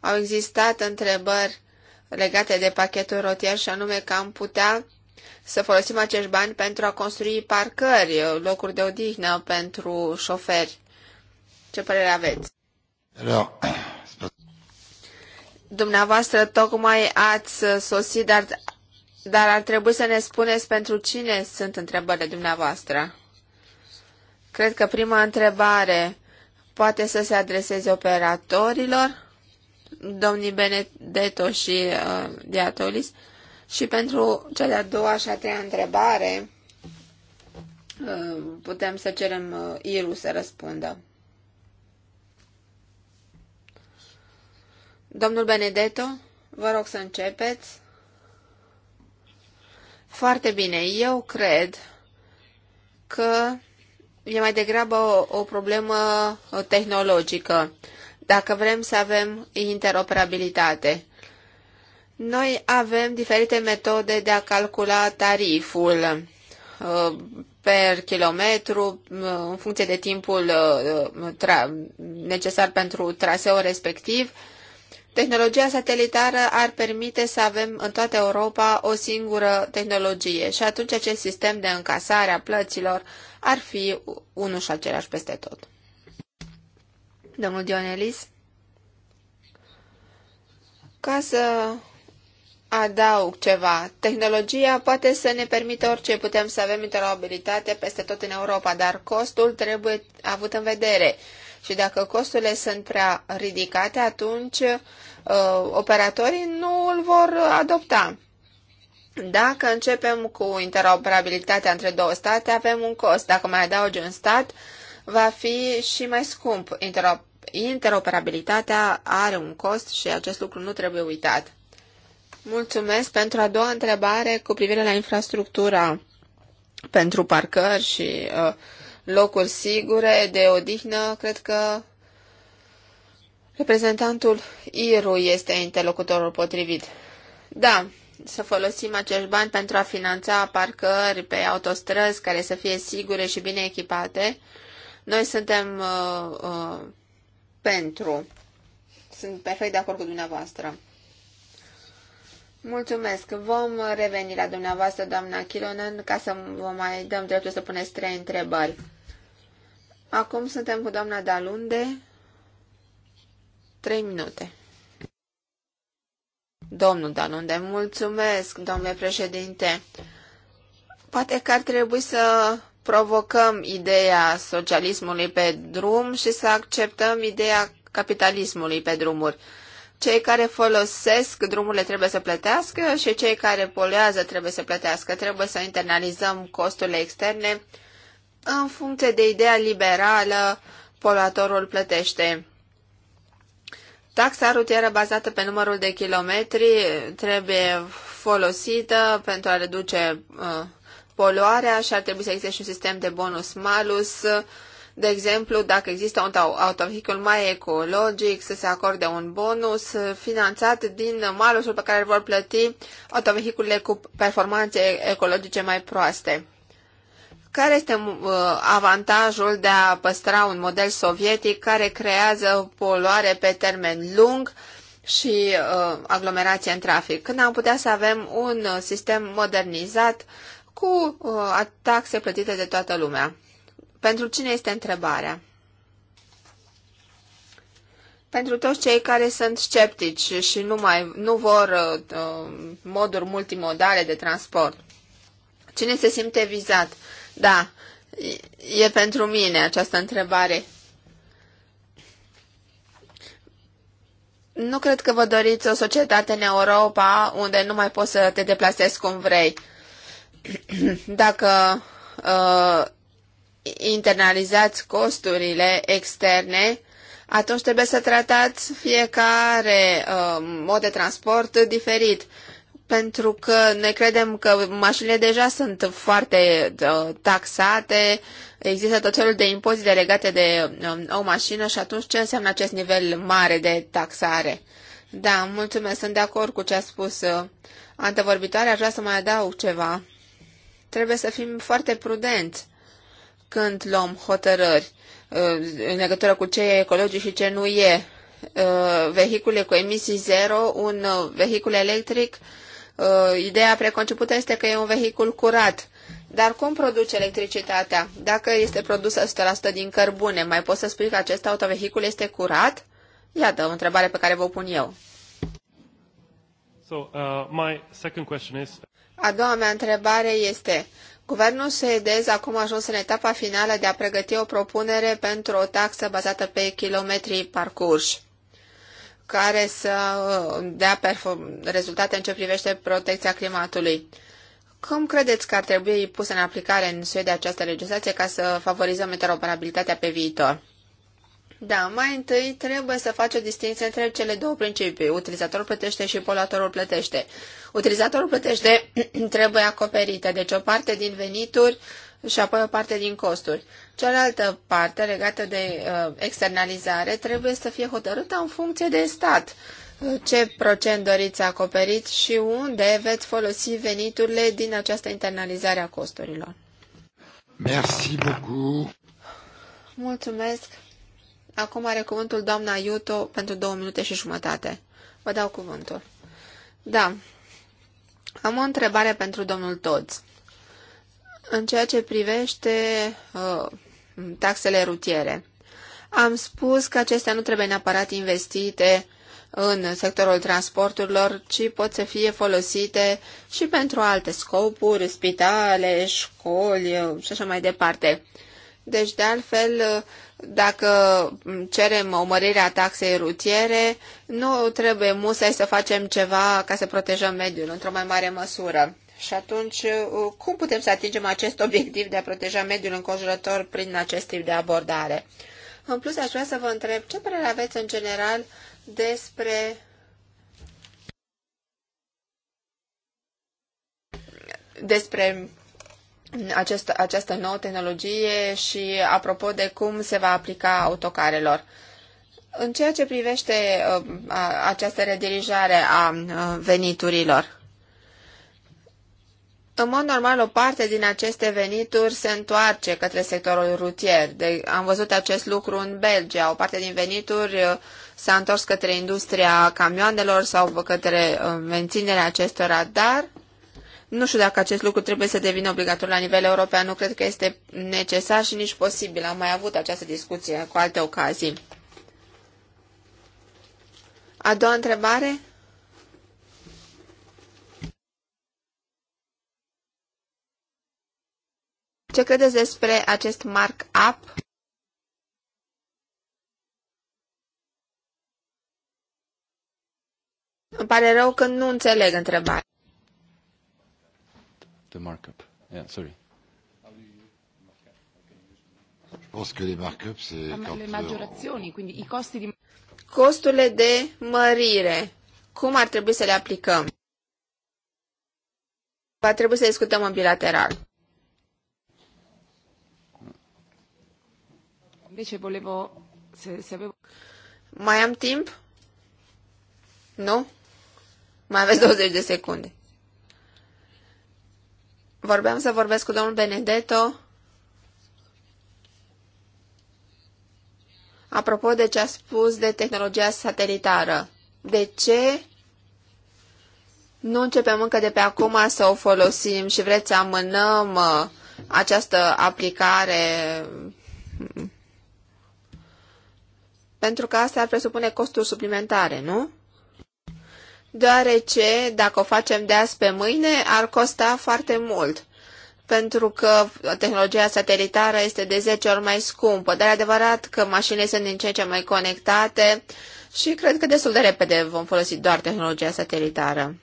Au existat întrebări legate de pachetul rutier și anume că am putea să folosim acești bani pentru a construi parcări, uh, locuri de odihnă pentru șoferi. Ce părere aveți? Alors, Dumneavoastră tocmai ați sosit, dar, dar ar trebui să ne spuneți pentru cine sunt întrebările dumneavoastră. Cred că prima întrebare poate să se adreseze operatorilor, domnii Benedetto și uh, Diatolis, și pentru cea de-a doua și a treia întrebare, uh, putem să cerem uh, Iru să răspundă. Domnul Benedetto, vă rog să începeți. Foarte bine, eu cred că e mai degrabă o, o problemă tehnologică, dacă vrem să avem interoperabilitate. Noi avem diferite metode de a calcula tariful uh, per kilometru uh, în funcție de timpul uh, necesar pentru traseul respectiv Tehnologia satelitară ar permite să avem în toată Europa o singură tehnologie și atunci acest sistem de încasare a plăților ar fi unul și același peste tot. Domnul Dionelis, ca să adaug ceva, tehnologia poate să ne permită orice, putem să avem interoperabilitate peste tot în Europa, dar costul trebuie avut în vedere și dacă costurile sunt prea ridicate, atunci uh, operatorii nu îl vor adopta. Dacă începem cu interoperabilitatea între două state, avem un cost. Dacă mai adaugi un stat, va fi și mai scump. interoperabilitatea are un cost și acest lucru nu trebuie uitat. Mulțumesc pentru a doua întrebare cu privire la infrastructura pentru parcări și uh, locuri sigure, de odihnă, cred că reprezentantul IRU este interlocutorul potrivit. Da, să folosim acești bani pentru a finanța parcări pe autostrăzi care să fie sigure și bine echipate. Noi suntem uh, uh, pentru. Sunt perfect de acord cu dumneavoastră. Mulțumesc. Vom reveni la dumneavoastră, doamna Chilonen, ca să vă mai dăm dreptul să puneți trei întrebări. Acum suntem cu doamna Dalunde. Trei minute. Domnul Dalunde, mulțumesc, domnule președinte. Poate că ar trebui să provocăm ideea socialismului pe drum și să acceptăm ideea capitalismului pe drumuri. Cei care folosesc drumurile trebuie să plătească și cei care poluează trebuie să plătească. Trebuie să internalizăm costurile externe în funcție de ideea liberală, poluatorul plătește. Taxa rutieră bazată pe numărul de kilometri trebuie folosită pentru a reduce uh, poluarea și ar trebui să existe și un sistem de bonus-malus. De exemplu, dacă există un autovehicul mai ecologic, să se acorde un bonus finanțat din malusul pe care îl vor plăti autovehiculele cu performanțe ecologice mai proaste. Care este uh, avantajul de a păstra un model sovietic care creează poluare pe termen lung și uh, aglomerație în trafic? Când am putea să avem un sistem modernizat cu uh, taxe plătite de toată lumea? Pentru cine este întrebarea? Pentru toți cei care sunt sceptici și nu, mai, nu vor uh, uh moduri multimodale de transport. Cine se simte vizat? Uh, da, e pentru mine această întrebare. Nu cred că vă doriți o societate în Europa unde nu mai poți să te deplasezi cum vrei. Dacă uh, internalizați costurile externe, atunci trebuie să tratați fiecare uh, mod de transport diferit pentru că ne credem că mașinile deja sunt foarte uh, taxate, există tot felul de impozite legate de um, o mașină și atunci ce înseamnă acest nivel mare de taxare? Da, mulțumesc, sunt de acord cu ce a spus uh, antevorbitoarea, aș vrea să mai adaug ceva. Trebuie să fim foarte prudenți când luăm hotărâri uh, în legătură cu ce e ecologic și ce nu e. vehicule cu emisii zero, un vehicul electric uh, Uh, ideea preconcepută este că e un vehicul curat. Dar cum produce electricitatea? Dacă este produsă 100% din cărbune, mai poți să spui că acest autovehicul este curat? Iată, o întrebare pe care vă pun eu. So, uh, my second question is... A doua mea întrebare este, guvernul suedez acum a ajuns în etapa finală de a pregăti o propunere pentru o taxă bazată pe kilometrii parcurși care să uh, dea rezultate în ce privește protecția climatului. Cum credeți că ar trebui pusă în aplicare în Suedia această legislație ca să favorizăm interoperabilitatea pe viitor? Da, mai întâi trebuie să faci o distinție între cele două principii. Utilizatorul plătește și poluatorul plătește. Utilizatorul plătește trebuie acoperită, deci o parte din venituri uh, și apoi o parte din costuri. Cealaltă parte legată de uh, externalizare trebuie să fie hotărâtă în funcție de stat. Uh, ce procent doriți acoperit și unde veți folosi veniturile din această internalizare a costurilor? Merci beaucoup. Mulțumesc. Acum are cuvântul doamna Iuto pentru două minute și jumătate. Vă dau cuvântul. Da. Am o întrebare pentru domnul Toți în ceea ce privește uh, taxele rutiere. Am spus că acestea nu trebuie neapărat investite în sectorul transporturilor, ci pot să fie folosite și pentru alte scopuri, spitale, școli uh, și așa mai departe. Deci, de altfel, uh, dacă cerem o mărire a taxei rutiere, nu trebuie musai să facem ceva ca să protejăm mediul într-o mai mare măsură. Și atunci, uh, cum putem să atingem acest obiectiv de a proteja mediul înconjurător prin acest tip de abordare? În plus, aș vrea să vă întreb ce părere aveți în general despre despre acest, această nouă tehnologie și apropo de cum se va aplica autocarelor. În ceea ce privește uh, această redirijare a uh, veniturilor, în mod normal, o parte din aceste venituri se întoarce către sectorul rutier. De, am văzut acest lucru în Belgia. O parte din venituri uh, s-a întors către industria camioanelor sau către uh, menținerea acestora, dar nu știu dacă acest lucru trebuie să devină obligatoriu la nivel european. Nu cred că este necesar și nici posibil. Am mai avut această discuție cu alte ocazii. A doua întrebare? Ce credeți despre acest markup? Îmi pare rău că nu înțeleg întrebarea. The markup. Yeah, sorry. Le i costi Costurile de mărire. Cum ar trebui să le aplicăm? Va trebui să discutăm în bilateral. Invece deci, volevo... Se, se avevo... Mai am timp? Nu? Mai aveți 20 de secunde. Vorbeam să vorbesc cu domnul Benedetto. Apropo de ce a spus de tehnologia satelitară. De ce nu începem încă de pe acum să o folosim și vreți să amânăm uh, această aplicare pentru că asta ar presupune costuri suplimentare, nu? Deoarece, dacă o facem de azi pe mâine, ar costa foarte mult. Pentru că tehnologia satelitară este de 10 ori mai scumpă, dar e adevărat că mașinile sunt din ce în ce mai conectate și cred că destul de repede vom folosi doar tehnologia satelitară.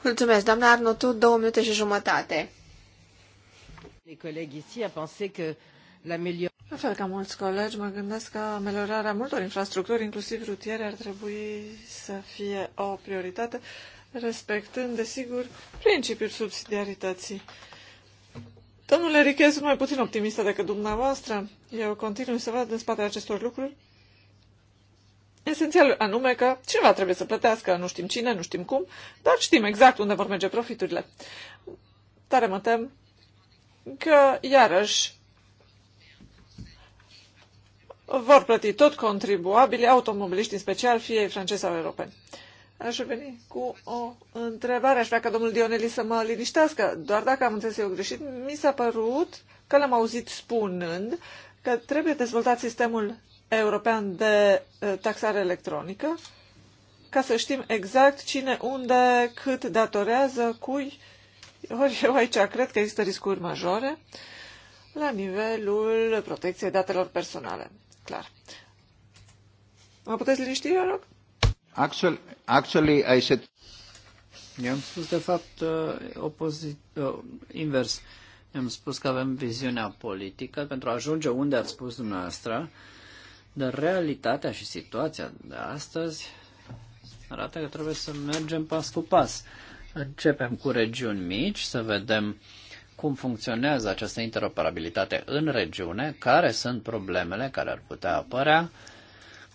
Mulțumesc, doamna Arnotu, două minute și jumătate. Les collègues ici que la fel ca mulți colegi, mă gândesc că ameliorarea multor infrastructuri, inclusiv rutiere, ar trebui să fie o prioritate, respectând, desigur, principiul subsidiarității. Domnule Riche, sunt mai puțin optimistă decât dumneavoastră. Eu continui să văd în spatele acestor lucruri. Esențial anume că cineva trebuie să plătească, nu știm cine, nu știm cum, dar știm exact unde vor merge profiturile. Tare mă tem că, iarăși, vor plăti tot contribuabilii automobiliști în special, fie francezi sau europeni. Aș veni cu o întrebare. Aș vrea ca domnul Dioneli să mă liniștească. Doar dacă am înțeles eu greșit, mi s-a părut că l-am auzit spunând că trebuie dezvoltat sistemul european de eh, taxare electronică ca să știm exact cine, unde, cât datorează, cui. Ori eu aici cred că există riscuri majore la nivelul protecției datelor personale clar. Mă puteți liniști, vă rog? Actually, actually I said... I-am spus, de fapt, uh, opozit, uh, invers. I-am spus că avem viziunea politică pentru a ajunge unde ați spus dumneavoastră, dar realitatea și situația de astăzi arată că trebuie să mergem pas cu pas. Începem cu regiuni mici, să vedem uh, cum funcționează această interoperabilitate în regiune, care sunt problemele care ar putea apărea,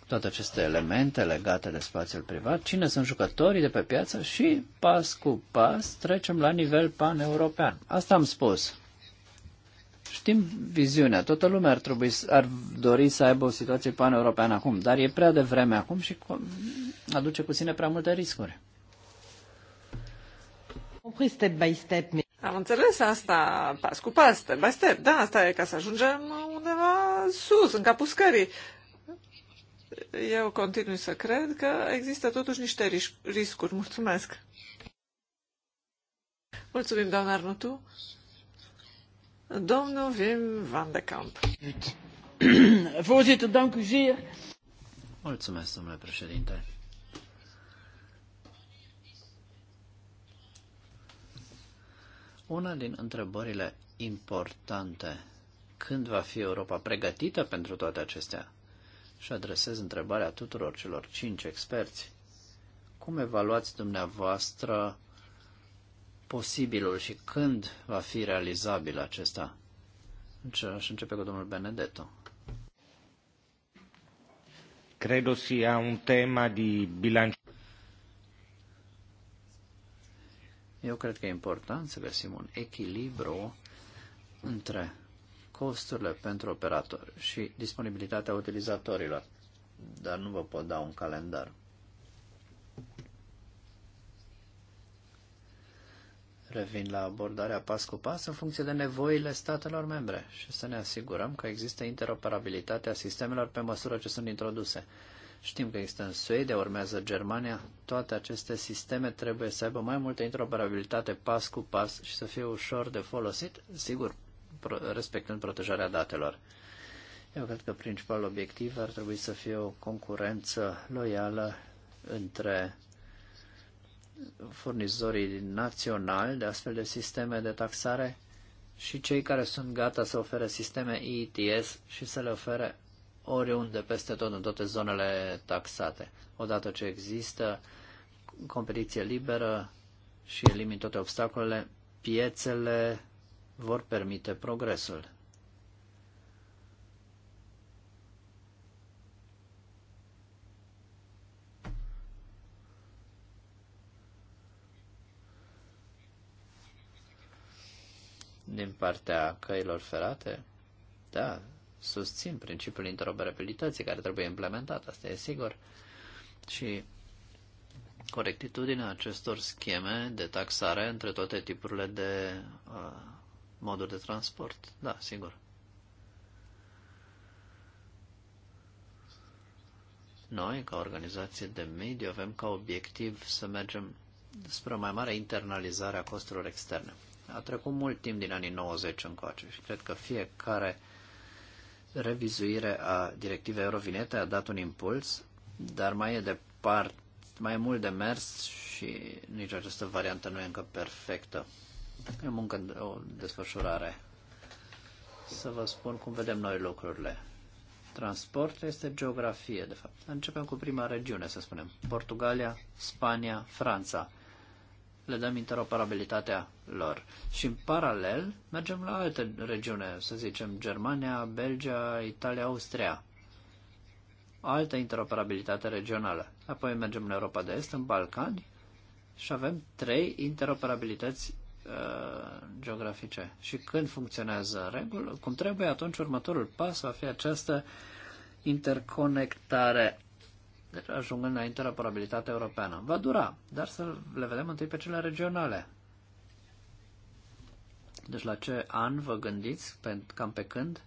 toate aceste elemente legate de spațiul privat, cine sunt jucătorii de pe piață și pas cu pas trecem la nivel pan-european. Asta am spus. Știm viziunea, toată lumea ar, trebui, ar dori să aibă o situație pan-europeană acum, dar e prea de vreme acum și aduce cu sine prea multe riscuri. Step by step. Am înțeles asta pas cu pas, step by step. Da, asta e ca să ajungem undeva sus, în capul scării. Eu continui să cred că există totuși niște ris- riscuri. Mulțumesc! Mulțumim, doamna Arnutu. Domnul Wim van de Camp. Mulțumesc, domnule președinte. Una din întrebările importante, când va fi Europa pregătită pentru toate acestea? Și adresez întrebarea tuturor celor cinci experți. Cum evaluați dumneavoastră posibilul și când va fi realizabil acesta? Aș începe cu domnul Benedetto. Credo sia un tema di bilancio Eu cred că e important să găsim un echilibru între costurile pentru operator și disponibilitatea utilizatorilor, dar nu vă pot da un calendar. Revin la abordarea pas cu pas în funcție de nevoile statelor membre și să ne asigurăm că există interoperabilitatea sistemelor pe măsură ce sunt introduse. Știm că există în Suedia, urmează Germania. Toate aceste sisteme trebuie să aibă mai multă interoperabilitate pas cu pas și să fie ușor de folosit, sigur, respectând protejarea datelor. Eu cred că principalul obiectiv ar trebui să fie o concurență loială între furnizorii naționali de astfel de sisteme de taxare și cei care sunt gata să ofere sisteme EETS și să le ofere oriunde, peste tot, în toate zonele taxate. Odată ce există competiție liberă și elimin toate obstacolele, piețele vor permite progresul. Din partea căilor ferate? Da, susțin principiul interoperabilității care trebuie implementat, asta e sigur, și corectitudinea acestor scheme de taxare între toate tipurile de uh, moduri de transport. Da, sigur. Noi, ca organizație de mediu, avem ca obiectiv să mergem spre o mai mare internalizare a costurilor externe. A trecut mult timp din anii 90 încoace și cred că fiecare uh, revizuire a directivei Eurovinete a dat un impuls, dar mai e departe, mai e mult de mers și nici această variantă nu e încă perfectă. E o muncă, o desfășurare. Să vă spun cum vedem noi lucrurile. Transport este geografie, de fapt. Începem cu prima regiune, să spunem. Portugalia, Spania, Franța le dăm interoperabilitatea lor. Și în paralel mergem la alte regiune, să zicem Germania, Belgia, Italia, Austria. Altă interoperabilitate regională. Apoi mergem în Europa de Est, în Balcani și avem trei interoperabilități uh, geografice. Și când funcționează în regulă, cum trebuie, atunci următorul pas va fi această interconectare deci ajung la interoperabilitatea europeană. Va dura, dar să le vedem întâi pe cele regionale. Deci la ce an vă gândiți? Pe, cam pe când?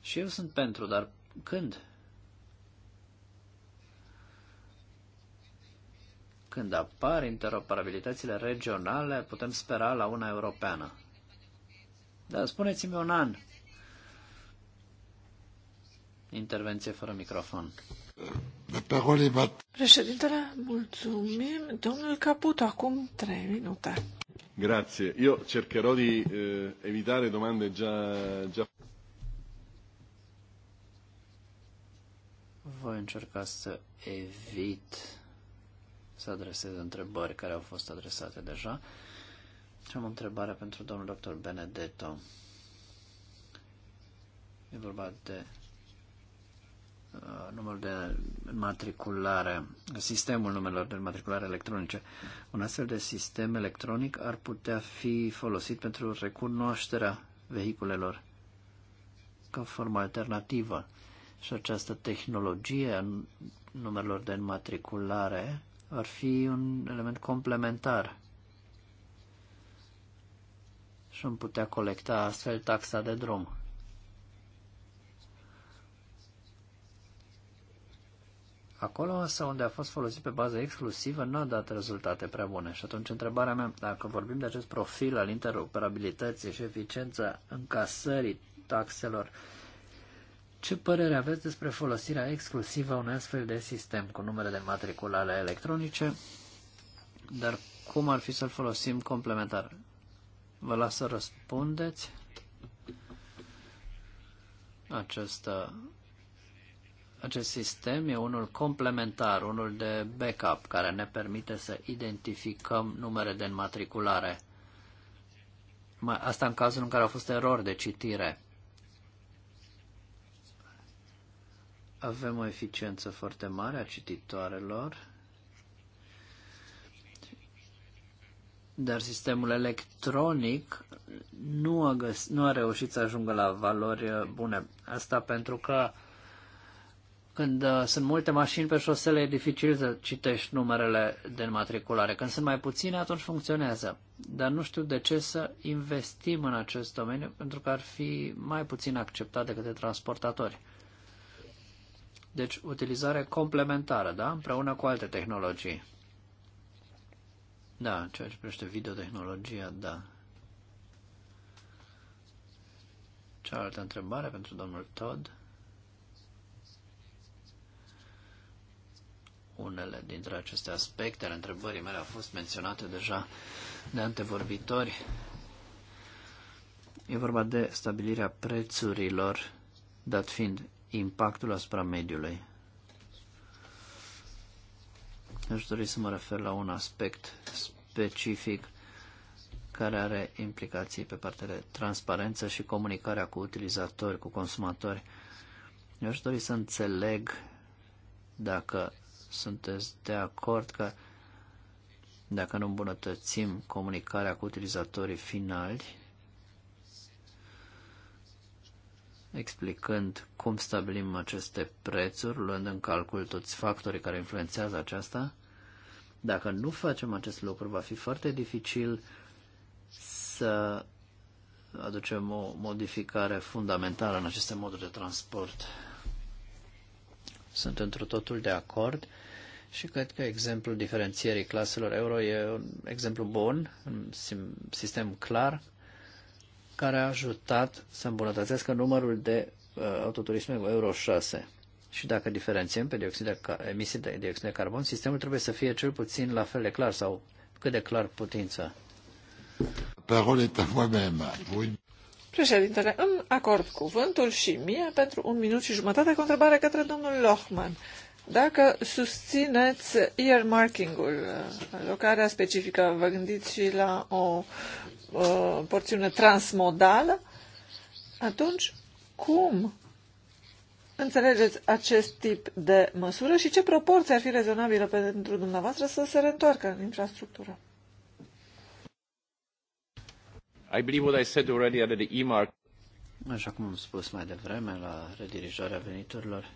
Și eu sunt pentru, dar când? Când apar interoperabilitățile regionale, putem spera la una europeană. Dar spuneți-mi un an. Intervenție fără microfon. Președintele, mulțumim. Domnul caput acum trei minute. Grazie. Io cercherò di eh, evitare domande già, già... Voi încerca să evit să adresez întrebări care au fost adresate deja. Și am o întrebare pentru domnul dr. Benedetto. E vorba de Uh, numărul de matriculare, sistemul numelor de matriculare electronice. Un astfel de sistem electronic ar putea fi folosit pentru recunoașterea vehiculelor ca formă alternativă. Și această tehnologie a numărilor de înmatriculare ar fi un element complementar și am putea colecta astfel taxa de drum. Acolo însă unde a fost folosit pe bază exclusivă nu a dat rezultate prea bune și atunci întrebarea mea, dacă vorbim de acest profil al interoperabilității și eficiența încasării taxelor, ce părere aveți despre folosirea exclusivă a unui astfel de sistem cu numere de matriculare electronice, dar cum ar fi să-l folosim complementar? Vă las să răspundeți această acest sistem e unul complementar, unul de backup, care ne permite să identificăm numere de înmatriculare. Asta în cazul în care au fost erori de citire. Avem o eficiență foarte mare a cititoarelor. dar sistemul electronic nu a, găs- nu a reușit să ajungă la valori uh, bune. Asta pentru că când uh, sunt multe mașini pe șosele, e dificil să citești numerele de înmatriculare. Când sunt mai puține, atunci funcționează. Dar nu știu de ce să investim în acest domeniu, pentru că ar fi mai puțin acceptat de către transportatori. Deci, utilizare complementară, da? Împreună cu alte tehnologii. Da, ceea ce privește videotehnologia, da. Cealaltă întrebare pentru domnul Todd. unele dintre aceste aspecte ale întrebării mele au fost menționate deja de antevorbitori. E vorba de stabilirea prețurilor, dat fiind impactul asupra mediului. Aș dori să mă refer la un aspect specific care are implicații pe partea de transparență și comunicarea cu utilizatori, cu consumatori. aș dori să înțeleg dacă sunteți de acord că dacă nu îmbunătățim comunicarea cu utilizatorii finali, explicând cum stabilim aceste prețuri, luând în calcul toți factorii care influențează aceasta, dacă nu facem acest lucru, va fi foarte dificil să aducem o modificare fundamentală în aceste moduri de transport. Sunt întru totul de acord și cred că exemplul diferențierii claselor euro e un exemplu bun, un sistem clar care a ajutat să îmbunătățească numărul de uh, autoturisme cu Euro 6. Și dacă diferențiem pe dioxid de emisii de dioxid de carbon, sistemul trebuie să fie cel puțin la fel de clar sau cât de clar putință. Parole est à moi-même. Președintele, în acord cuvântul și mie pentru un minut și jumătate cu întrebare către domnul Lohman. Dacă susțineți earmarking-ul, locarea specifică, vă gândiți și la o, o porțiune transmodală, atunci cum înțelegeți acest tip de măsură și ce proporție ar fi rezonabilă pentru dumneavoastră să se reîntoarcă în infrastructură? I believe what I said already under the e-mark. Așa cum am spus mai devreme, la redirijarea veniturilor,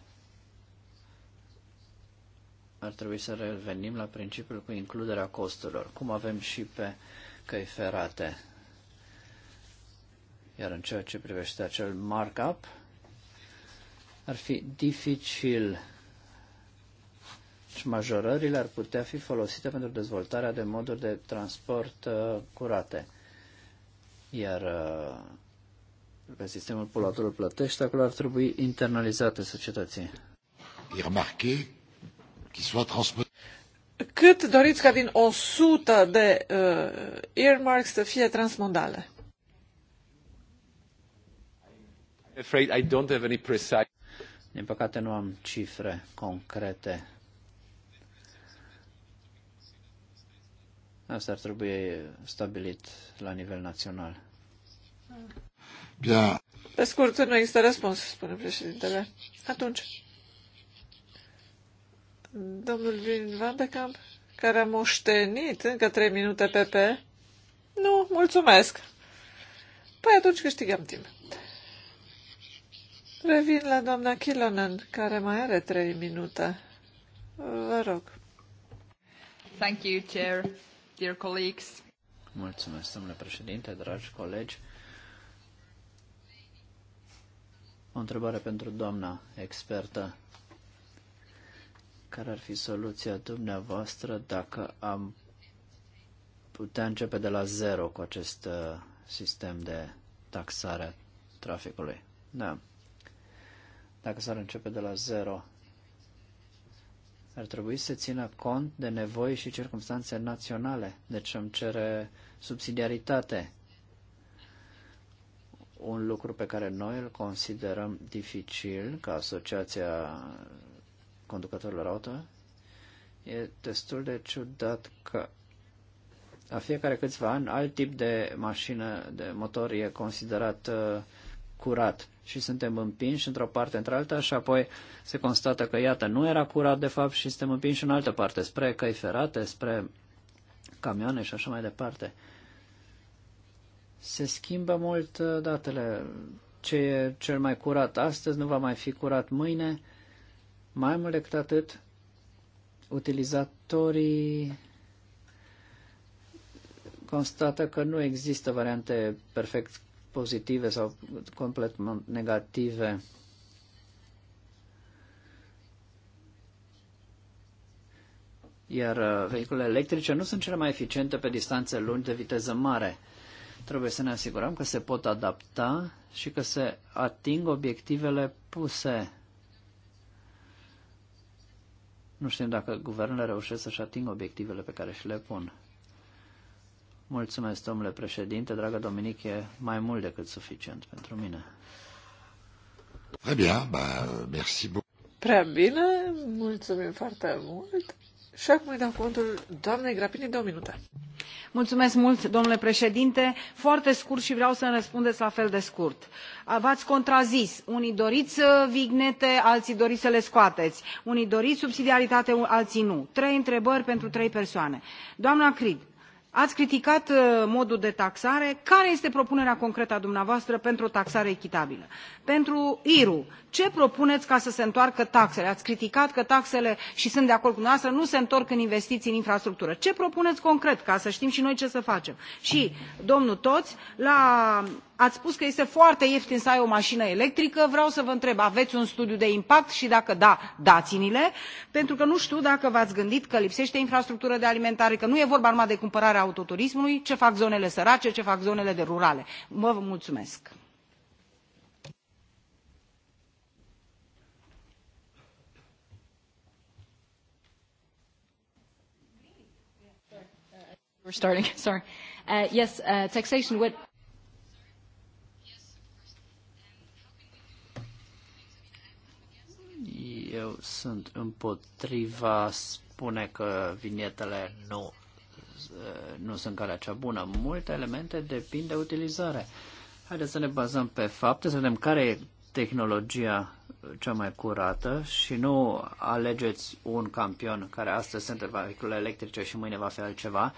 ar trebui să revenim la principiul cu includerea costurilor, cum avem și pe căi ferate. Iar în ceea ce privește acel markup, ar fi dificil și majorările ar putea fi folosite pentru dezvoltarea de moduri de transport uh, curate. Iar uh, pe sistemul poluatorul plătește, acolo ar trebui internalizate societății. Cât doriți ca din 100 de uh, earmarks să fie transmondale? Afraid I don't have any precise... Din păcate nu am cifre concrete Asta ar trebui stabilit la nivel național. Bine. Pe scurt, nu există răspuns, spune președintele. Atunci, domnul Vin Van de Camp, care a moștenit încă trei minute PP, nu, mulțumesc. Păi atunci câștigăm timp. Revin la doamna Kilonen, care mai are trei minute. Vă rog. Thank you, Chair dear colleagues. Mulțumesc, domnule președinte, dragi colegi. O întrebare pentru doamna expertă. Care ar fi soluția dumneavoastră dacă am putea începe de la zero cu acest uh, sistem de taxare traficului? Da. Dacă s-ar începe de la zero, ar trebui să țină cont de nevoi și circunstanțe naționale, deci îmi cere subsidiaritate. Un lucru pe care noi îl considerăm dificil ca Asociația Conducătorilor Auto e destul de ciudat că la fiecare câțiva ani alt tip de mașină, de motor e considerat uh, curat și suntem împinși într-o parte într-alta și apoi se constată că, iată, nu era curat de fapt și suntem împinși în altă parte, spre căi ferate, spre camioane și așa mai departe. Se schimbă mult uh, datele. Ce e cel mai curat astăzi nu va mai fi curat mâine. Mai mult decât atât, utilizatorii constată că nu există variante perfect pozitive sau complet negative. Iar uh, vehiculele electrice nu sunt cele mai eficiente pe distanțe lungi de viteză mare. Trebuie să ne asigurăm că se pot adapta și că se ating obiectivele puse. Nu știm dacă guvernele reușesc să-și atingă obiectivele pe care și le pun. Mulțumesc, domnule președinte. Dragă Dominic, e mai mult decât suficient pentru mine. Très bien, bah, merci beaucoup. Prea bine, mulțumim foarte mult. Și acum îi dau cuvântul doamnei Grapini, două minute. Mulțumesc mult, domnule președinte. Foarte scurt și vreau să-mi răspundeți la fel de scurt. V-ați contrazis. Unii doriți uh, vignete, alții doriți să le scoateți. Unii doriți subsidiaritate, alții nu. Trei întrebări pentru trei persoane. Doamna Crid, ați criticat uh, modul de taxare care este propunerea concretă a dumneavoastră pentru o taxare echitabilă? pentru iru ce propuneți ca să se întoarcă taxele ați criticat că taxele și sunt de acord cu dumneavoastră nu se întorc în investiții în infrastructură ce propuneți concret ca să știm și noi ce să facem? și domnul Toți, la... ați spus că este foarte ieftin să ai o mașină electrică vreau să vă întreb aveți un studiu de impact și dacă da dați ni l pentru că nu știu dacă v ați gândit că lipsește infrastructură de alimentare că nu e vorba numai de cumpărarea autoturismului ce fac zonele sărace ce fac zonele de rurale. vă mulțumesc. We're starting, sorry. Uh, yes, uh, taxation with... Eu sunt împotriva spune că vinietele nu Uh, nu sunt calea cea bună. Multe elemente depind de utilizare. Haideți să ne bazăm pe fapte, să vedem care e tehnologia cea mai curată și nu alegeți un campion care astăzi sunt vehicule electrice și mâine va fi altceva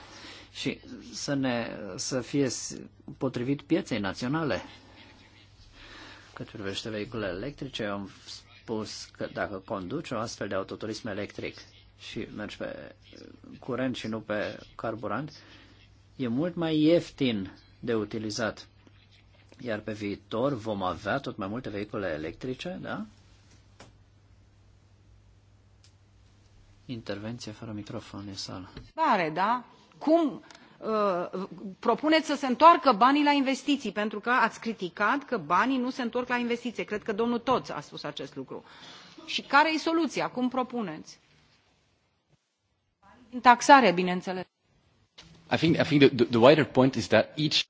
și să, ne, să fie potrivit pieței naționale. Cât privește vehiculele electrice, am spus că dacă conduci un astfel de autoturism electric și mergi pe uh, curent și nu pe carburant, e mult mai ieftin de utilizat. Iar pe viitor vom avea tot mai multe vehicule electrice, da? Intervenție fără microfon în sală. Pare, da? Cum uh, propuneți să se întoarcă banii la investiții? Pentru că ați criticat că banii nu se întorc la investiții. Cred că domnul Toț a spus acest lucru. Și care e soluția? Cum propuneți? taxare, bineînțeles. I think, I think the, the wider point is that each...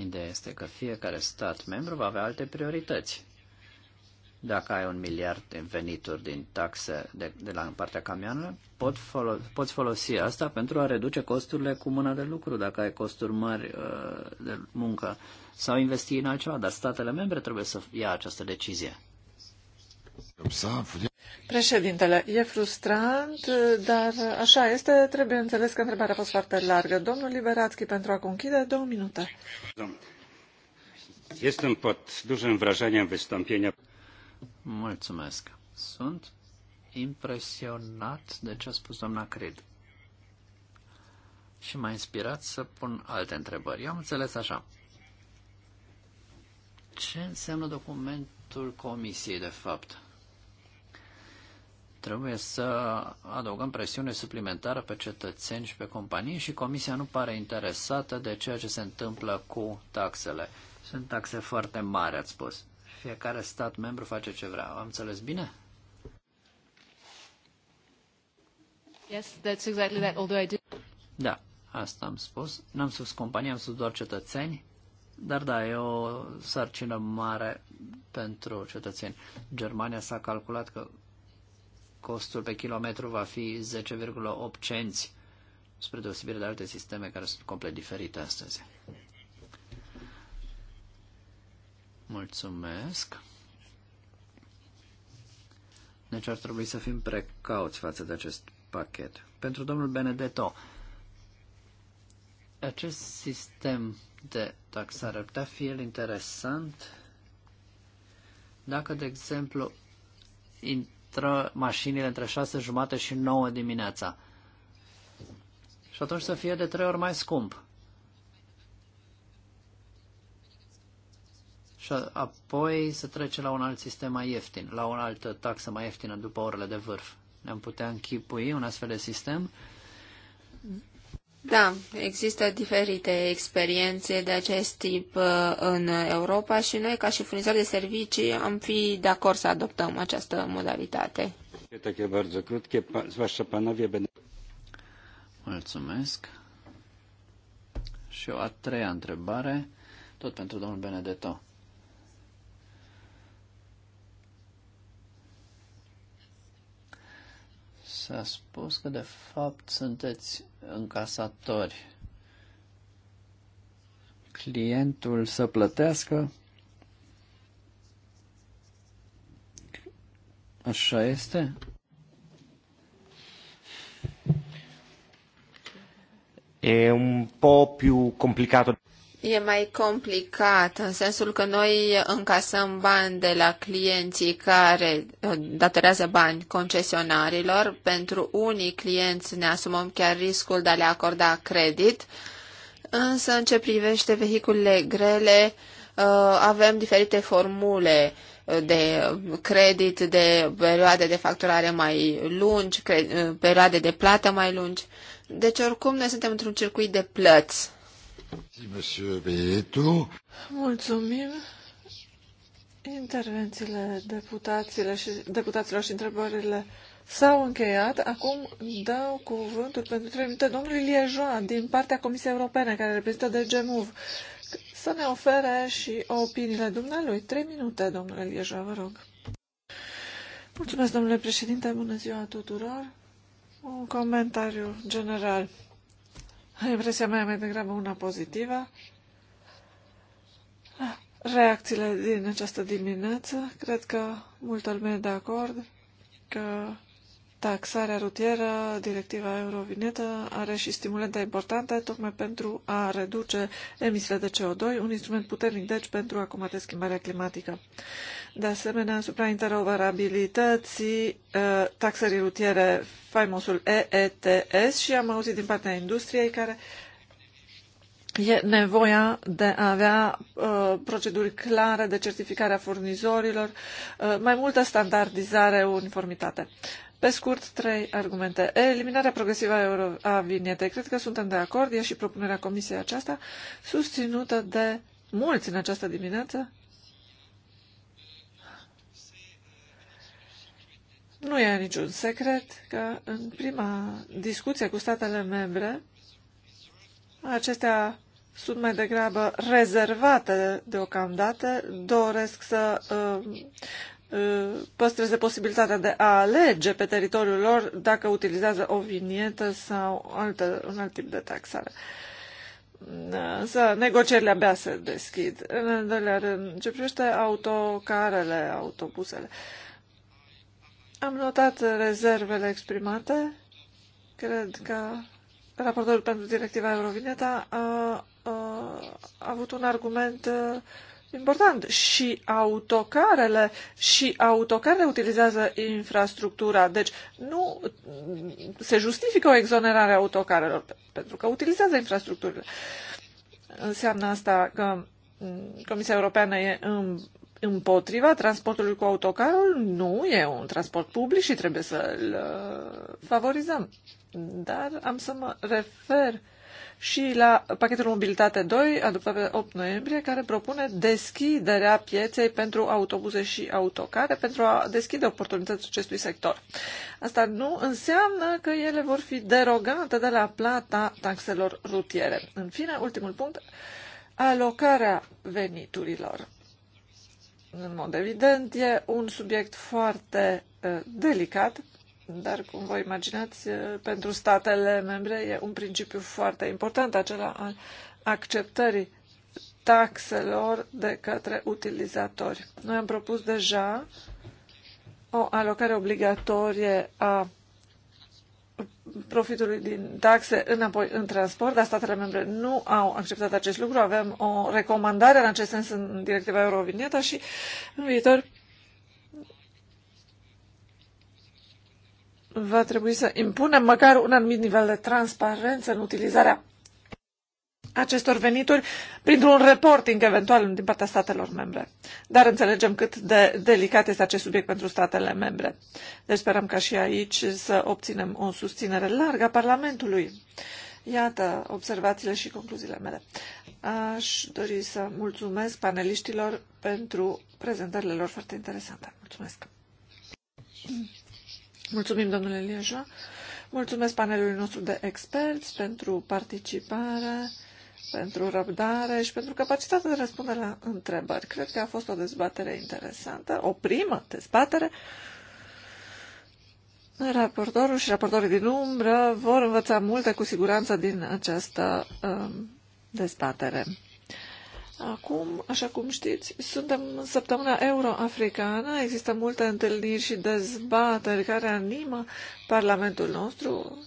Ideea este că fiecare stat membru va avea alte priorități. Dacă ai un miliard de venituri din taxe de, de la partea camionului, pot folo, poți folosi asta pentru a reduce costurile cu mâna de lucru, dacă ai costuri mari uh, de muncă, sau investi în altceva. Dar statele membre trebuie să ia această decizie. Președintele, e frustrant, dar așa este, trebuie înțeles că întrebarea a fost foarte largă. Domnul Liberatski, pentru a conchide, două minute. Jestem Mulțumesc. Sunt impresionat de ce a spus doamna Cred. Și m-a inspirat să pun alte întrebări. Eu am înțeles așa. Ce înseamnă documentul comisiei, de fapt? Trebuie să adăugăm presiune suplimentară pe cetățeni și pe companii și Comisia nu pare interesată de ceea ce se întâmplă cu taxele. Sunt taxe foarte mari, ați spus. Fiecare stat membru face ce vrea. Am înțeles bine? Yes, that's exactly that, although I do... Da, asta am spus. N-am spus companii, am spus doar cetățeni. Dar da, e o sarcină mare pentru cetățeni. Germania s-a calculat că costul pe kilometru va fi 10,8 cenți, spre deosebire de alte sisteme care sunt complet diferite astăzi. Mulțumesc. Deci ar trebui să fim precauți față de acest pachet. Pentru domnul Benedetto, acest sistem de taxare ar putea fi el interesant dacă, de exemplu, intră mașinile între 6 jumate și 9 dimineața. Și atunci să fie de trei ori mai scump. Și apoi să trece la un alt sistem mai ieftin, la o altă taxă mai ieftină după orele de vârf. Ne-am putea închipui un astfel de sistem? Da, există diferite experiențe de acest tip uh, în Europa și noi, ca și furnizori de servicii, am fi de acord să adoptăm această modalitate. Mulțumesc. Și o a treia întrebare, tot pentru domnul Benedetto. S-a spus că de fapt sunteți încasatori. Clientul să plătească. Așa este? E un po' più complicato. E mai complicat, în sensul că noi încasăm bani de la clienții care uh, datorează bani concesionarilor. Pentru unii clienți ne asumăm chiar riscul de a le acorda credit, însă în ce privește vehiculele grele, uh, avem diferite formule uh, de credit, de perioade de facturare mai lungi, perioade de plată mai lungi. Deci, oricum, noi suntem într-un circuit de plăți Mulțumim intervențiile deputaților și, deputaților și întrebările S-au încheiat. Acum dau cuvântul pentru trei minute domnului Liejoan din partea Comisiei Europene, care reprezintă DGMUV, să ne ofere și opiniile dumnealui. trei minute, domnule Liejoan, vă rog. Mulțumesc, domnule președinte, bună ziua tuturor. Un comentariu general. Impresia mea e mai degrabă una pozitivă. Reacțiile din această dimineață, cred că multă lume e de acord că taxarea rutieră, directiva Eurovinetă, are și stimulente importante tocmai pentru a reduce emisiile de CO2, un instrument puternic, deci, pentru a combate schimbarea climatică de asemenea asupra interoperabilității uh, taxării rutiere, faimosul EETS și am auzit din partea industriei care e nevoia de a avea uh, proceduri clare de certificare a furnizorilor, uh, mai multă standardizare, uniformitate. Pe scurt, trei argumente. Eliminarea progresivă a, euro- a vinietei. Cred că suntem de acord, e și propunerea comisiei aceasta, susținută de mulți în această dimineață, Nu e niciun secret că în prima discuție cu statele membre, acestea sunt mai degrabă rezervate deocamdată, doresc să uh, uh, păstreze posibilitatea de a alege pe teritoriul lor dacă utilizează o vinietă sau altă, un alt tip de taxare. Însă negocierile abia se deschid. În al doilea rând, ce privește autocarele, autobuzele. Uh, am notat rezervele exprimate. Cred că raportorul pentru directiva Eurovineta a, a, a avut un argument uh, important. Și autocarele, și autocarele utilizează infrastructura. Deci nu se justifică o exonerare a autocarelor, pentru că utilizează infrastructurile. Înseamnă asta că mm, Comisia Europeană e în împotriva transportului cu autocarul? Nu, e un transport public și trebuie să-l uh, favorizăm. Dar am să mă refer și la pachetul Mobilitate 2, adoptat pe 8 noiembrie, care propune deschiderea pieței pentru autobuze și autocare pentru a deschide oportunități acestui sector. Asta nu înseamnă că ele vor fi derogate de la plata taxelor rutiere. În fine, ultimul punct, alocarea veniturilor. În mod evident, e un subiect foarte uh, delicat, dar, cum vă imaginați, uh, pentru statele membre e un principiu foarte important, acela al acceptării taxelor de către utilizatori. Noi am propus deja o alocare obligatorie a profitului din taxe înapoi în transport, dar statele membre nu au acceptat acest lucru. Avem o recomandare în acest sens în directiva Eurovinieta și în viitor va trebui să impunem măcar un anumit nivel de transparență în utilizarea acestor venituri printr-un reporting eventual din partea statelor membre. Dar înțelegem cât de delicat este acest subiect pentru statele membre. Deci sperăm ca și aici să obținem o susținere largă a Parlamentului. Iată observațiile și concluziile mele. Aș dori să mulțumesc paneliștilor pentru prezentările lor foarte interesante. Mulțumesc! Mulțumim, domnule Lieja. Mulțumesc panelului nostru de experți pentru participare pentru răbdare și pentru capacitatea de răspunde la întrebări. Cred că a fost o dezbatere interesantă, o primă dezbatere. Raportorul și raportorii din umbră vor învăța multe cu siguranță din această um, dezbatere. Acum, așa cum știți, suntem în săptămâna euroafricană, există multe întâlniri și dezbateri care animă Parlamentul nostru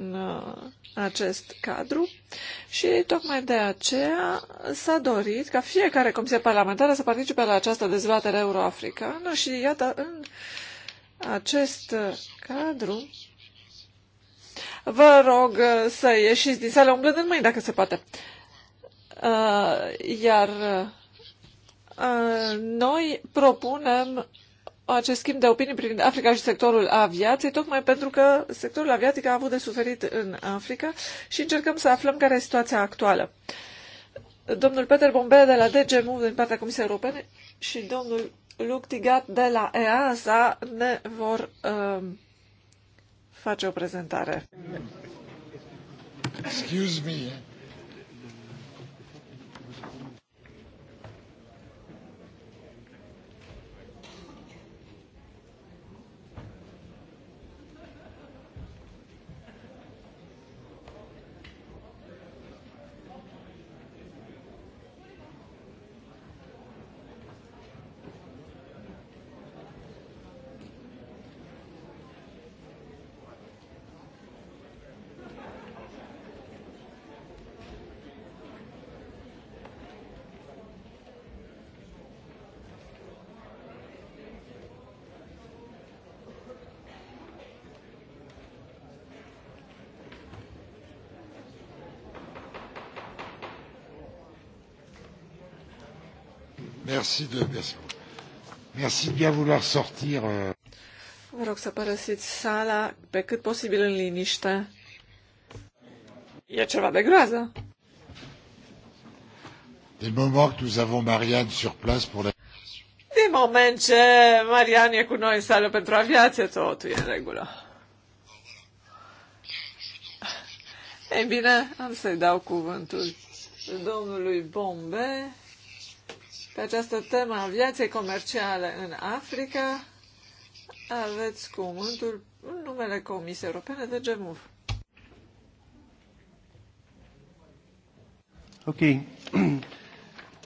în uh, acest cadru și tocmai de aceea s-a dorit ca fiecare comisie parlamentară să participe la această dezbatere euroafricană și iată în acest cadru vă rog să ieșiți din sală umblând în mâini dacă se poate. Uh, iar uh, noi propunem acest schimb de opinii privind Africa și sectorul aviației, tocmai pentru că sectorul aviatic a avut de suferit în Africa și încercăm să aflăm care e situația actuală. Domnul Peter Bombe de la DGMU din partea Comisiei Europene și domnul Luc Tigat de la EASA ne vor uh, face o prezentare. Excuse me. Merci de, merci, merci de bien vouloir sortir. Euh. Vă rog să părăsiți sala pe cât posibil în liniște. E ceva de groază. Des moments que nous avons Marianne sur place pour la... Din moment ce Marian e cu noi în sală pentru aviație, totul e în regulă. Ei bine, am să-i dau cuvântul domnului Bombe pe această temă a viaței comerciale în Africa, aveți cuvântul în numele Comisiei Europene de GEMUV. Ok.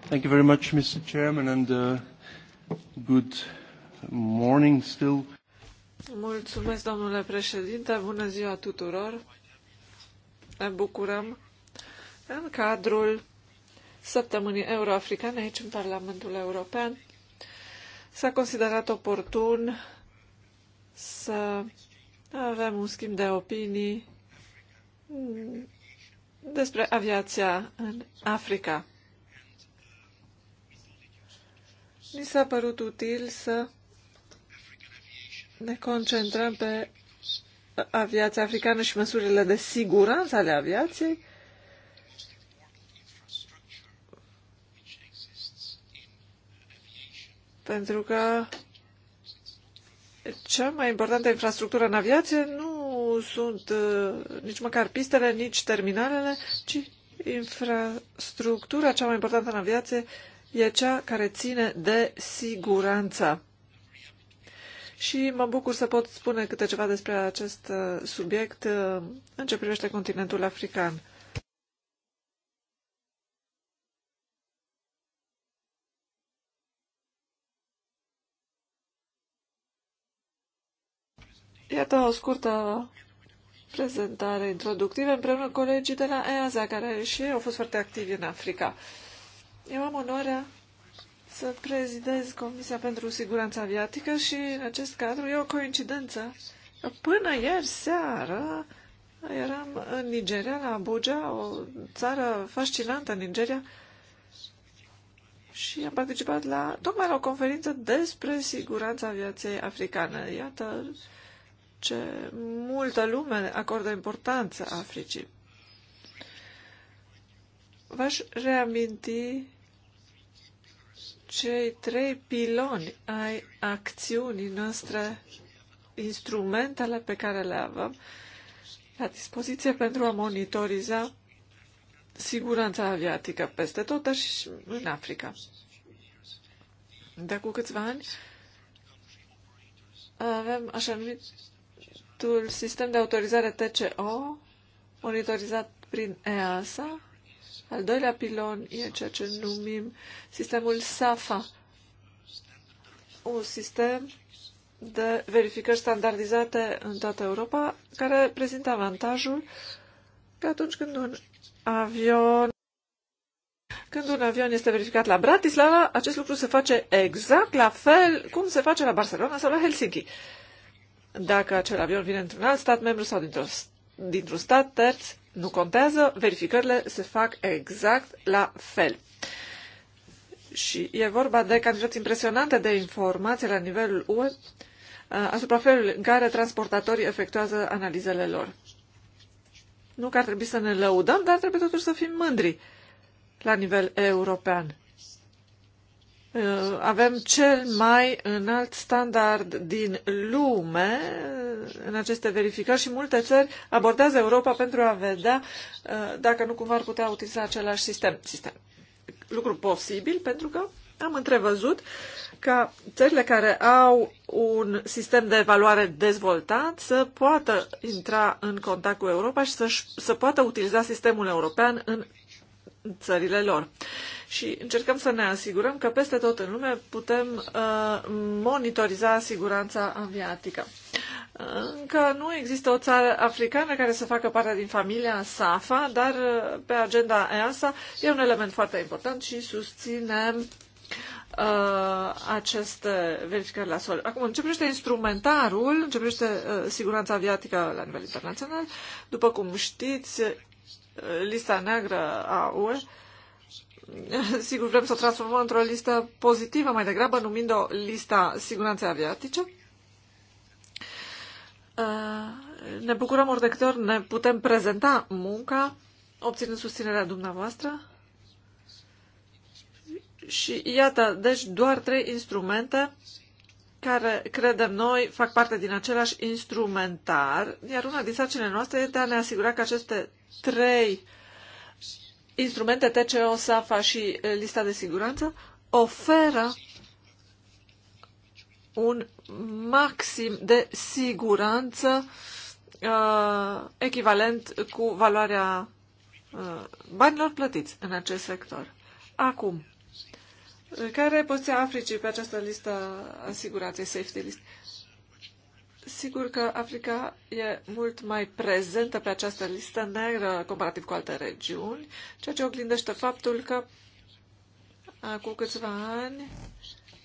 Thank you very much, Mr. Chairman, and uh, good morning still. Mulțumesc, domnule președinte. Bună ziua tuturor. Ne bucurăm în cadrul săptămânii euroafricane aici în Parlamentul European, s-a considerat oportun să avem un schimb de opinii despre aviația în Africa. Mi s-a părut util să ne concentrăm pe aviația africană și măsurile de siguranță ale aviației, Pentru că cea mai importantă infrastructură în aviație nu sunt uh, nici măcar pistele, nici terminalele, ci infrastructura cea mai importantă în aviație e cea care ține de siguranță. Și mă bucur să pot spune câte ceva despre acest uh, subiect uh, în ce privește continentul african. Iată o scurtă prezentare introductivă împreună cu colegii de la EASA, care și ei au fost foarte activi în Africa. Eu am onoarea să prezidez Comisia pentru Siguranța Aviatică și în acest cadru e o coincidență. Până ieri seară eram în Nigeria, la Abuja, o țară fascinantă în Nigeria, și am participat la tocmai la o conferință despre siguranța aviației africane. Iată, ce multă lume acordă importanță Africii. V-aș reaminti cei trei piloni ai acțiunii noastre, instrumentele pe care le avem la dispoziție pentru a monitoriza siguranța aviatică peste tot, dar și în Africa. De cu câțiva ani avem așa numit proiectul Sistem de Autorizare TCO, monitorizat prin EASA. Al doilea pilon e ceea ce numim sistemul SAFA, un sistem de verificări standardizate în toată Europa, care prezintă avantajul că atunci când un avion când un avion este verificat la Bratislava, acest lucru se face exact la fel cum se face la Barcelona sau la Helsinki. Dacă acel avion vine într-un alt stat membru sau dintr-un dintr stat terț, nu contează, verificările se fac exact la fel. Și e vorba de cantități impresionante de informații la nivelul UE uh, asupra felului în care transportatorii efectuează analizele lor. Nu că ar trebui să ne lăudăm, dar trebuie totuși să fim mândri la nivel european. Uh, avem cel mai înalt standard din lume uh, în aceste verificări și multe țări abordează Europa pentru a vedea uh, dacă nu cumva ar putea utiliza același sistem. sistem. Lucru posibil pentru că am întrevăzut ca țările care au un sistem de evaluare dezvoltat să poată intra în contact cu Europa și să, să poată utiliza sistemul european în țările lor. Și încercăm să ne asigurăm că peste tot în lume putem uh, monitoriza siguranța aviatică. Încă nu există o țară africană care să facă parte din familia SAFA, dar uh, pe agenda EASA e un element foarte important și susținem uh, aceste verificări la sol. Acum, în ce privește instrumentarul, în ce privește uh, siguranța aviatică la nivel internațional, după cum știți, lista neagră a UE, sigur vrem să o transformăm într-o listă pozitivă, mai degrabă numind-o lista siguranței aviatice. Uh, ne bucurăm ori de câte ori ne putem prezenta munca, obținând susținerea dumneavoastră. Și iată, deci doar trei instrumente care, credem noi, fac parte din același instrumentar, iar una din sarcinile noastre este de a ne asigura că aceste trei instrumente, TCO, SAFA și eh, lista de siguranță, oferă un maxim de siguranță uh, echivalent cu valoarea uh, banilor plătiți în acest sector. Acum, care poziția Africii pe această listă asigurată, safety list? Sigur că Africa e mult mai prezentă pe această listă neagră comparativ cu alte regiuni, ceea ce oglindește faptul că acum câțiva ani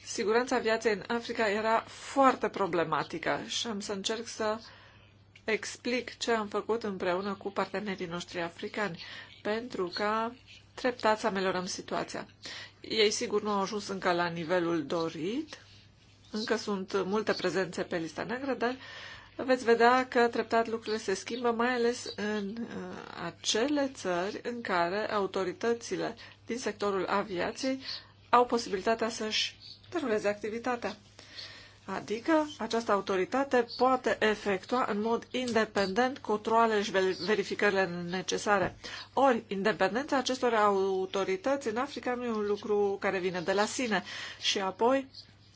siguranța viaței în Africa era foarte problematică și am să încerc să explic ce am făcut împreună cu partenerii noștri africani pentru ca Treptat să ameliorăm situația. Ei sigur nu au ajuns încă la nivelul dorit, încă sunt multe prezențe pe lista neagră, dar veți vedea că treptat lucrurile se schimbă, mai ales în uh, acele țări în care autoritățile din sectorul aviației au posibilitatea să-și deruleze activitatea. Adică această autoritate poate efectua în mod independent controlele și verificările necesare. Ori, independența acestor autorități în Africa nu e un lucru care vine de la sine. Și apoi,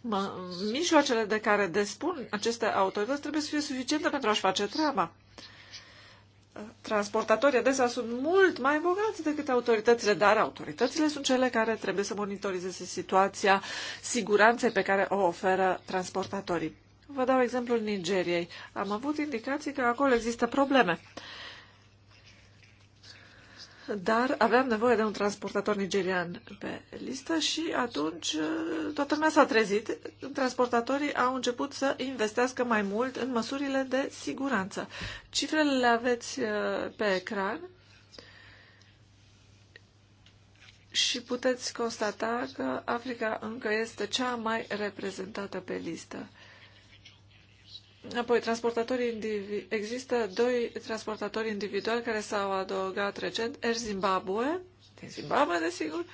mă, mijloacele de care despun aceste autorități trebuie să fie suficiente pentru a-și face treaba transportatorii adesea sunt mult mai bogați decât autoritățile, dar autoritățile sunt cele care trebuie să monitorizeze situația siguranței pe care o oferă transportatorii. Vă dau exemplul Nigeriei. Am avut indicații că acolo există probleme. Uh, dar aveam nevoie de un transportator nigerian pe listă și atunci uh, toată lumea s-a trezit. Transportatorii au început să investească mai mult în măsurile de siguranță. Cifrele le aveți uh, pe ecran și puteți constata că Africa încă este cea mai reprezentată pe listă. Apoi, transportatorii există doi transportatori individuali care s-au adăugat recent, Air Zimbabwe, din Zimbabwe, desigur,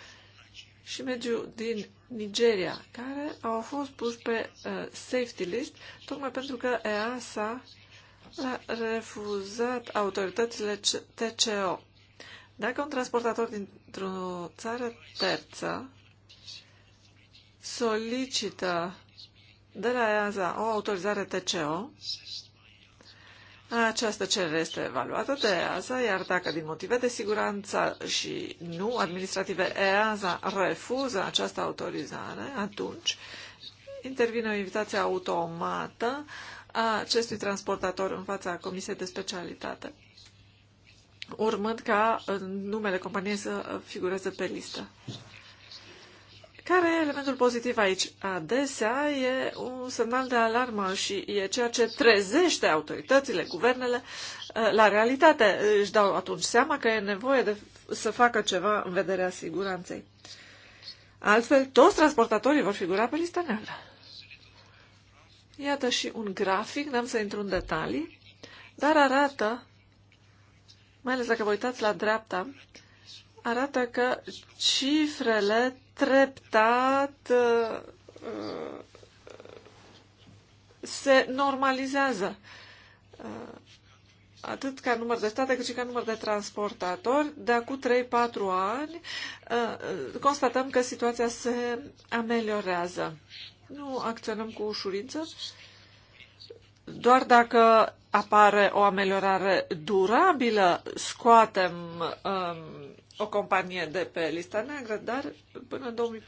și Mediu din Nigeria, care au fost pus pe uh, safety list, tocmai pentru că EASA a refuzat autoritățile TCO. Dacă un transportator dintr-o țară terță solicită de la EASA o autorizare TCO. Această cerere este evaluată de EASA, iar dacă din motive de siguranță și nu administrative EASA refuză această autorizare, atunci intervine o invitație automată a acestui transportator în fața Comisiei de Specialitate, urmând ca numele companiei să figureze pe listă. Care e elementul pozitiv aici? Adesea e un semnal de alarmă și e ceea ce trezește autoritățile, guvernele uh, la realitate. Își dau atunci seama că e nevoie de să facă ceva în vederea siguranței. Altfel, toți transportatorii vor figura pe lista neagră. Iată și un grafic, n-am să intru în detalii, dar arată, mai ales dacă vă uitați la dreapta, arată că cifrele treptat uh, uh, se normalizează uh, atât ca număr de state, cât și ca număr de transportatori. De acum 3-4 ani constatăm că situația se ameliorează. Nu acționăm cu ușurință, doar dacă apare o ameliorare durabilă, scoatem um, o companie de pe lista neagră, dar până în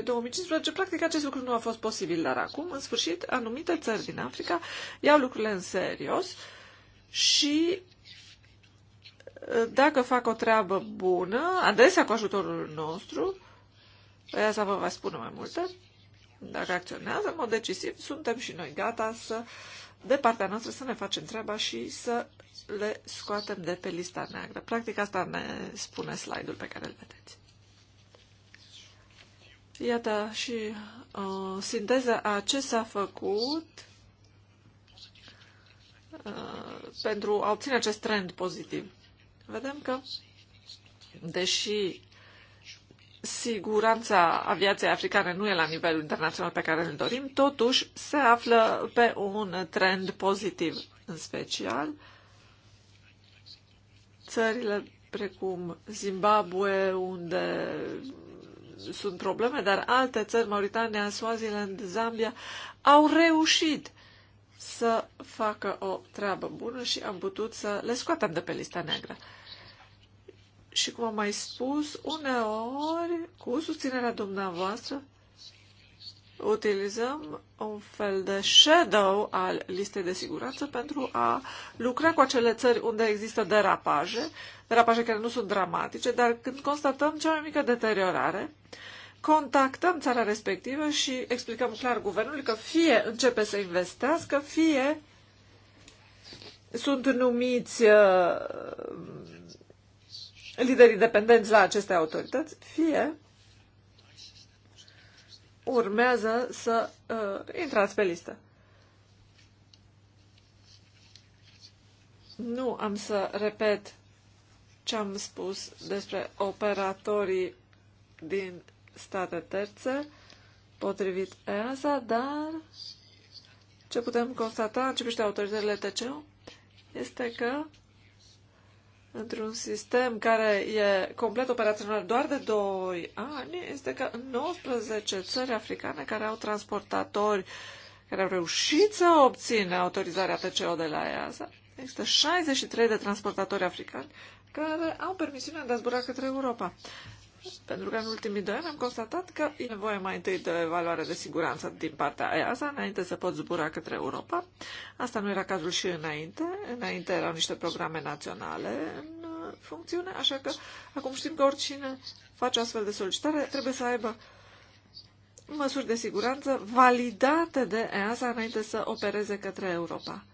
2014-2015 practic acest lucru nu a fost posibil, dar acum, în sfârșit, anumite țări din Africa iau lucrurile în serios și eh, dacă fac o treabă bună, adesea cu ajutorul nostru, ea să vă va spune mai multe, dacă acționează în mod decisiv, suntem și noi gata să, de partea noastră, să ne facem treaba și să le scoatem de pe lista neagră. Practic asta ne spune slide-ul pe care îl vedeți. Iată și uh, sinteza a ce s-a făcut uh, pentru a obține acest trend pozitiv. Vedem că, deși siguranța aviației africane nu e la nivelul internațional pe care îl dorim, totuși se află pe un trend pozitiv, în special uh, țările precum Zimbabwe, unde sunt probleme, dar alte țări, Mauritania, Swaziland, Zambia, au reușit să facă o treabă bună și am putut să le scoatem de pe lista neagră. Și cum am mai spus, uneori, cu susținerea dumneavoastră, utilizăm un fel de shadow al listei de siguranță pentru a lucra cu acele țări unde există derapaje, derapaje care nu sunt dramatice, dar când constatăm cea mai mică deteriorare, contactăm țara respectivă și explicăm clar guvernului că fie începe să investească, fie sunt numiți uh, lideri dependenți la aceste autorități, fie urmează să uh, intrați pe listă. Nu am să repet ce am spus despre operatorii din state terțe potrivit EASA, dar ce putem constata în ce autorizările TCO este că într-un sistem care e complet operațional doar de 2 ani este că 19 țări africane care au transportatori care au reușit să obțină autorizarea TCO de la EASA, există 63 de transportatori africani care au permisiunea de a zbura către Europa. Pentru că în ultimii doi ani am constatat că e nevoie mai întâi de evaluare de siguranță din partea EASA, înainte să pot zbura către Europa. Asta nu era cazul și înainte. Înainte erau niște programe naționale în funcțiune, așa că acum știm că oricine face astfel de solicitare trebuie să aibă măsuri de siguranță validate de EASA înainte să opereze către Europa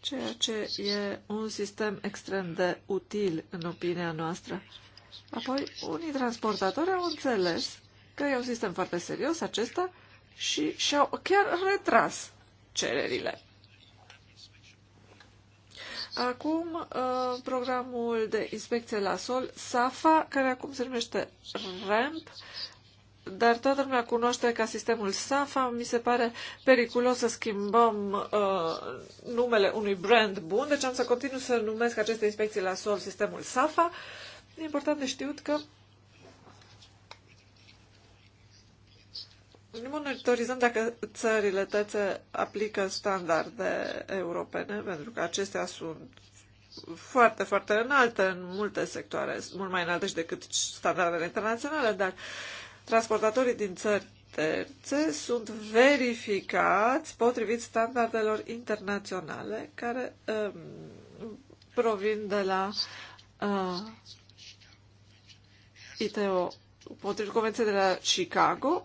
ceea ce e un sistem extrem de util în opinia noastră. Apoi, unii transportatori au înțeles că e un sistem foarte serios acesta și și-au chiar retras cererile. Acum, uh, programul de inspecție la sol, SAFA, care acum se numește RAMP, dar toată lumea cunoaște ca sistemul SAFA. Mi se pare periculos să schimbăm uh, numele unui brand bun, deci am să continu să numesc aceste inspecții la sol sistemul SAFA. Uh, E important de știut că nu monitorizăm dacă țările tățe aplică standarde europene, pentru că acestea sunt foarte, foarte înalte în multe sectoare, mult mai înalte și decât standardele internaționale, dar transportatorii din țări terțe sunt verificați potrivit standardelor internaționale care um, provin de la uh, Iteo, potrivit Convenției de la Chicago,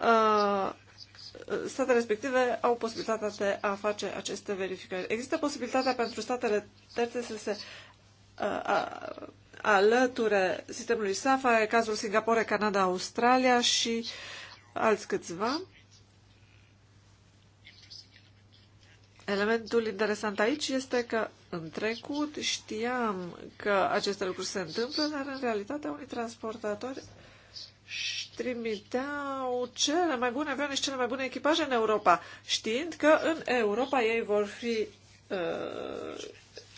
uh, statele respective au posibilitatea de a face aceste verificări. Există posibilitatea pentru statele terțe să se uh, alăture sistemului SAFA, cazul Singapore, Canada, Australia și alți câțiva. Elementul interesant aici este că în trecut știam că aceste lucruri se întâmplă, dar în realitate unii transportatori își trimiteau cele mai bune avioane și cele mai bune echipaje în Europa, știind că în Europa ei vor fi uh,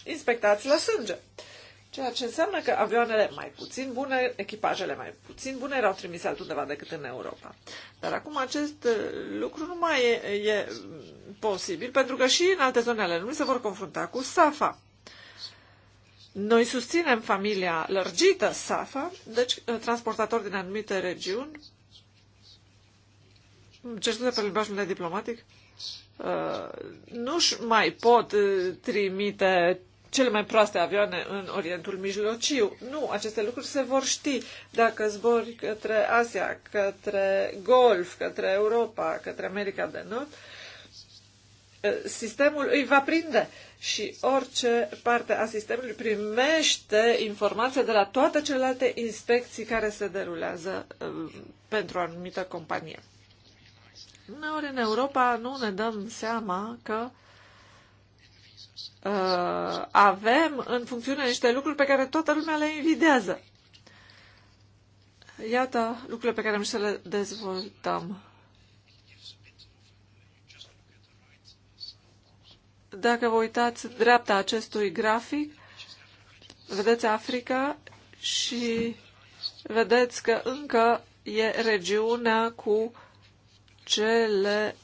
inspectați la sânge. Uh, Ceea ce înseamnă că avioanele mai puțin bune, echipajele mai puțin bune erau trimise altundeva decât în Europa. Dar acum acest uh, lucru nu mai e, e posibil, pentru că și în alte zone ale lumii se vor confrunta cu SAFA. Noi susținem familia lărgită SAFA, deci uh, transportatori din anumite regiuni. Ce scuze pe limbajul diplomatic? Uh, nu-și mai pot uh, trimite cele mai proaste avioane în Orientul Mijlociu. Nu, aceste lucruri se vor ști dacă zbori către Asia, către Golf, către Europa, către America de Nord. Sistemul îi va prinde și orice parte a sistemului primește informații de la toate celelalte inspecții care se derulează pentru o anumită companie. Uneori în Europa nu ne dăm seama că uh, uh, avem în funcțiune niște lucruri pe care toată lumea le invidează. Iată lucrurile pe care am să le dezvoltăm. Dacă vă uitați dreapta acestui grafic, vedeți Africa și vedeți că încă e regiunea cu cele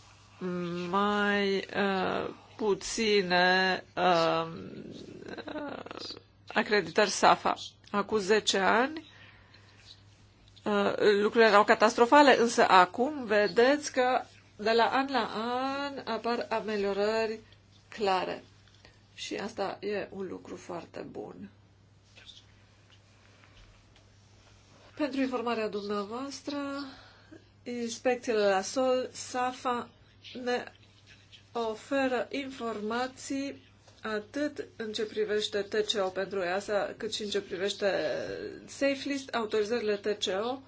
mai uh, puține um, uh, acreditări SAFA. Acum 10 ani uh, lucrurile erau catastrofale, însă acum vedeți că de la an la an apar ameliorări clare. Și asta e un lucru foarte bun. Pentru informarea dumneavoastră, inspecțiile la sol, SAFA ne oferă informații atât în ce privește TCO pentru EASA, cât și în ce privește SafeList, autorizările TCO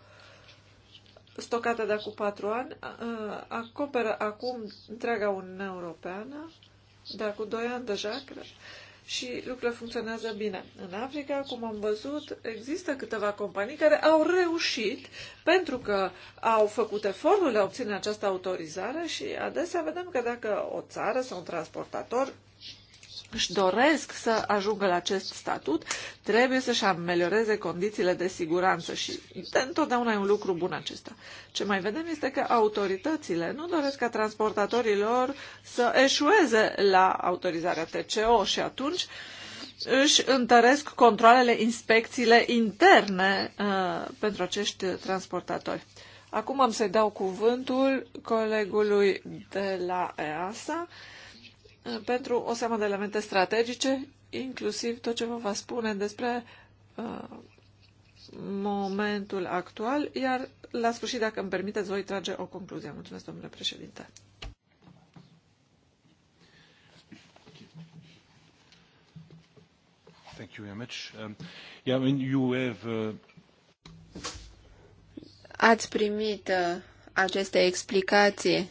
stocate de acum patru ani, acoperă acum întreaga Uniune Europeană, de acum doi ani deja, cred, și lucrurile funcționează bine. În Africa, cum am văzut, există câteva companii care au reușit pentru că au făcut efortul de a obține această autorizare și adesea vedem că dacă o țară sau un transportator își doresc să ajungă la acest statut, trebuie să-și amelioreze condițiile de siguranță și de întotdeauna e un lucru bun acesta. Ce mai vedem este că autoritățile nu doresc ca transportatorilor să eșueze la autorizarea TCO și atunci își întăresc controlele, inspecțiile interne uh, pentru acești transportatori. Acum am să-i dau cuvântul colegului de la EASA, uh, pentru o seamă de elemente strategice, inclusiv tot ce vă va spune despre uh, momentul actual, iar la sfârșit, dacă îmi permiteți, voi trage o concluzie. Mulțumesc, domnule președinte. Thank you very much. Um, yeah, I mean, you have, uh... Ați primit uh, aceste explicații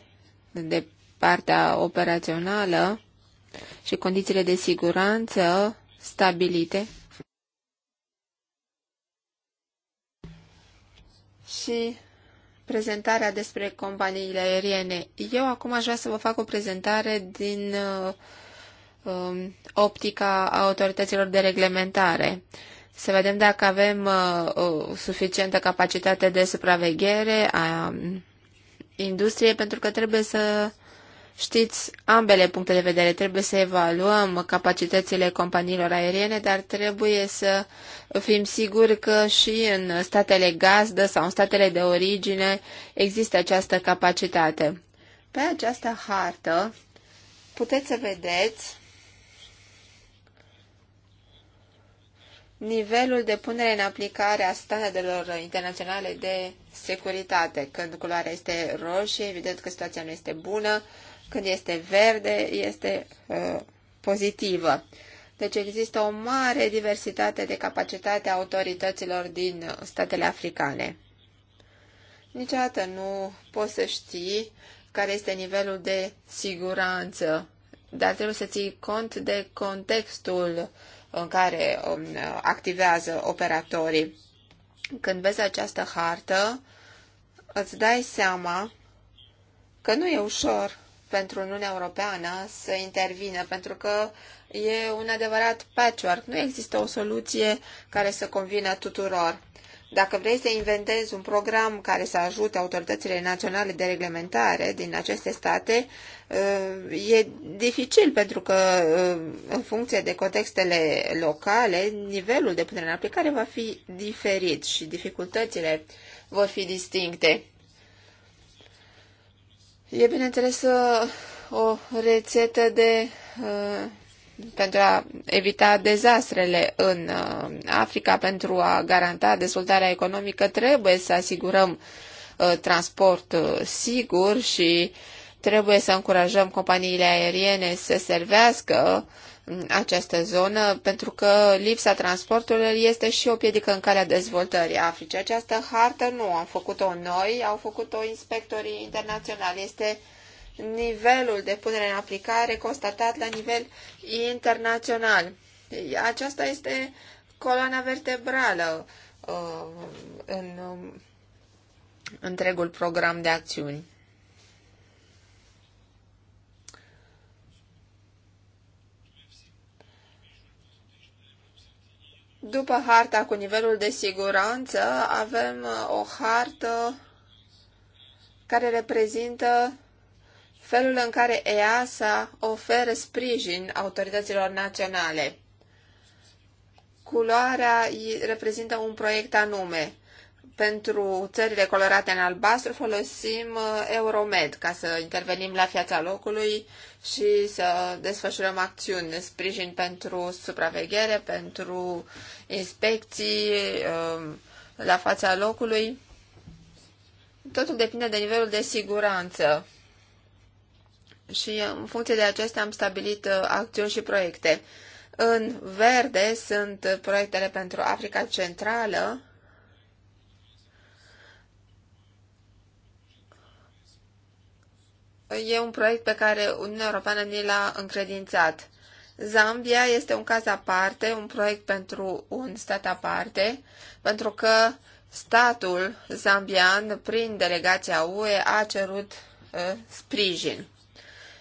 de partea operațională și condițiile de siguranță stabilite și prezentarea despre companiile aeriene. Eu acum aș vrea să vă fac o prezentare din uh, um, optica autorităților de reglementare. Să vedem dacă avem uh, uh suficientă capacitate de supraveghere a um, industriei, pentru că trebuie să Știți, ambele puncte de vedere trebuie să evaluăm capacitățile companiilor aeriene, dar trebuie să fim siguri că și în statele gazdă sau în statele de origine există această capacitate. Pe această hartă puteți să vedeți nivelul de punere în aplicare a standardelor internaționale de securitate. Când culoarea este roșie, evident că situația nu este bună, când este verde, este uh, pozitivă. Deci există o mare diversitate de capacitate a autorităților din statele africane. Niciodată nu poți să știi care este nivelul de siguranță, dar trebuie să ții cont de contextul în care um, activează operatorii. Când vezi această hartă, îți dai seama că nu e ușor pentru Uniunea Europeană să intervină, pentru că e un adevărat patchwork. Nu există o soluție care să convină tuturor. Dacă vrei să inventezi un program care să ajute autoritățile naționale de reglementare din aceste state, uh, e dificil pentru că, uh, în funcție de contextele locale, nivelul de punere în aplicare va fi diferit și dificultățile vor fi distincte. E bineînțeles o rețetă de uh, pentru a evita dezastrele în uh, Africa, pentru a garanta dezvoltarea economică, trebuie să asigurăm uh, transport sigur și trebuie să încurajăm companiile aeriene să servească această zonă, pentru că lipsa transporturilor este și o piedică în calea dezvoltării Africii. Această hartă nu am făcut-o noi, au făcut-o inspectorii internaționali. Este nivelul de punere în aplicare constatat la nivel internațional. Aceasta este coloana vertebrală uh, în um, întregul program de acțiuni. După harta cu nivelul de siguranță, avem uh, o hartă care reprezintă felul în care EASA oferă sprijin autorităților naționale. Culoarea reprezintă un proiect anume pentru țările colorate în albastru folosim uh, Euromed ca să intervenim la fiața locului și să desfășurăm acțiuni de sprijin pentru supraveghere, pentru inspecții um, la fața locului. Totul depinde de nivelul de siguranță și în funcție de acestea am stabilit uh, acțiuni și proiecte. În verde sunt proiectele pentru Africa Centrală, e un proiect pe care Uniunea Europeană ni l-a încredințat. Zambia este un caz aparte, un proiect pentru un stat aparte, pentru că statul zambian, prin delegația UE, a cerut uh, sprijin.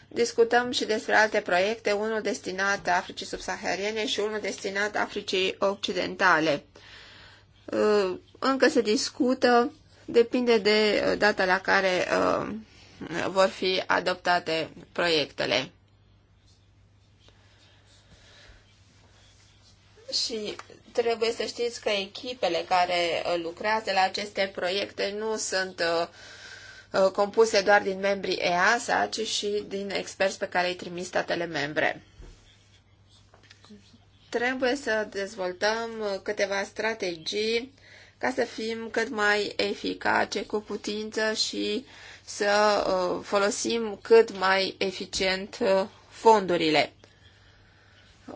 Discutăm și despre alte proiecte, unul destinat Africii subsahariene și unul destinat Africii occidentale. Uh, încă se discută, depinde de uh, data la care uh, vor fi adoptate proiectele. Și trebuie să știți că echipele care uh, lucrează la aceste proiecte nu sunt uh, uh, compuse doar din membrii EASA, ci și din experți pe care îi trimis statele membre. Trebuie să dezvoltăm câteva strategii ca să fim cât mai eficace cu putință și uh, să uh, folosim cât mai eficient uh, fondurile.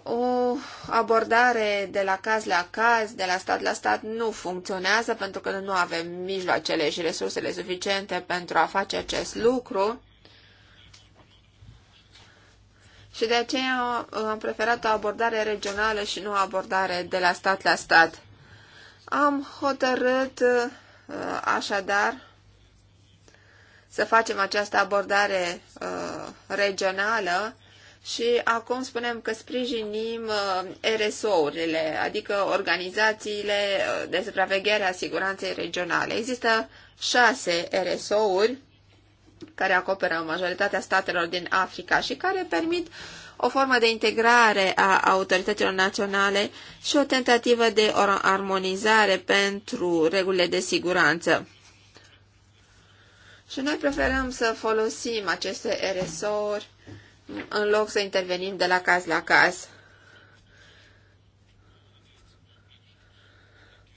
O abordare de la caz la caz, de la stat la stat, nu funcționează pentru că nu avem mijloacele și resursele suficiente pentru a face acest lucru. Și de aceea uh, am preferat o abordare regională și nu o abordare de la stat la stat. Am hotărât așadar să facem această abordare uh, regională și acum spunem că sprijinim uh, RSO-urile, adică organizațiile uh, de supraveghere a siguranței regionale. Există șase RSO-uri care acoperă majoritatea statelor din Africa și care permit o formă de integrare a autorităților naționale și o tentativă de armonizare pentru regulile de siguranță. Și noi preferăm să folosim aceste RSO-uri în loc să intervenim de la caz la caz.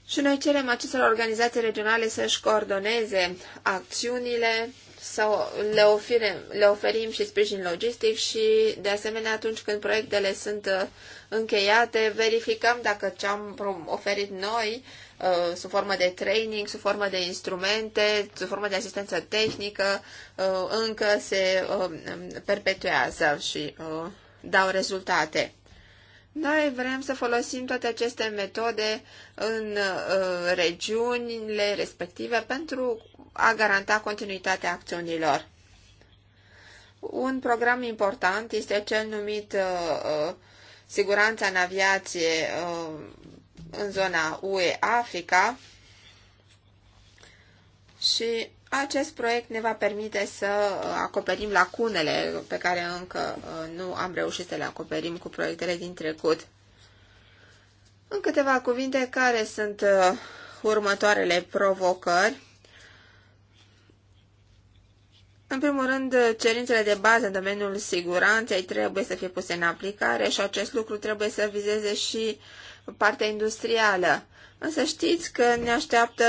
Și noi cerem acestor organizații regionale să-și coordoneze acțiunile, să le, ofere, le oferim și sprijin logistic și, de asemenea, atunci când proiectele sunt încheiate, verificăm dacă ce am oferit noi Uh, sub formă de training, sub formă de instrumente, sub formă de asistență tehnică, uh, încă se uh, perpetuează și dau rezultate. Noi vrem să folosim toate aceste metode în regiunile respective pentru a garanta continuitatea acțiunilor. Un program important este cel numit Siguranța în aviație în zona UE Africa și acest proiect ne va permite să acoperim lacunele pe care încă uh, nu am reușit să le acoperim cu proiectele din trecut. În câteva cuvinte, care sunt uh, următoarele provocări? În primul rând, cerințele de bază în domeniul siguranței trebuie să fie puse în aplicare și acest lucru trebuie să vizeze și partea industrială. Însă știți că ne așteaptă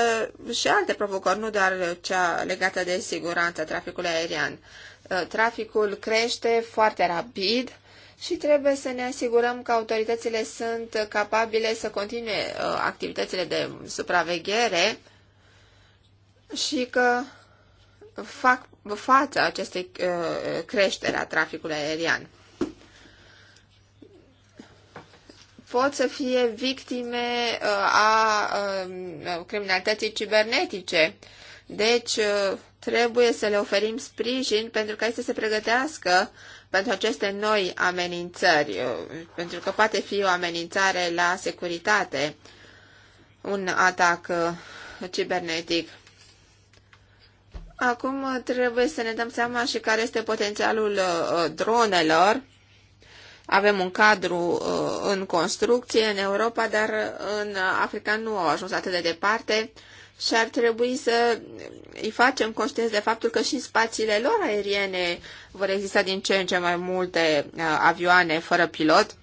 și alte provocări, nu doar cea legată de siguranță, traficului aerian. Uh, traficul crește foarte rapid și trebuie să ne asigurăm că autoritățile sunt capabile să continue uh, activitățile de supraveghere și că fac față acestei uh, creștere a traficului aerian. pot să fie victime uh, a uh, criminalității cibernetice. Deci, uh, trebuie să le oferim sprijin pentru ca ei să se pregătească pentru aceste noi amenințări, pentru că poate fi o amenințare la securitate, un atac cibernetic. Acum trebuie să ne dăm seama și care este potențialul dronelor avem un cadru uh, în construcție în Europa, dar uh, în Africa nu au ajuns atât de departe și ar trebui să îi facem conștienți de faptul că și în spațiile lor aeriene vor exista din ce în ce mai multe uh, avioane fără pilot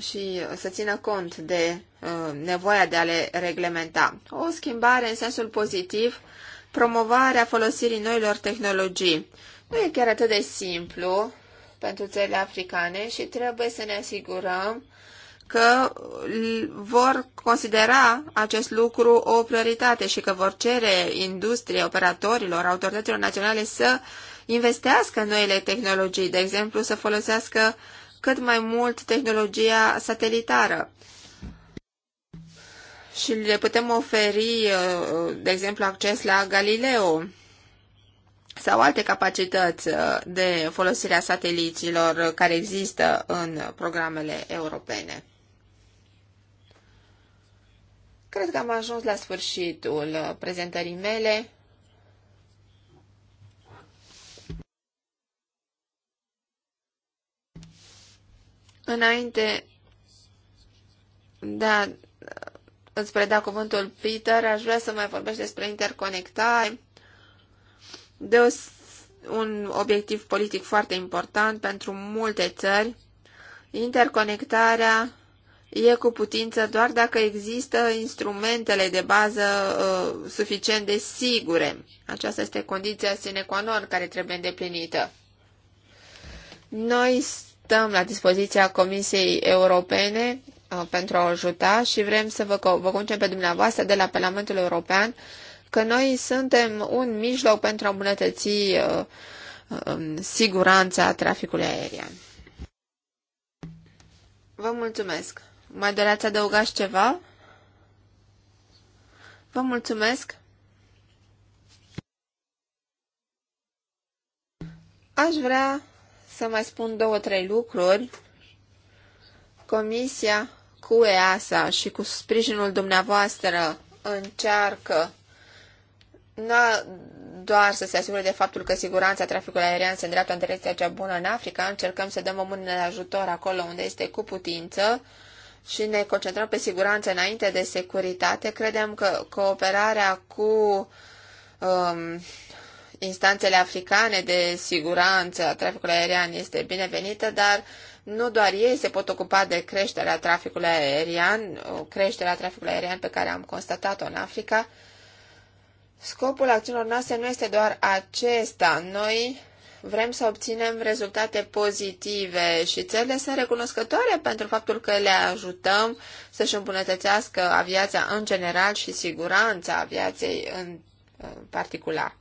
și să țină cont de nevoia de a le reglementa. O schimbare în sensul pozitiv, promovarea folosirii noilor tehnologii. Nu e chiar atât de simplu, pentru țările africane și trebuie să ne asigurăm că vor considera acest lucru o prioritate și că vor cere industriei, operatorilor, autorităților naționale să investească în noile tehnologii, de exemplu să folosească cât mai mult tehnologia satelitară. Și le putem oferi, uh, de exemplu, acces la Galileo, sau alte capacități uh, de folosire a sateliților care există în programele europene. Cred că am ajuns la sfârșitul uh, prezentării mele. Înainte da, îți preda cuvântul Peter, aș vrea să mai vorbesc despre interconectare de o, un obiectiv politic foarte important pentru multe țări. Interconectarea e cu putință doar dacă există instrumentele de bază uh, suficient de sigure. Aceasta este condiția sine qua non care trebuie îndeplinită. Noi stăm la dispoziția Comisiei Europene uh, pentru a ajuta și vrem să vă, vă conducem pe dumneavoastră de la Parlamentul European că noi suntem un mijloc pentru a îmbunătăți uh, um, siguranța traficului aerian. Vă mulțumesc. Mai doreați să adăugați ceva? Vă mulțumesc. Aș vrea să mai spun două, trei lucruri. Comisia cu EASA și cu sprijinul dumneavoastră încearcă nu doar să se asigure de faptul că siguranța traficului aerian se îndreaptă în direcția cea bună în Africa, încercăm să dăm o mână de ajutor acolo unde este cu putință și ne concentrăm pe siguranță înainte de securitate. Credem că cooperarea cu um, instanțele africane de siguranță a traficului aerian este binevenită, dar nu doar ei se pot ocupa de creșterea traficului aerian, creșterea traficului aerian pe care am constatat-o în Africa, Scopul acțiunilor noastre nu este doar acesta. Noi vrem să obținem rezultate pozitive și țările sunt recunoscătoare pentru faptul că le ajutăm să-și îmbunătățească aviația în general și siguranța aviației în particular.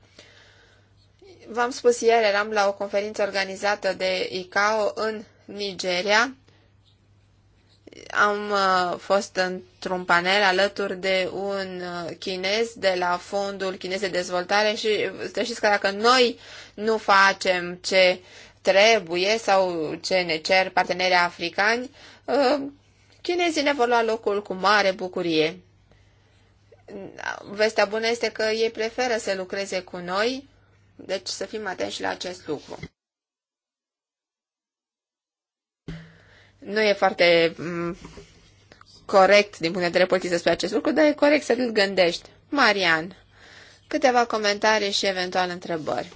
V-am spus ieri, eram la o conferință organizată de ICAO în Nigeria am uh, fost într-un panel alături de un uh, chinez de la Fondul Chinez de Dezvoltare și să știți că dacă noi nu facem ce trebuie sau ce ne cer partenerii africani, uh, chinezii ne vor lua locul cu mare bucurie. Vestea bună este că ei preferă să lucreze cu noi, deci să fim atenți și la acest lucru. Nu e foarte mm, corect din punct de vedere politic să spui acest lucru, dar e corect să l gândești. Marian, câteva comentarii și eventual întrebări.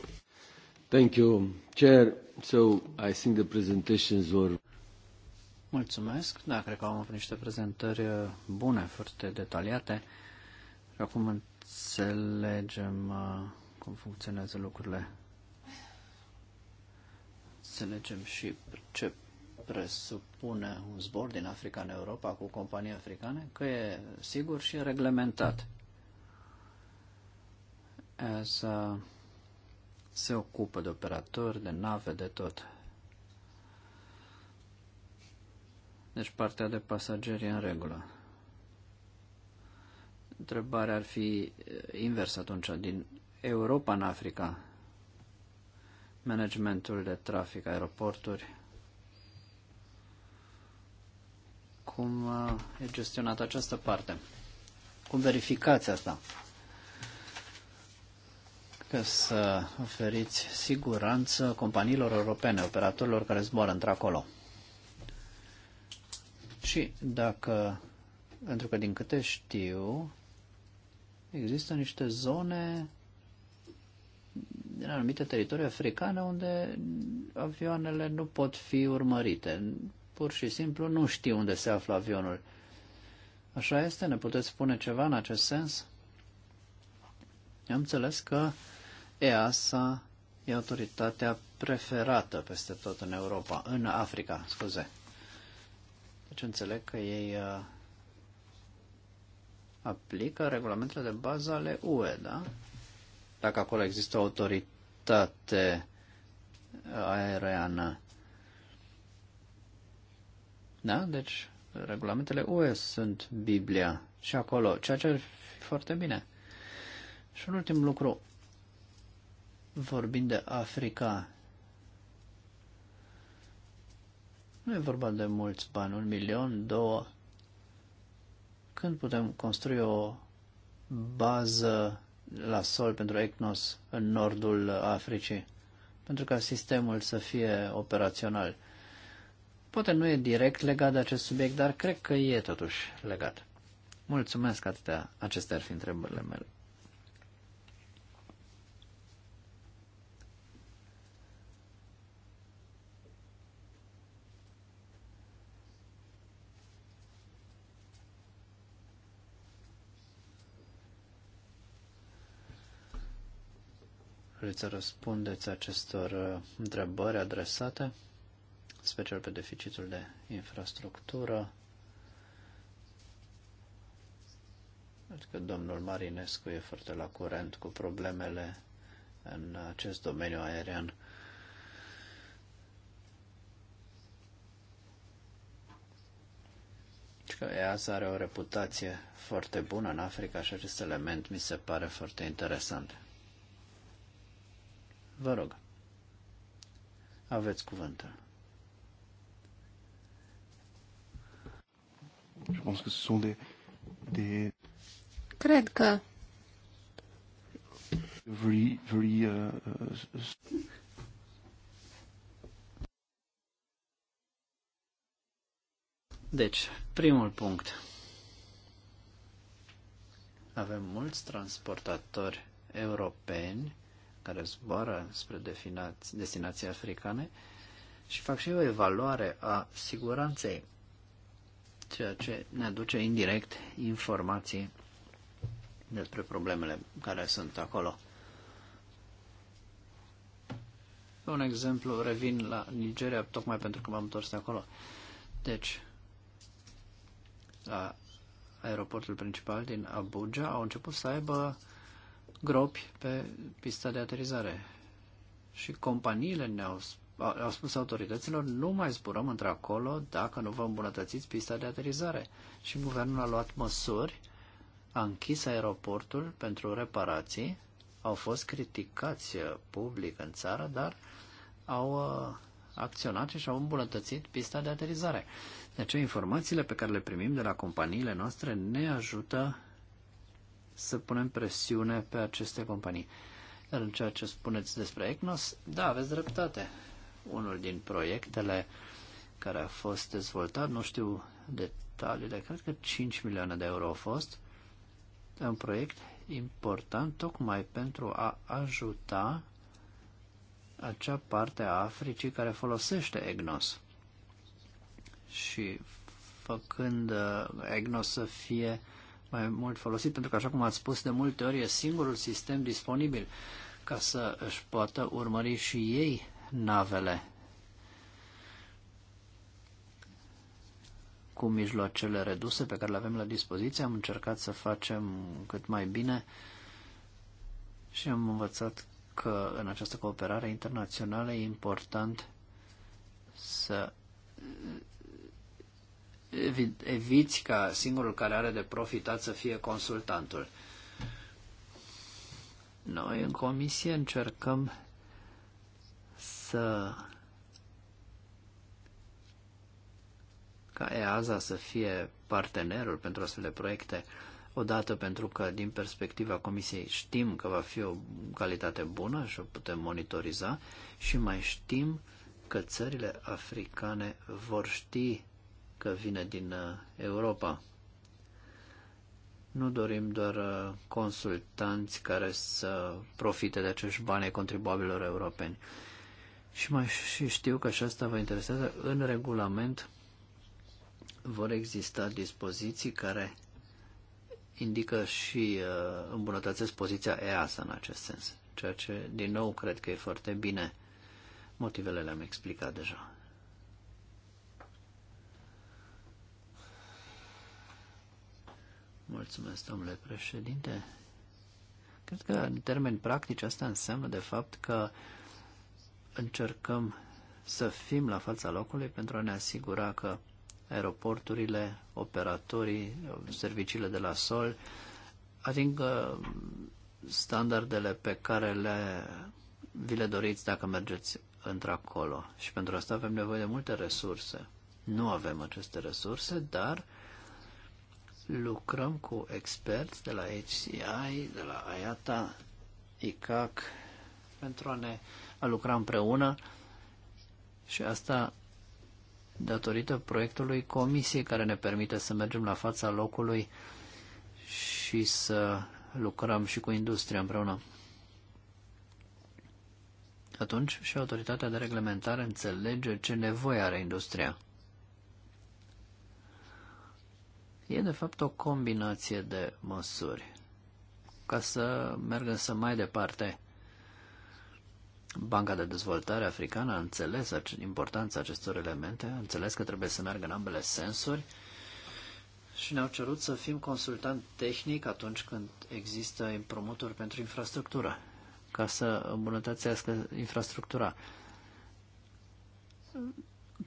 Thank you, Chair. So I think the presentations were... Mulțumesc. Da, cred că am avut niște prezentări uh, bune, foarte detaliate. acum înțelegem uh, cum funcționează lucrurile. Înțelegem și ce presupune un zbor din Africa în Europa cu companii africane, că e sigur și reglementat. ESA se ocupă de operatori, de nave, de tot. Deci partea de pasageri e în regulă. Întrebarea ar fi eh, invers atunci, din Europa în Africa, managementul de trafic, aeroporturi. cum uh, e gestionată această parte. Cum verificați asta? Că să oferiți siguranță companiilor europene, operatorilor care zboară într-acolo. Și dacă, pentru că din câte știu, există niște zone din anumite teritorii africane unde avioanele nu pot fi urmărite pur și simplu nu știu unde se află avionul. Așa este? Ne puteți spune ceva în acest sens? Am înțeles că EASA e autoritatea preferată peste tot în Europa, în Africa, scuze. Deci înțeleg că ei uh, aplică regulamentele de bază ale UE, da? Dacă acolo există o autoritate aeriană. Da? Deci regulamentele UE sunt Biblia și acolo, ceea ce ar fi foarte bine. Și un ultim lucru, vorbind de Africa, nu e vorba de mulți bani, un milion, două. Când putem construi o bază la sol pentru ECNOS în nordul Africii? Pentru ca sistemul să fie operațional. Poate nu e direct legat de acest subiect, dar cred că e totuși legat. Mulțumesc atâtea. Acestea ar fi întrebările mele. Vreți să răspundeți acestor uh, întrebări adresate? special pe deficitul de infrastructură. Cred că domnul Marinescu e foarte la curent cu problemele în acest domeniu aerian. Deci că EASA are o reputație foarte bună în Africa și acest element mi se pare foarte interesant. Vă rog, aveți cuvântul. Je pense que ce sont des, des... Cred că very, very, uh, uh Deci, primul punct. Avem mulți transportatori europeni care zboară spre destinații africane și fac și o evaluare a siguranței ceea ce ne aduce indirect informații despre problemele care sunt acolo. Un exemplu, revin la Nigeria tocmai pentru că m-am întors de acolo. Deci, la aeroportul principal din Abuja au început să aibă gropi pe pista de aterizare. Și companiile ne-au spus au spus autorităților, nu mai zburăm într-acolo dacă nu vă îmbunătățiți pista de aterizare. Și guvernul a luat măsuri, a închis aeroportul pentru reparații, au fost criticați uh, public în țară, dar au uh, acționat și au îmbunătățit pista de aterizare. Deci informațiile pe care le primim de la companiile noastre ne ajută să punem presiune pe aceste companii. Iar în ceea ce spuneți despre ECNOS, da, aveți dreptate unul din proiectele care a fost dezvoltat, nu știu detaliile, cred că 5 milioane de euro au fost, un proiect important tocmai pentru a ajuta acea parte a Africii care folosește EGNOS și făcând uh, EGNOS să fie mai mult folosit, pentru că, așa cum ați spus, de multe ori e singurul sistem disponibil ca să își poată urmări și ei navele cu mijloacele reduse pe care le avem la dispoziție. Am încercat să facem cât mai bine și am învățat că în această cooperare internațională e important să eviți ca singurul care are de profitat să fie consultantul. Noi în comisie încercăm să ca EASA să fie partenerul pentru astfel de proiecte, odată pentru că din perspectiva Comisiei știm că va fi o calitate bună și o putem monitoriza și mai știm că țările africane vor ști că vine din uh, Europa. Nu dorim doar uh, consultanți care să profite de acești bani ai contribuabililor europeni. Și mai și știu că și asta vă interesează, în regulament vor exista dispoziții care indică și uh, îmbunătățesc poziția EASA în acest sens, ceea ce, din nou, cred că e foarte bine. Motivele le-am explicat deja. Mulțumesc, domnule președinte. Cred că, în termeni practici, asta înseamnă, de fapt, că uh, încercăm să fim la fața locului pentru a ne asigura că aeroporturile, operatorii, serviciile de la sol ating uh, standardele pe care le vi le doriți dacă mergeți într-acolo. Și pentru asta avem nevoie de multe resurse. Nu avem aceste resurse, dar lucrăm cu experți de la HCI, de la IATA, ICAC, pentru a ne uh, a lucra împreună și asta datorită proiectului comisiei care ne permite să mergem la fața locului și să lucrăm și cu industria împreună. Atunci și autoritatea de reglementare înțelege ce nevoie are industria. E de fapt o combinație de măsuri ca să mergă să mai departe. Banca de Dezvoltare Africană a înțeles importanța acestor elemente, a înțeles că trebuie să meargă în ambele sensuri și ne-au cerut să fim consultant tehnic atunci când există împrumuturi pentru infrastructură, ca să îmbunătățească infrastructura.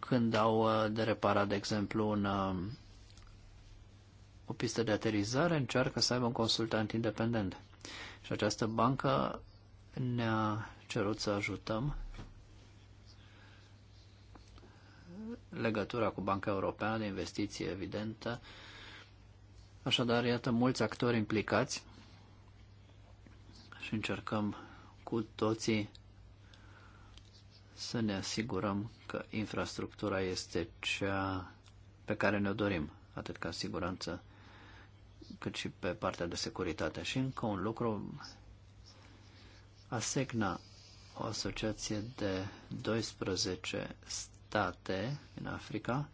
Când au uh, de reparat, de exemplu, un, uh, o pistă de aterizare, încearcă să aibă un consultant independent. Și această bancă ne-a cerut să ajutăm legătura cu Banca Europeană de Investiții evidentă. Așadar, iată mulți actori implicați și încercăm cu toții să ne asigurăm că infrastructura este cea pe care ne-o dorim, atât ca siguranță, cât și pe partea de securitate. Și încă un lucru, ASECNA o asociație de 12 state în Africa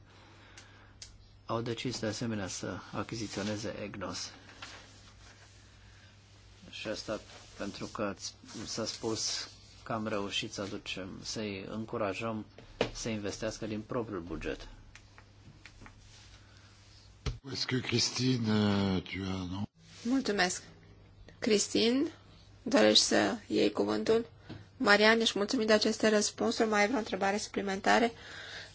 au decis de asemenea să achiziționeze EGNOS. Și asta pentru că s-a spus că am reușit să aducem, să-i încurajăm să investească din propriul buget. Euh, Mulțumesc. Cristin, dorești să iei cuvântul? Marian, ești mulțumit de aceste răspunsuri? Mai ai vreo întrebare suplimentare?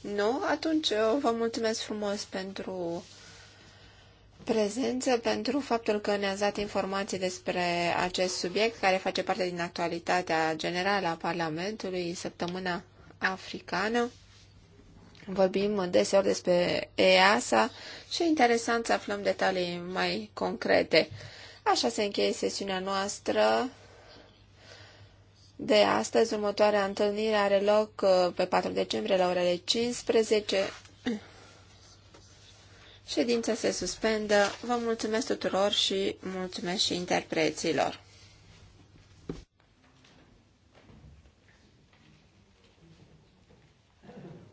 Nu? Atunci vă mulțumesc frumos pentru prezență, pentru faptul că ne-ați dat informații despre acest subiect care face parte din actualitatea generală a Parlamentului săptămâna africană. Vorbim deseori despre EASA și e interesant să aflăm detalii mai concrete. Așa se încheie sesiunea noastră de astăzi. Următoarea întâlnire are loc uh, pe 4 decembrie la orele 15. Ședința se suspendă. Vă mulțumesc tuturor și mulțumesc și interpreților.